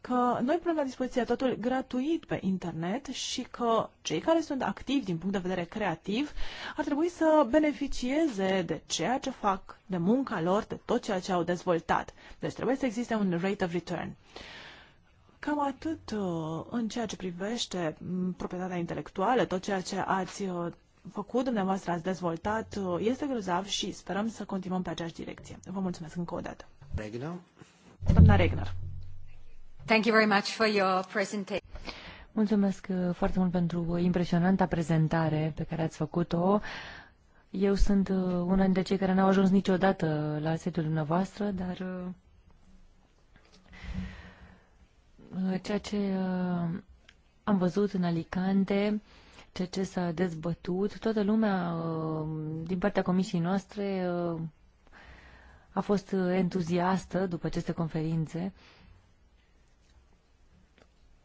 că noi punem la dispoziție totul gratuit pe internet și că cei care sunt activi din punct de vedere creativ ar trebui să beneficieze de ceea ce fac, de munca lor, de tot ceea ce au dezvoltat. Deci trebuie să existe un rate of return. Cam atât uh, în ceea ce privește mm, proprietatea intelectuală, tot ceea ce ați uh, făcut, dumneavoastră ați dezvoltat, uh, este grozav și sperăm să continuăm pe aceeași direcție. Vă mulțumesc încă o dată. Regner. Doamna Regner. Thank you very much for your presentation. Mulțumesc uh, foarte mult pentru uh, impresionanta prezentare pe care ați făcut-o. Eu sunt uh, una dintre cei care n-au ajuns niciodată la sediul dumneavoastră, dar ceea ce am văzut în Alicante, ceea ce s-a dezbătut, toată lumea din partea comisiei noastre a fost entuziastă după aceste conferințe.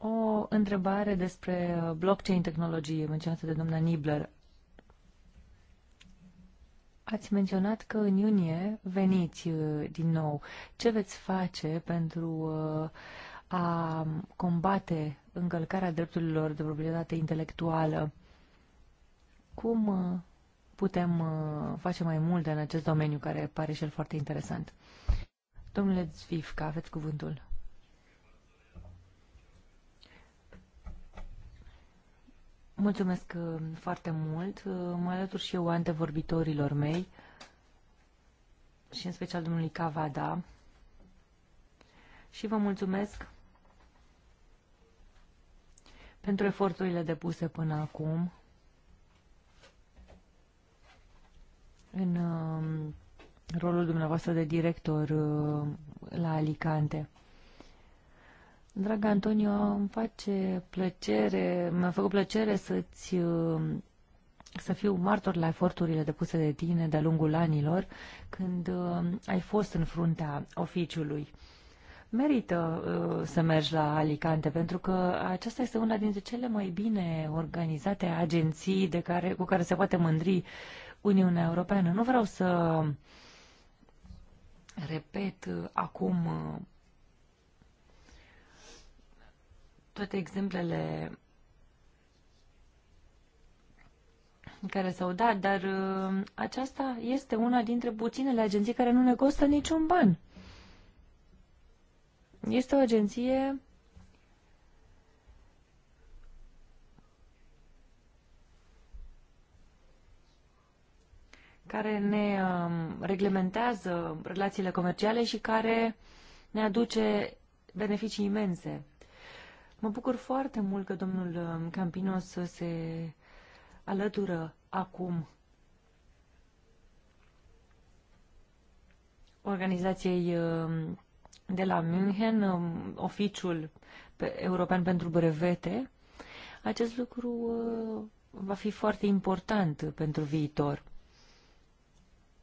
O întrebare despre blockchain tehnologie menționată de doamna Nibler. Ați menționat că în iunie veniți uh, din nou. Ce veți face pentru uh, a combate încălcarea drepturilor de proprietate intelectuală? Cum uh, putem face mai multe în acest domeniu care pare și el foarte interesant? Domnule Zvifka, aveți cuvântul. Mulțumesc uh, foarte mult. Uh, mă alătur și eu antevorbitorilor mei și în special domnului Cavada. Și vă mulțumesc pentru eforturile depuse până acum în uh, rolul dumneavoastră de director la Alicante. Dragă Antonio, îmi face plăcere, mi-a făcut plăcere să-ți uh, să fiu martor la eforturile depuse de tine de-a lungul anilor când uh, ai fost în fruntea oficiului. Merită uh, să mergi la Alicante pentru că aceasta este una dintre cele mai bine organizate agenții de care, cu care se poate mândri Uniunea Europeană. Nu vreau să repet acum toate exemplele care s-au dat, dar uh, aceasta este una dintre puținele agenții care nu ne costă niciun ban. Este o agenție care ne um, reglementează relațiile comerciale și care ne aduce beneficii imense. Mă bucur foarte mult că domnul um, Campinos se alătură acum organizației um, de la München, um, oficiul european pentru brevete. Acest lucru uh, va fi foarte important pentru viitor.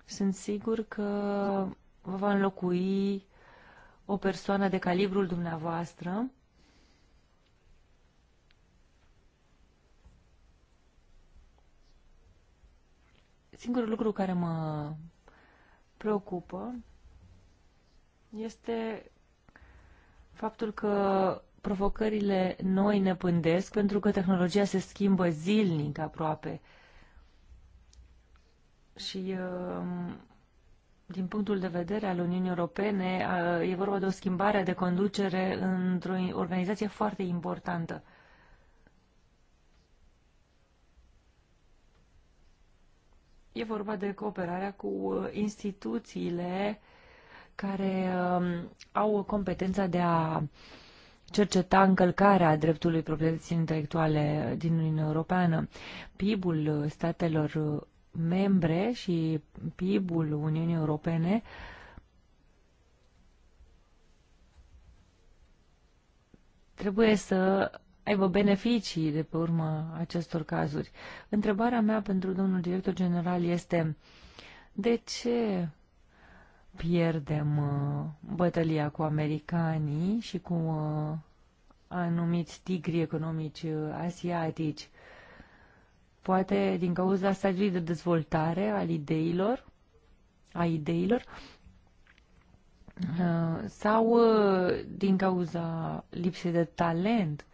Sunt sigur că vă va înlocui o persoană de calibrul dumneavoastră Singurul lucru care mă preocupă este faptul că provocările noi ne pândesc pentru că tehnologia se schimbă zilnic aproape. Și um, din punctul de vedere al Uniunii Europene e vorba de o schimbare de conducere într-o organizație foarte importantă. E vorba de cooperarea cu uh, instituțiile care um, au competența de a cerceta încălcarea dreptului proprietății intelectuale din Uniunea Europeană. PIB-ul uh, statelor uh, membre și PIB-ul Uniunii Europene trebuie să aibă beneficii de pe urma acestor cazuri. Întrebarea mea pentru domnul director general este de ce pierdem uh, bătălia cu americanii și cu uh, anumiți tigri economici uh, asiatici? Poate din cauza stadiului de dezvoltare al ideilor, a ideilor, sau din cauza lipsei de talent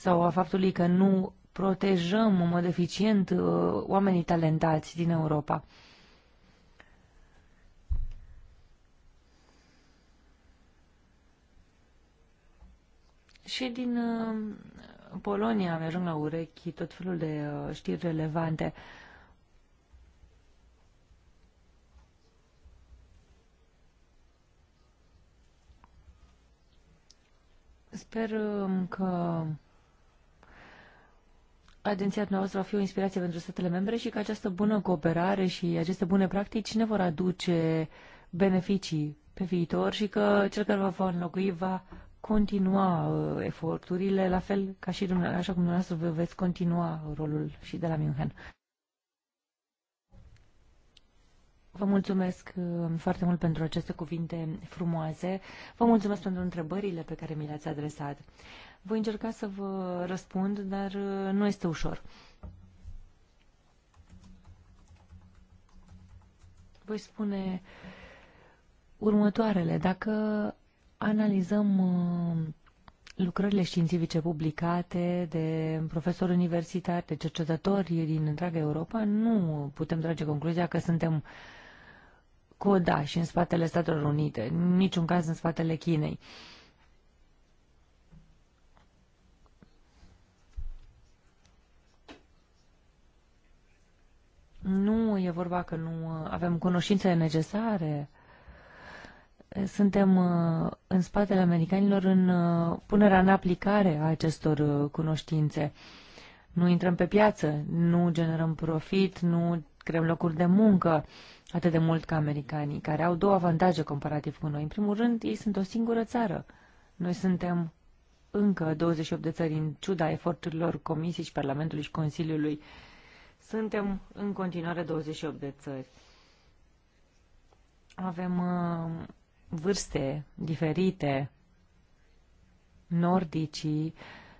sau a faptului că nu protejăm în mod eficient uh, oamenii talentați din Europa. Și din uh, Polonia mi ajung la urechi tot felul de uh, știri relevante. Sper că agenția noastră va fi o inspirație pentru statele membre și că această bună cooperare și aceste bune practici ne vor aduce beneficii pe viitor și că cel care va înlocui va continua uh, eforturile, la fel ca și dumneavoastră, așa cum dumneavoastră vă veți continua rolul și de la München. Vă mulțumesc uh, foarte mult pentru aceste cuvinte frumoase. Vă mulțumesc pentru întrebările pe care mi le-ați adresat. Voi încerca să vă răspund, dar uh, nu este ușor. Voi spune următoarele. Dacă analizăm uh, lucrările științifice publicate de profesori universitari, de cercetători din întreaga Europa, nu putem trage concluzia că suntem și în spatele Statelor Unite, în niciun caz în spatele Chinei. Uh, Nu e vorba că nu avem cunoștințele necesare. Suntem uh, în spatele americanilor în uh, punerea în aplicare a acestor uh, cunoștințe. Nu intrăm pe piață, nu generăm profit, nu creăm locuri de muncă atât de mult ca americanii, care au două avantaje comparativ cu noi. În primul rând, ei sunt o singură țară. Noi suntem încă 28 de țări, în ciuda eforturilor Comisiei și Parlamentului și Consiliului uh, suntem în continuare 28 de țări. Avem uh, vârste diferite. Nordicii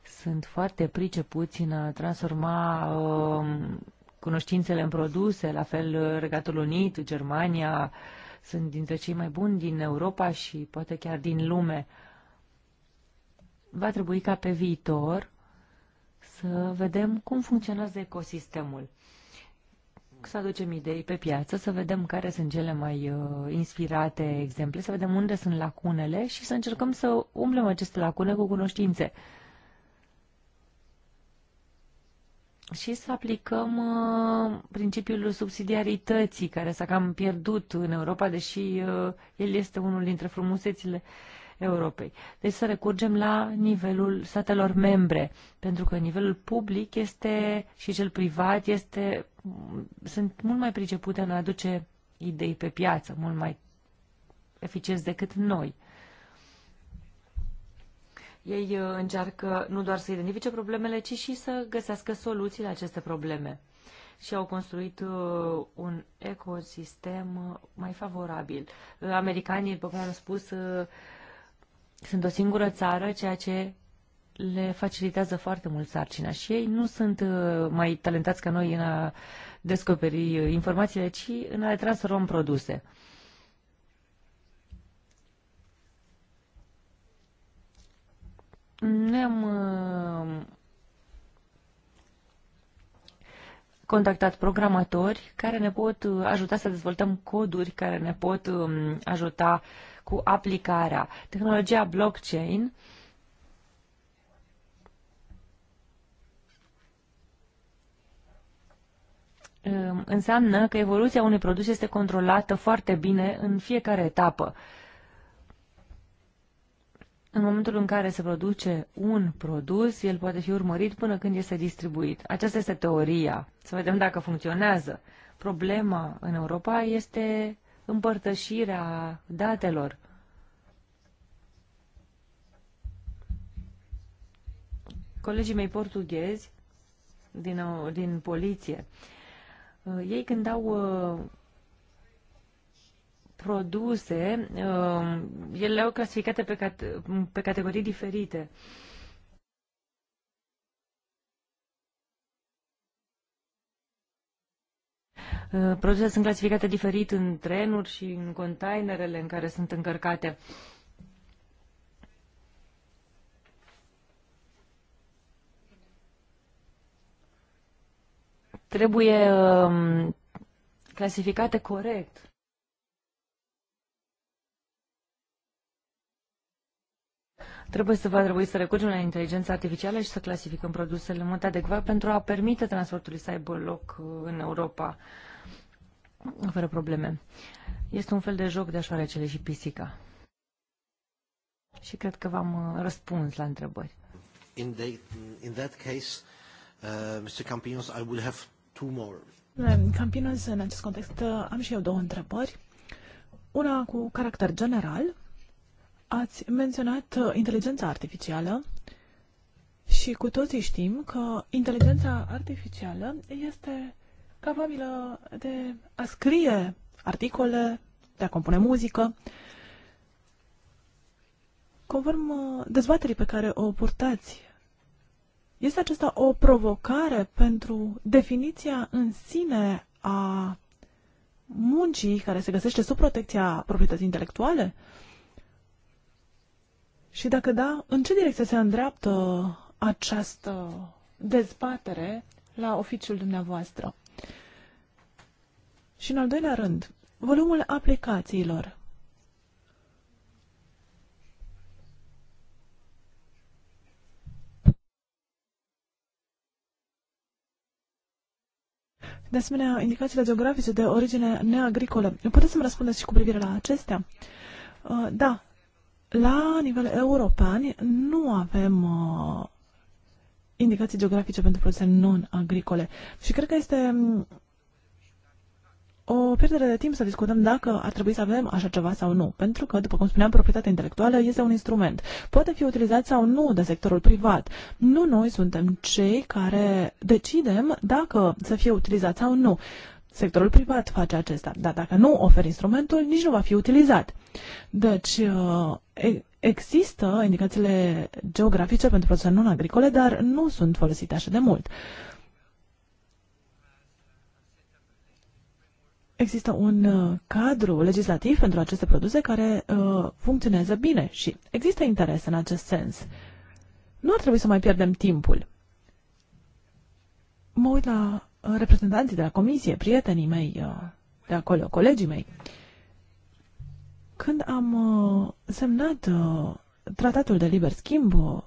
sunt foarte pricepuți în a transforma uh, cunoștințele în produse, la fel uh, Regatul Unit, Germania, sunt dintre cei mai buni din Europa și poate chiar din lume. Va trebui ca pe viitor să vedem cum funcționează ecosistemul să aducem idei pe piață, să vedem care sunt cele mai uh, inspirate exemple, să vedem unde sunt lacunele și să încercăm să umplem aceste lacune cu cunoștințe. Și să aplicăm uh, principiul subsidiarității, care s-a cam pierdut în Europa, deși uh, el este unul dintre frumusețile uh, Europei. Deci să recurgem la nivelul statelor membre, pentru că nivelul public este și cel privat este, sunt mult mai pricepute în a aduce idei pe piață, mult mai eficienți decât noi. Ei uh, încearcă nu doar să identifice problemele, ci și să găsească soluții la aceste probleme și au construit uh, un ecosistem uh, mai favorabil. americanii, după cum am spus, sunt o singură țară, ceea ce le facilitează foarte mult sarcina și ei nu sunt uh, mai talentați ca noi în a descoperi uh, informațiile, ci în a le transforma în produse. Ne-am uh, contactat programatori care ne pot ajuta să dezvoltăm coduri care ne pot um, ajuta uh, cu aplicarea. Tehnologia blockchain um, înseamnă că evoluția unui produs este controlată foarte bine în fiecare etapă. În momentul în care se produce un produs, el poate fi urmărit până când este distribuit. Aceasta este teoria. Să vedem dacă funcționează. Problema în Europa este împărtășirea datelor. Colegii mei portughezi din, din poliție, uh, ei când au uh, produse, uh, ele le-au clasificate pe, cat pe categorii diferite. Uh, produsele sunt clasificate diferit în trenuri și în containerele în care sunt încărcate. Trebuie um, clasificate corect. Trebuie să va trebui să recurgem la inteligența artificială și să clasificăm produsele în mod adecvat pentru a permite transportului să aibă loc uh, în Europa. Fără probleme. Este un fel de joc de șoarecele și pisica. Și cred că v-am uh, răspuns la întrebări. In, the, in that case, uh, Mr. Campinos, I will have two more. Campinos, în acest context, uh, am și eu două întrebări. Una cu caracter general. Ați menționat uh, inteligența artificială și cu toții știm că inteligența artificială este capabilă de a scrie articole, de a compune muzică. Conform uh, dezbaterii pe care o purtați, este acesta o provocare pentru definiția în sine a muncii care se găsește sub protecția proprietății intelectuale? Și dacă da, în ce direcție se îndreaptă această dezbatere la oficiul dumneavoastră? Și în al doilea rând, volumul aplicațiilor. De asemenea, indicațiile geografice de origine neagricolă. Puteți să-mi răspundeți și cu privire la acestea? Uh, da, la nivel european nu avem uh, indicații geografice pentru produse non-agricole și cred că este mm, o pierdere de timp să discutăm dacă ar trebui să avem așa ceva sau nu, pentru că, după cum spuneam, proprietatea intelectuală este un instrument. Poate fi utilizat sau nu de sectorul privat. Nu noi suntem cei care decidem dacă să fie utilizat sau nu. Sectorul privat face acesta, dar dacă nu oferi instrumentul, nici nu va fi utilizat. Deci, uh, există indicațiile geografice pentru produse non-agricole, dar nu sunt folosite așa de mult. există un uh, cadru legislativ pentru aceste produse care uh, funcționează bine și există interes în acest sens. Nu ar trebui să mai pierdem timpul. Mă uit la uh, reprezentanții de la comisie, prietenii mei uh, de acolo, colegii mei. Când am uh, semnat uh, tratatul de liber schimb, uh,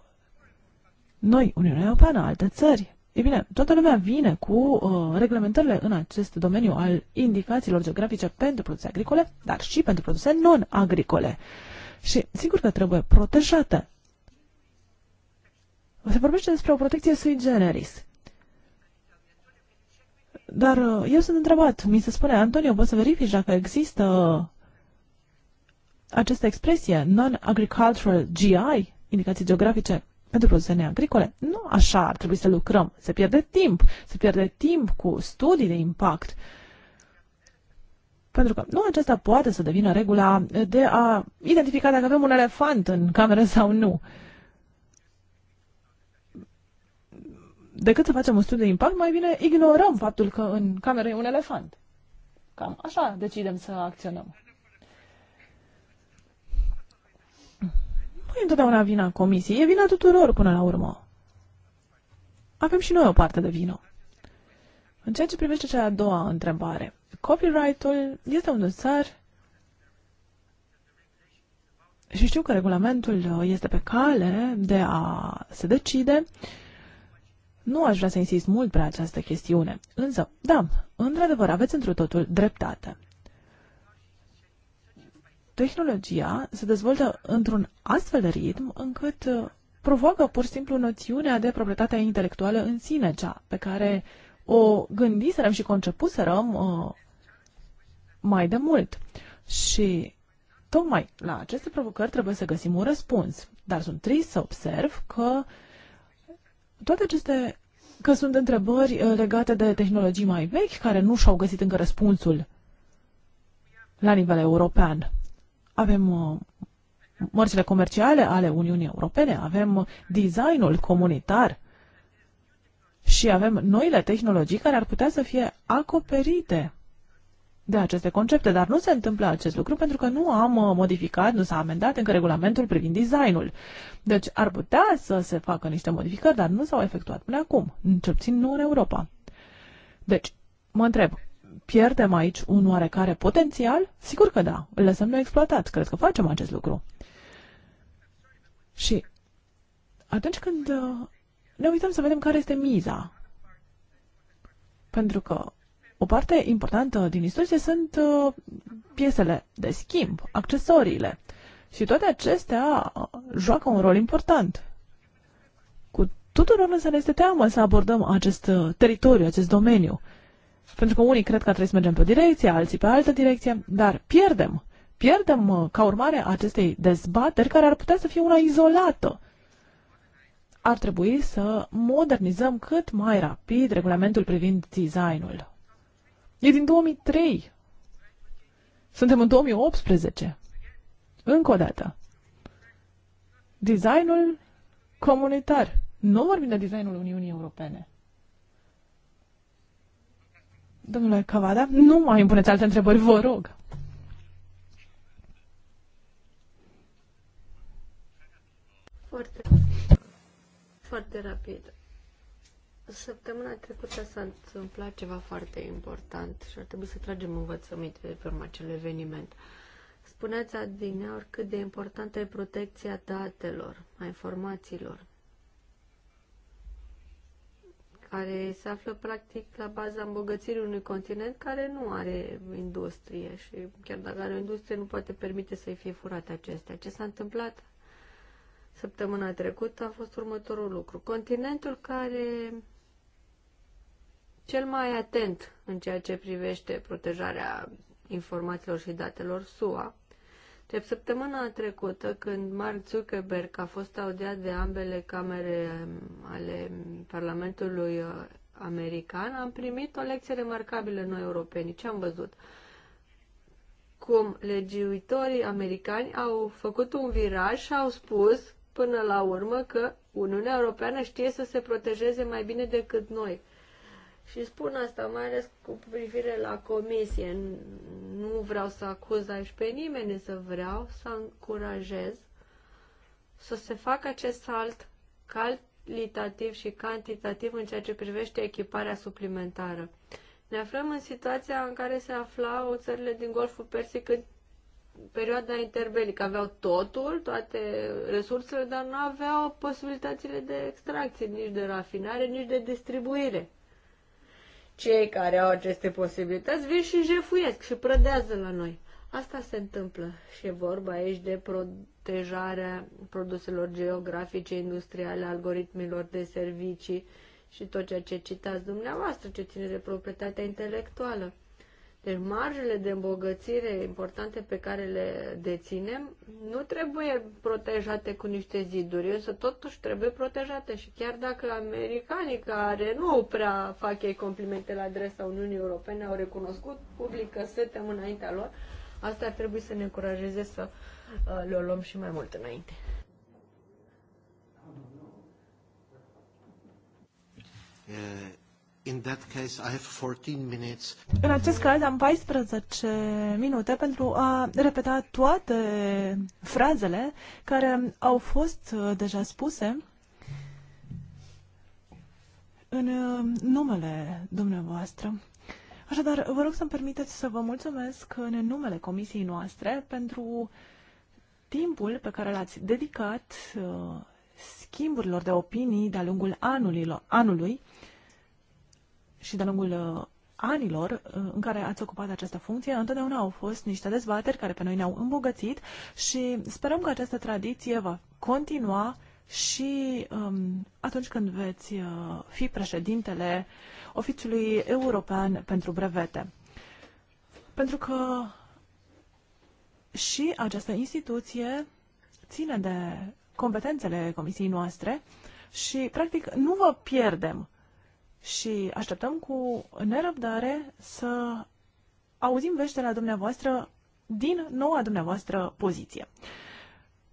noi, Uniunea Europeană, alte țări, E bine, toată lumea vine cu uh, reglementările în acest domeniu al indicațiilor geografice pentru produse agricole, dar și pentru produse non-agricole. Și sigur că trebuie protejată. Se vorbește despre o protecție sui generis. Dar uh, eu sunt întrebat, mi se spune, Antonio, poți să verifici dacă există această expresie, non-agricultural GI, indicații geografice pentru produsele agricole. Nu așa ar trebui să lucrăm. Se pierde timp. Se pierde timp cu studii de impact. Pentru că nu acesta poate să devină regula de a identifica dacă avem un elefant în cameră sau nu. Decât să facem un studiu de impact, mai bine ignorăm faptul că în cameră e un elefant. Cam așa decidem să acționăm. Nu e întotdeauna vina comisiei, e vina tuturor până la urmă. Avem și noi o parte de vină. În ceea ce privește cea a doua întrebare, copyright-ul este un dosar și știu că regulamentul este pe cale de a se decide. Nu aș vrea să insist mult pe această chestiune, însă, da, într-adevăr, aveți într totul dreptate tehnologia se dezvoltă într-un astfel de ritm încât uh, provoacă pur și simplu noțiunea de proprietatea intelectuală în sine, cea pe care o gândiserăm și concepuserăm uh, mai de mult. Și tocmai la aceste provocări trebuie să găsim un răspuns. Dar sunt trist să observ că toate aceste că sunt întrebări uh, legate de tehnologii mai vechi care nu și-au găsit încă răspunsul la nivel european. Avem uh, mărcile comerciale ale Uniunii Europene, avem designul comunitar și avem noile tehnologii care ar putea să fie acoperite de aceste concepte, dar nu se întâmplă acest lucru pentru că nu am uh, modificat, nu s-a amendat încă regulamentul privind designul. Deci ar putea să se facă niște modificări, dar nu s-au efectuat până acum, cel puțin nu în Europa. Deci, mă întreb, pierdem aici un oarecare potențial? Sigur că da, îl lăsăm noi exploatat. Cred că facem acest lucru. Și atunci când uh, ne uităm să vedem care este miza, pentru că o parte importantă din istorie sunt uh, piesele de schimb, accesoriile. Și toate acestea uh, joacă un rol important. Cu tuturor însă ne este teamă să abordăm acest teritoriu, acest domeniu. Pentru că unii cred că trebuie să mergem pe o direcție, alții pe altă direcție, dar pierdem. Pierdem uh, ca urmare a acestei dezbateri care ar putea să fie una izolată. Ar trebui să modernizăm cât mai rapid regulamentul privind designul. E din 2003. Suntem în 2018. Încă o dată. Designul comunitar. Nu vorbim de designul Uniunii Europene. Domnule Cavada, nu mai impuneți alte întrebări, vă rog. Foarte, foarte rapid. Săptămâna trecută s-a întâmplat ceva foarte important și ar trebui să tragem învățăminte de pe urma acel eveniment. Spuneați adineori cât de importantă e protecția datelor, a informațiilor care se află practic la baza îmbogățirii unui continent care nu are industrie și chiar dacă are o industrie nu poate permite să-i fie furate acestea. Ce s-a întâmplat săptămâna trecută a fost următorul lucru. Continentul care cel mai atent în ceea ce privește protejarea informațiilor și datelor SUA de săptămâna trecută, când Mark Zuckerberg a fost audiat de ambele camere um, ale Parlamentului uh, American, am primit o lecție remarcabilă noi europeni. Ce am văzut? Cum legiuitorii americani au făcut un viraj și au spus până la urmă că Uniunea Europeană știe să se protejeze mai bine decât noi. Și spun asta mai ales cu privire la comisie. Nu vreau să acuz aici pe nimeni, să vreau să încurajez să se facă acest salt calitativ și cantitativ în ceea ce privește echiparea suplimentară. Ne aflăm în situația în care se aflau țările din Golful Persic în perioada interbelică. Aveau totul, toate resursele, dar nu aveau posibilitățile de extracție, nici de rafinare, nici de distribuire cei care au aceste posibilități vin și jefuiesc și prădează la noi. Asta se întâmplă și e vorba aici de protejarea produselor geografice, industriale, algoritmilor de servicii și tot ceea ce citați dumneavoastră, ce ține de proprietatea intelectuală. Deci marjele de îmbogățire importante pe care le deținem nu trebuie protejate cu niște ziduri, însă totuși trebuie protejate și chiar dacă americanii care nu prea fac ei complimente la adresa Uniunii Europene au recunoscut public că suntem înaintea lor, asta ar trebui să ne încurajeze să uh, le luăm și mai mult înainte. Yeah. In that case, I have 14 minutes. În acest caz am 14 minute pentru a repeta toate frazele care au fost uh, deja spuse în uh, numele dumneavoastră. Așadar, vă rog să-mi permiteți să vă mulțumesc în numele comisiei noastre pentru timpul pe care l-ați dedicat uh, schimburilor de opinii de-a lungul anului, anului și de lungul uh, anilor uh, în care ați ocupat această funcție, întotdeauna au fost niște dezbateri care pe noi ne-au îmbogățit și sperăm că această tradiție va continua și um, atunci când veți uh, fi președintele Oficiului European pentru Brevete. Pentru că și această instituție ține de competențele comisiei noastre și, practic, nu vă pierdem și așteptăm cu nerăbdare să auzim vești la dumneavoastră din noua dumneavoastră poziție.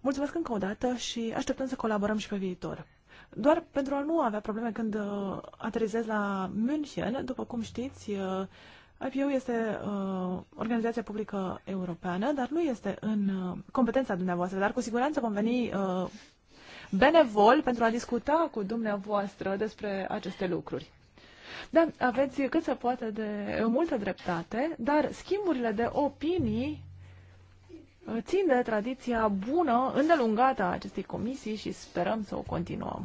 Mulțumesc încă o dată și așteptăm să colaborăm și pe viitor. Doar pentru a nu avea probleme când uh, aterizez la München, după cum știți, uh, IPU este uh, organizația publică europeană, dar nu este în uh, competența dumneavoastră, dar cu siguranță vom veni uh, benevol pentru a discuta cu dumneavoastră despre aceste lucruri. Da, aveți cât se poate de multă dreptate, dar schimburile de opinii țin de tradiția bună, îndelungată a acestei comisii și sperăm să o continuăm.